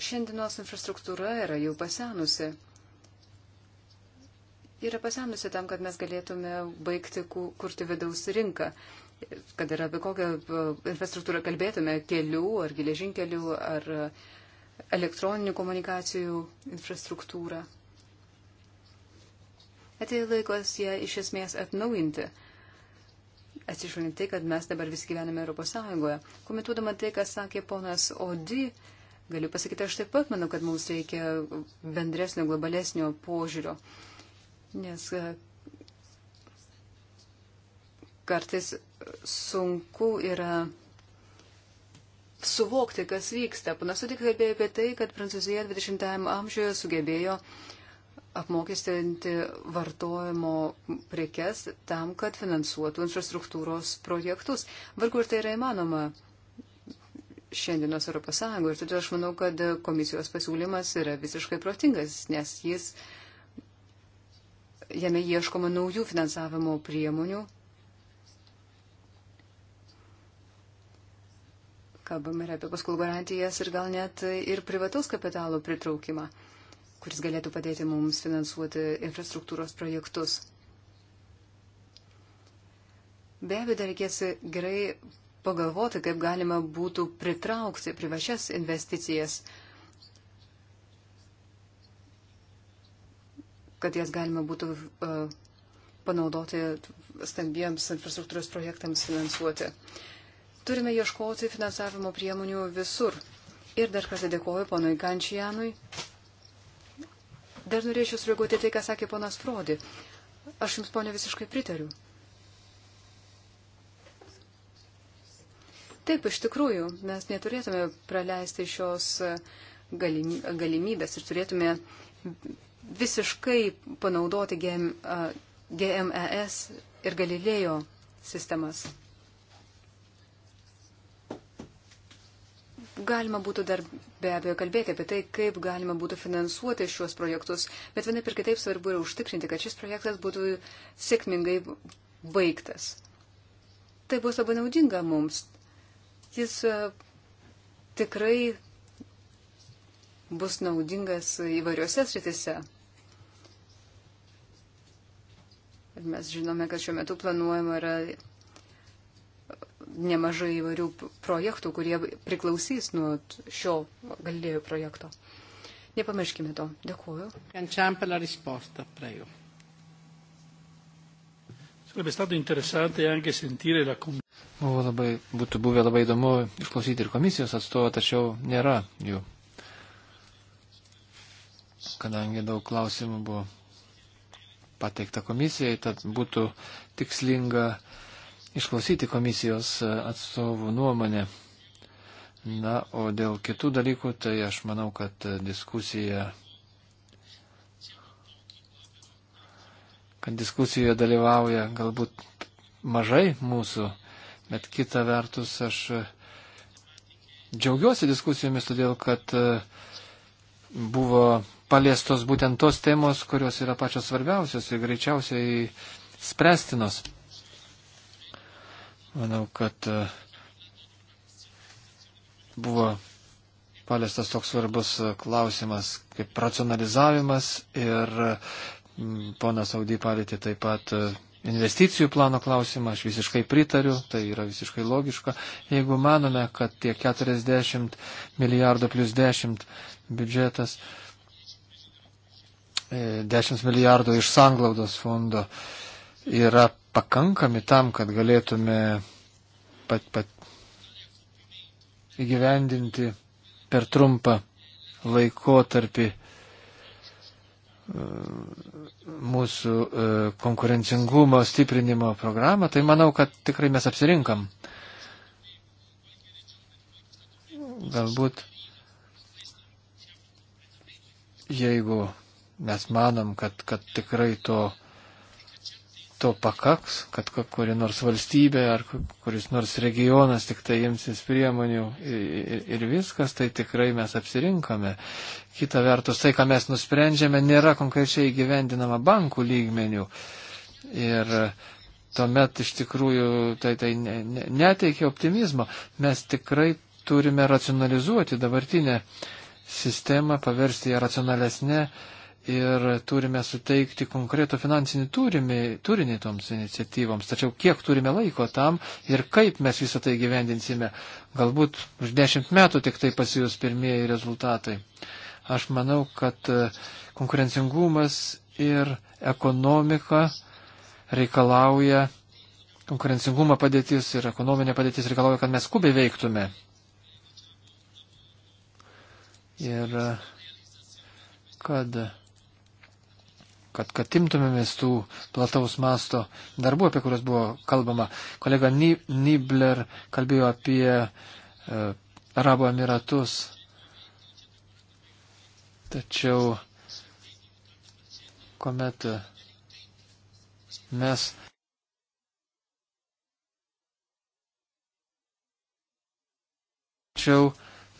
Šiandienos infrastruktūra yra jau pasenusi. Yra pasenusi tam, kad mes galėtume baigti kurti vidaus rinką. Kad ir apie kokią e, infrastruktūrą kalbėtume, kelių ar geležinkelių ar elektroninių komunikacijų infrastruktūrą. Atėjo laikas ją iš esmės atnaujinti atsižvelgiant tai, kad mes dabar visi gyvename Europos Sąjungoje. Komentuodama tai, kas sakė ponas Odi, galiu pasakyti, aš taip pat manau, kad mums reikia bendresnio, globalesnio požiūrio. Nes e, kartais sunku yra suvokti, kas vyksta. Panas Odi kalbėjo apie tai, kad Prancūzija 20-ąjame amžiuje sugebėjo uh, apmokestinti vartojimo prekes tam, kad finansuotų infrastruktūros projektus. Vargu ir tai yra įmanoma šiandienos Europos Sąjungoje. Ir todėl aš manau, kad komisijos pasiūlymas yra visiškai protingas, nes jis, jame ieškoma naujų finansavimo priemonių. Kalbame ir apie paskolų garantijas ir gal net ir privataus kapitalo pritraukimą kuris galėtų padėti mums finansuoti infrastruktūros projektus. Be abejo, dar reikės gerai pagalvoti, kaip galima būtų pritraukti privačias investicijas, kad jas galima būtų uh, panaudoti stambiems infrastruktūros projektams finansuoti. Turime ieškoti finansavimo priemonių visur. Ir dar kartą dėkoju ponui Gančianui Dar norėčiau sureaguoti tai, ką sakė ponas Frodi. Aš jums, ponė, visiškai pritariu. Taip, iš tikrųjų, mes neturėtume praleisti šios e, galimybės ir turėtume visiškai panaudoti GM, e, GMES ir Galilėjo sistemas. Galima būtų dar be abejo kalbėti apie tai, kaip galima būtų finansuoti šiuos projektus, bet vienaip ir kitaip svarbu yra užtikrinti, kad šis projektas būtų sėkmingai baigtas. Tai bus labai naudinga mums. Jis e, tikrai bus naudingas įvairiose sritise. Ir mes žinome, kad šiuo metu planuojama yra nemažai įvairių projektų, kurie priklausys nuo šio galėjo projekto. Nepamirškime to. Dėkuoju. Buvo labai, būtų buvę labai įdomu išklausyti ir komisijos atstovą, tačiau nėra jų. Kadangi daug klausimų buvo pateikta komisijai, tad būtų tikslinga uh, išklausyti komisijos atstovų nuomonę. Na, o dėl kitų dalykų, tai aš manau, kad diskusija, kad diskusijoje dalyvauja galbūt mažai mūsų, bet kita vertus aš džiaugiuosi diskusijomis, todėl kad buvo paliestos būtent tos temos, kurios yra pačios svarbiausios ir greičiausiai spręstinos. Manau, kad e, buvo paliestas toks svarbus e, klausimas kaip racionalizavimas ir ponas Audy palėtė taip pat e, investicijų plano klausimą, aš visiškai pritariu, tai yra visiškai logiška. Jeigu manome, kad tie 40 milijardų plus 10 biudžetas, 10 milijardų iš sanglaudos fondo yra pakankami tam, kad galėtume pat, pat įgyvendinti per trumpą laikotarpį e, mūsų e, konkurencingumo stiprinimo programą, tai manau, kad tikrai mes apsirinkam. Galbūt, jeigu mes manom, kad, kad tikrai to to pakaks, kad kuri nors valstybė ar kuris nors regionas tik tai imsis priemonių ir, ir viskas, tai tikrai mes apsirinkame. Kita vertus, tai, ką mes nusprendžiame, nėra konkrečiai gyvendinama bankų lygmenių. Ir tuomet iš tikrųjų tai, tai ne, ne, neteikia optimizmo. Mes tikrai turime racionalizuoti dabartinę sistemą, paversti ją racionalesnė. Ne ir turime suteikti konkretų finansinį turimį, turinį toms iniciatyvoms. Tačiau kiek turime laiko tam ir kaip mes visą tai gyvendinsime. Galbūt už dešimt metų tik tai pasijus pirmieji rezultatai. Aš manau, kad e, konkurencingumas ir ekonomika reikalauja, konkurencingumo padėtis ir ekonominė padėtis reikalauja, kad mes skubiai veiktume. Ir e, kad kad, kad imtumėmės tų plataus masto darbų, apie kurias buvo kalbama. Kolega Nibler kalbėjo apie e, Arabo Emiratus. Tačiau, kuomet mes. Tačiau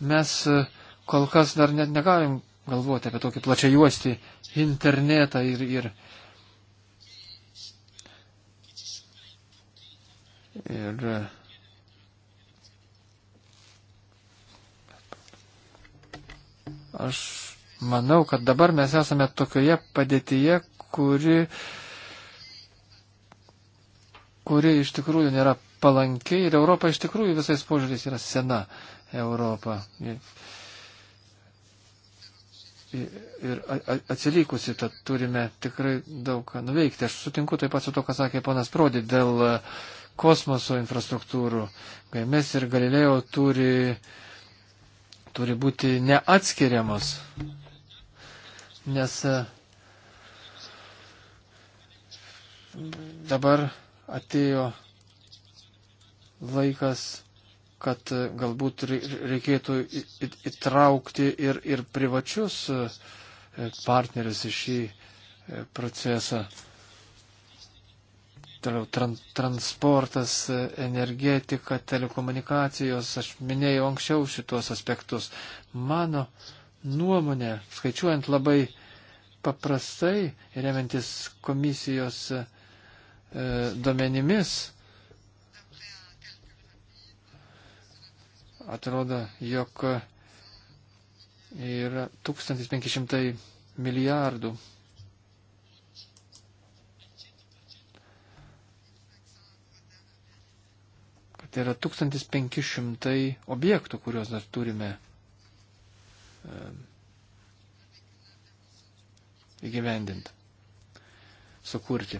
mes e, kol kas dar net negalim galvoti apie tokį plačią juostį internetą ir, ir, ir aš manau, kad dabar mes esame tokioje padėtyje, kuri, kuri iš tikrųjų nėra palankiai ir Europa iš tikrųjų visais požiūriais yra sena Europa. Ir, ir atsilikusi, tad turime tikrai daug ką nuveikti. Aš sutinku taip pat su to, ką sakė panas Prodi dėl e, kosmoso infrastruktūrų. Gaimes ir Galilėjo turi, turi būti neatskiriamos, nes e, dabar atėjo laikas kad e, galbūt reikėtų įtraukti ir, ir privačius e, partnerius į šį e, procesą. Toliau tran, transportas, energetika, telekomunikacijos, aš minėjau anksčiau šitos aspektus. Mano nuomonė, skaičiuojant labai paprastai, remiantis komisijos e, duomenimis, e, atrodo, jog yra 1500 milijardų. Tai yra 1500 objektų, kuriuos dar turime įgyvendinti, sukurti.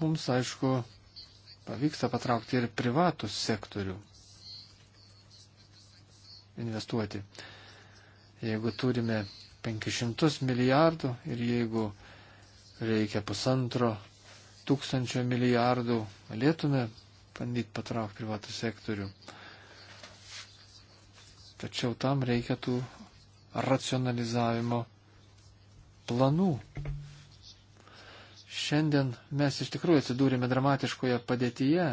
mums, aišku, pavyksta patraukti ir privatų sektorių investuoti. Jeigu turime 500 milijardų ir jeigu reikia pusantro tūkstančio milijardų, galėtume bandyti patraukti privatų sektorių. Tačiau tam reikia tų racionalizavimo planų. Šiandien mes iš tikrųjų atsidūrėme dramatiškoje padėtyje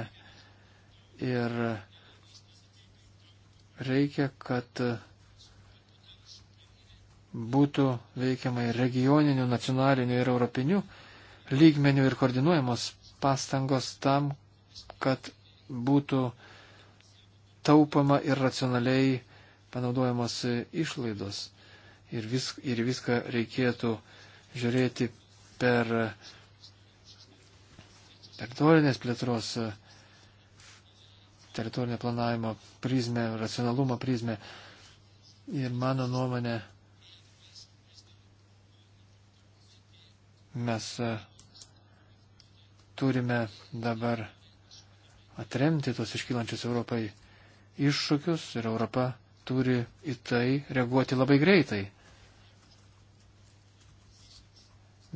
ir reikia, kad būtų veikiama ir regioninių, nacionalinių ir europinių lygmenių ir koordinuojamos pastangos tam, kad būtų taupama ir racionaliai panaudojamos išlaidos. Ir, vis, ir viską reikėtų žiūrėti per teritorinės plėtros, teritorinio planavimo prizmę, racionalumo prizmę. Ir mano nuomonė, mes e, turime dabar atremti tos iškylančius Europai iššūkius ir Europa turi į tai reaguoti labai greitai.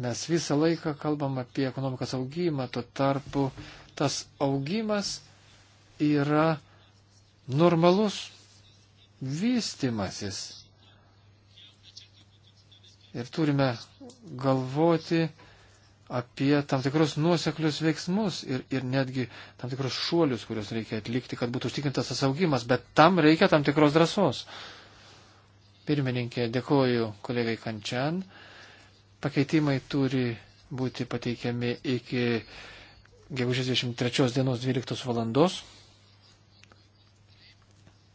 Mes visą laiką kalbam apie ekonomikos augimą, tuo tarpu tas augimas yra normalus vystimasis. Ir turime galvoti apie tam tikrus nuoseklius veiksmus ir, ir netgi tam tikrus šuolius, kuriuos reikia atlikti, kad būtų užtikrintas tas augimas, bet tam reikia tam tikros drąsos. Pirmininkė, dėkoju kolegai Kančian. Pakeitimai turi būti pateikiami iki gegužės 23 dienos 12 valandos,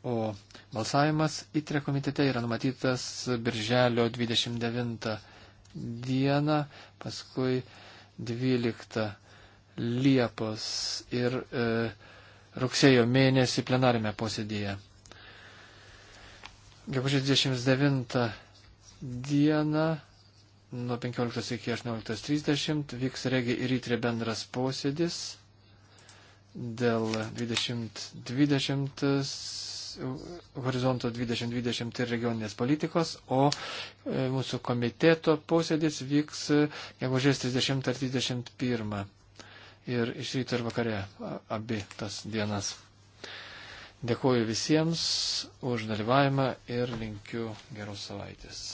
o balsavimas įtre komitete yra numatytas birželio 29 dieną, paskui 12 Liepos ir e, rugsėjo mėnesį plenarime posėdėje. Gegužės 29 dieną nuo 15 iki 18.30 vyks regi ir įtrė bendras posėdis dėl 2020 horizonto 2020 ir regioninės politikos, o e, mūsų komiteto posėdis vyks e, gegužės 30 ar 31 ir iš ryto ir vakare abi tas dienas. Dėkuoju visiems už dalyvavimą ir linkiu geros savaitės.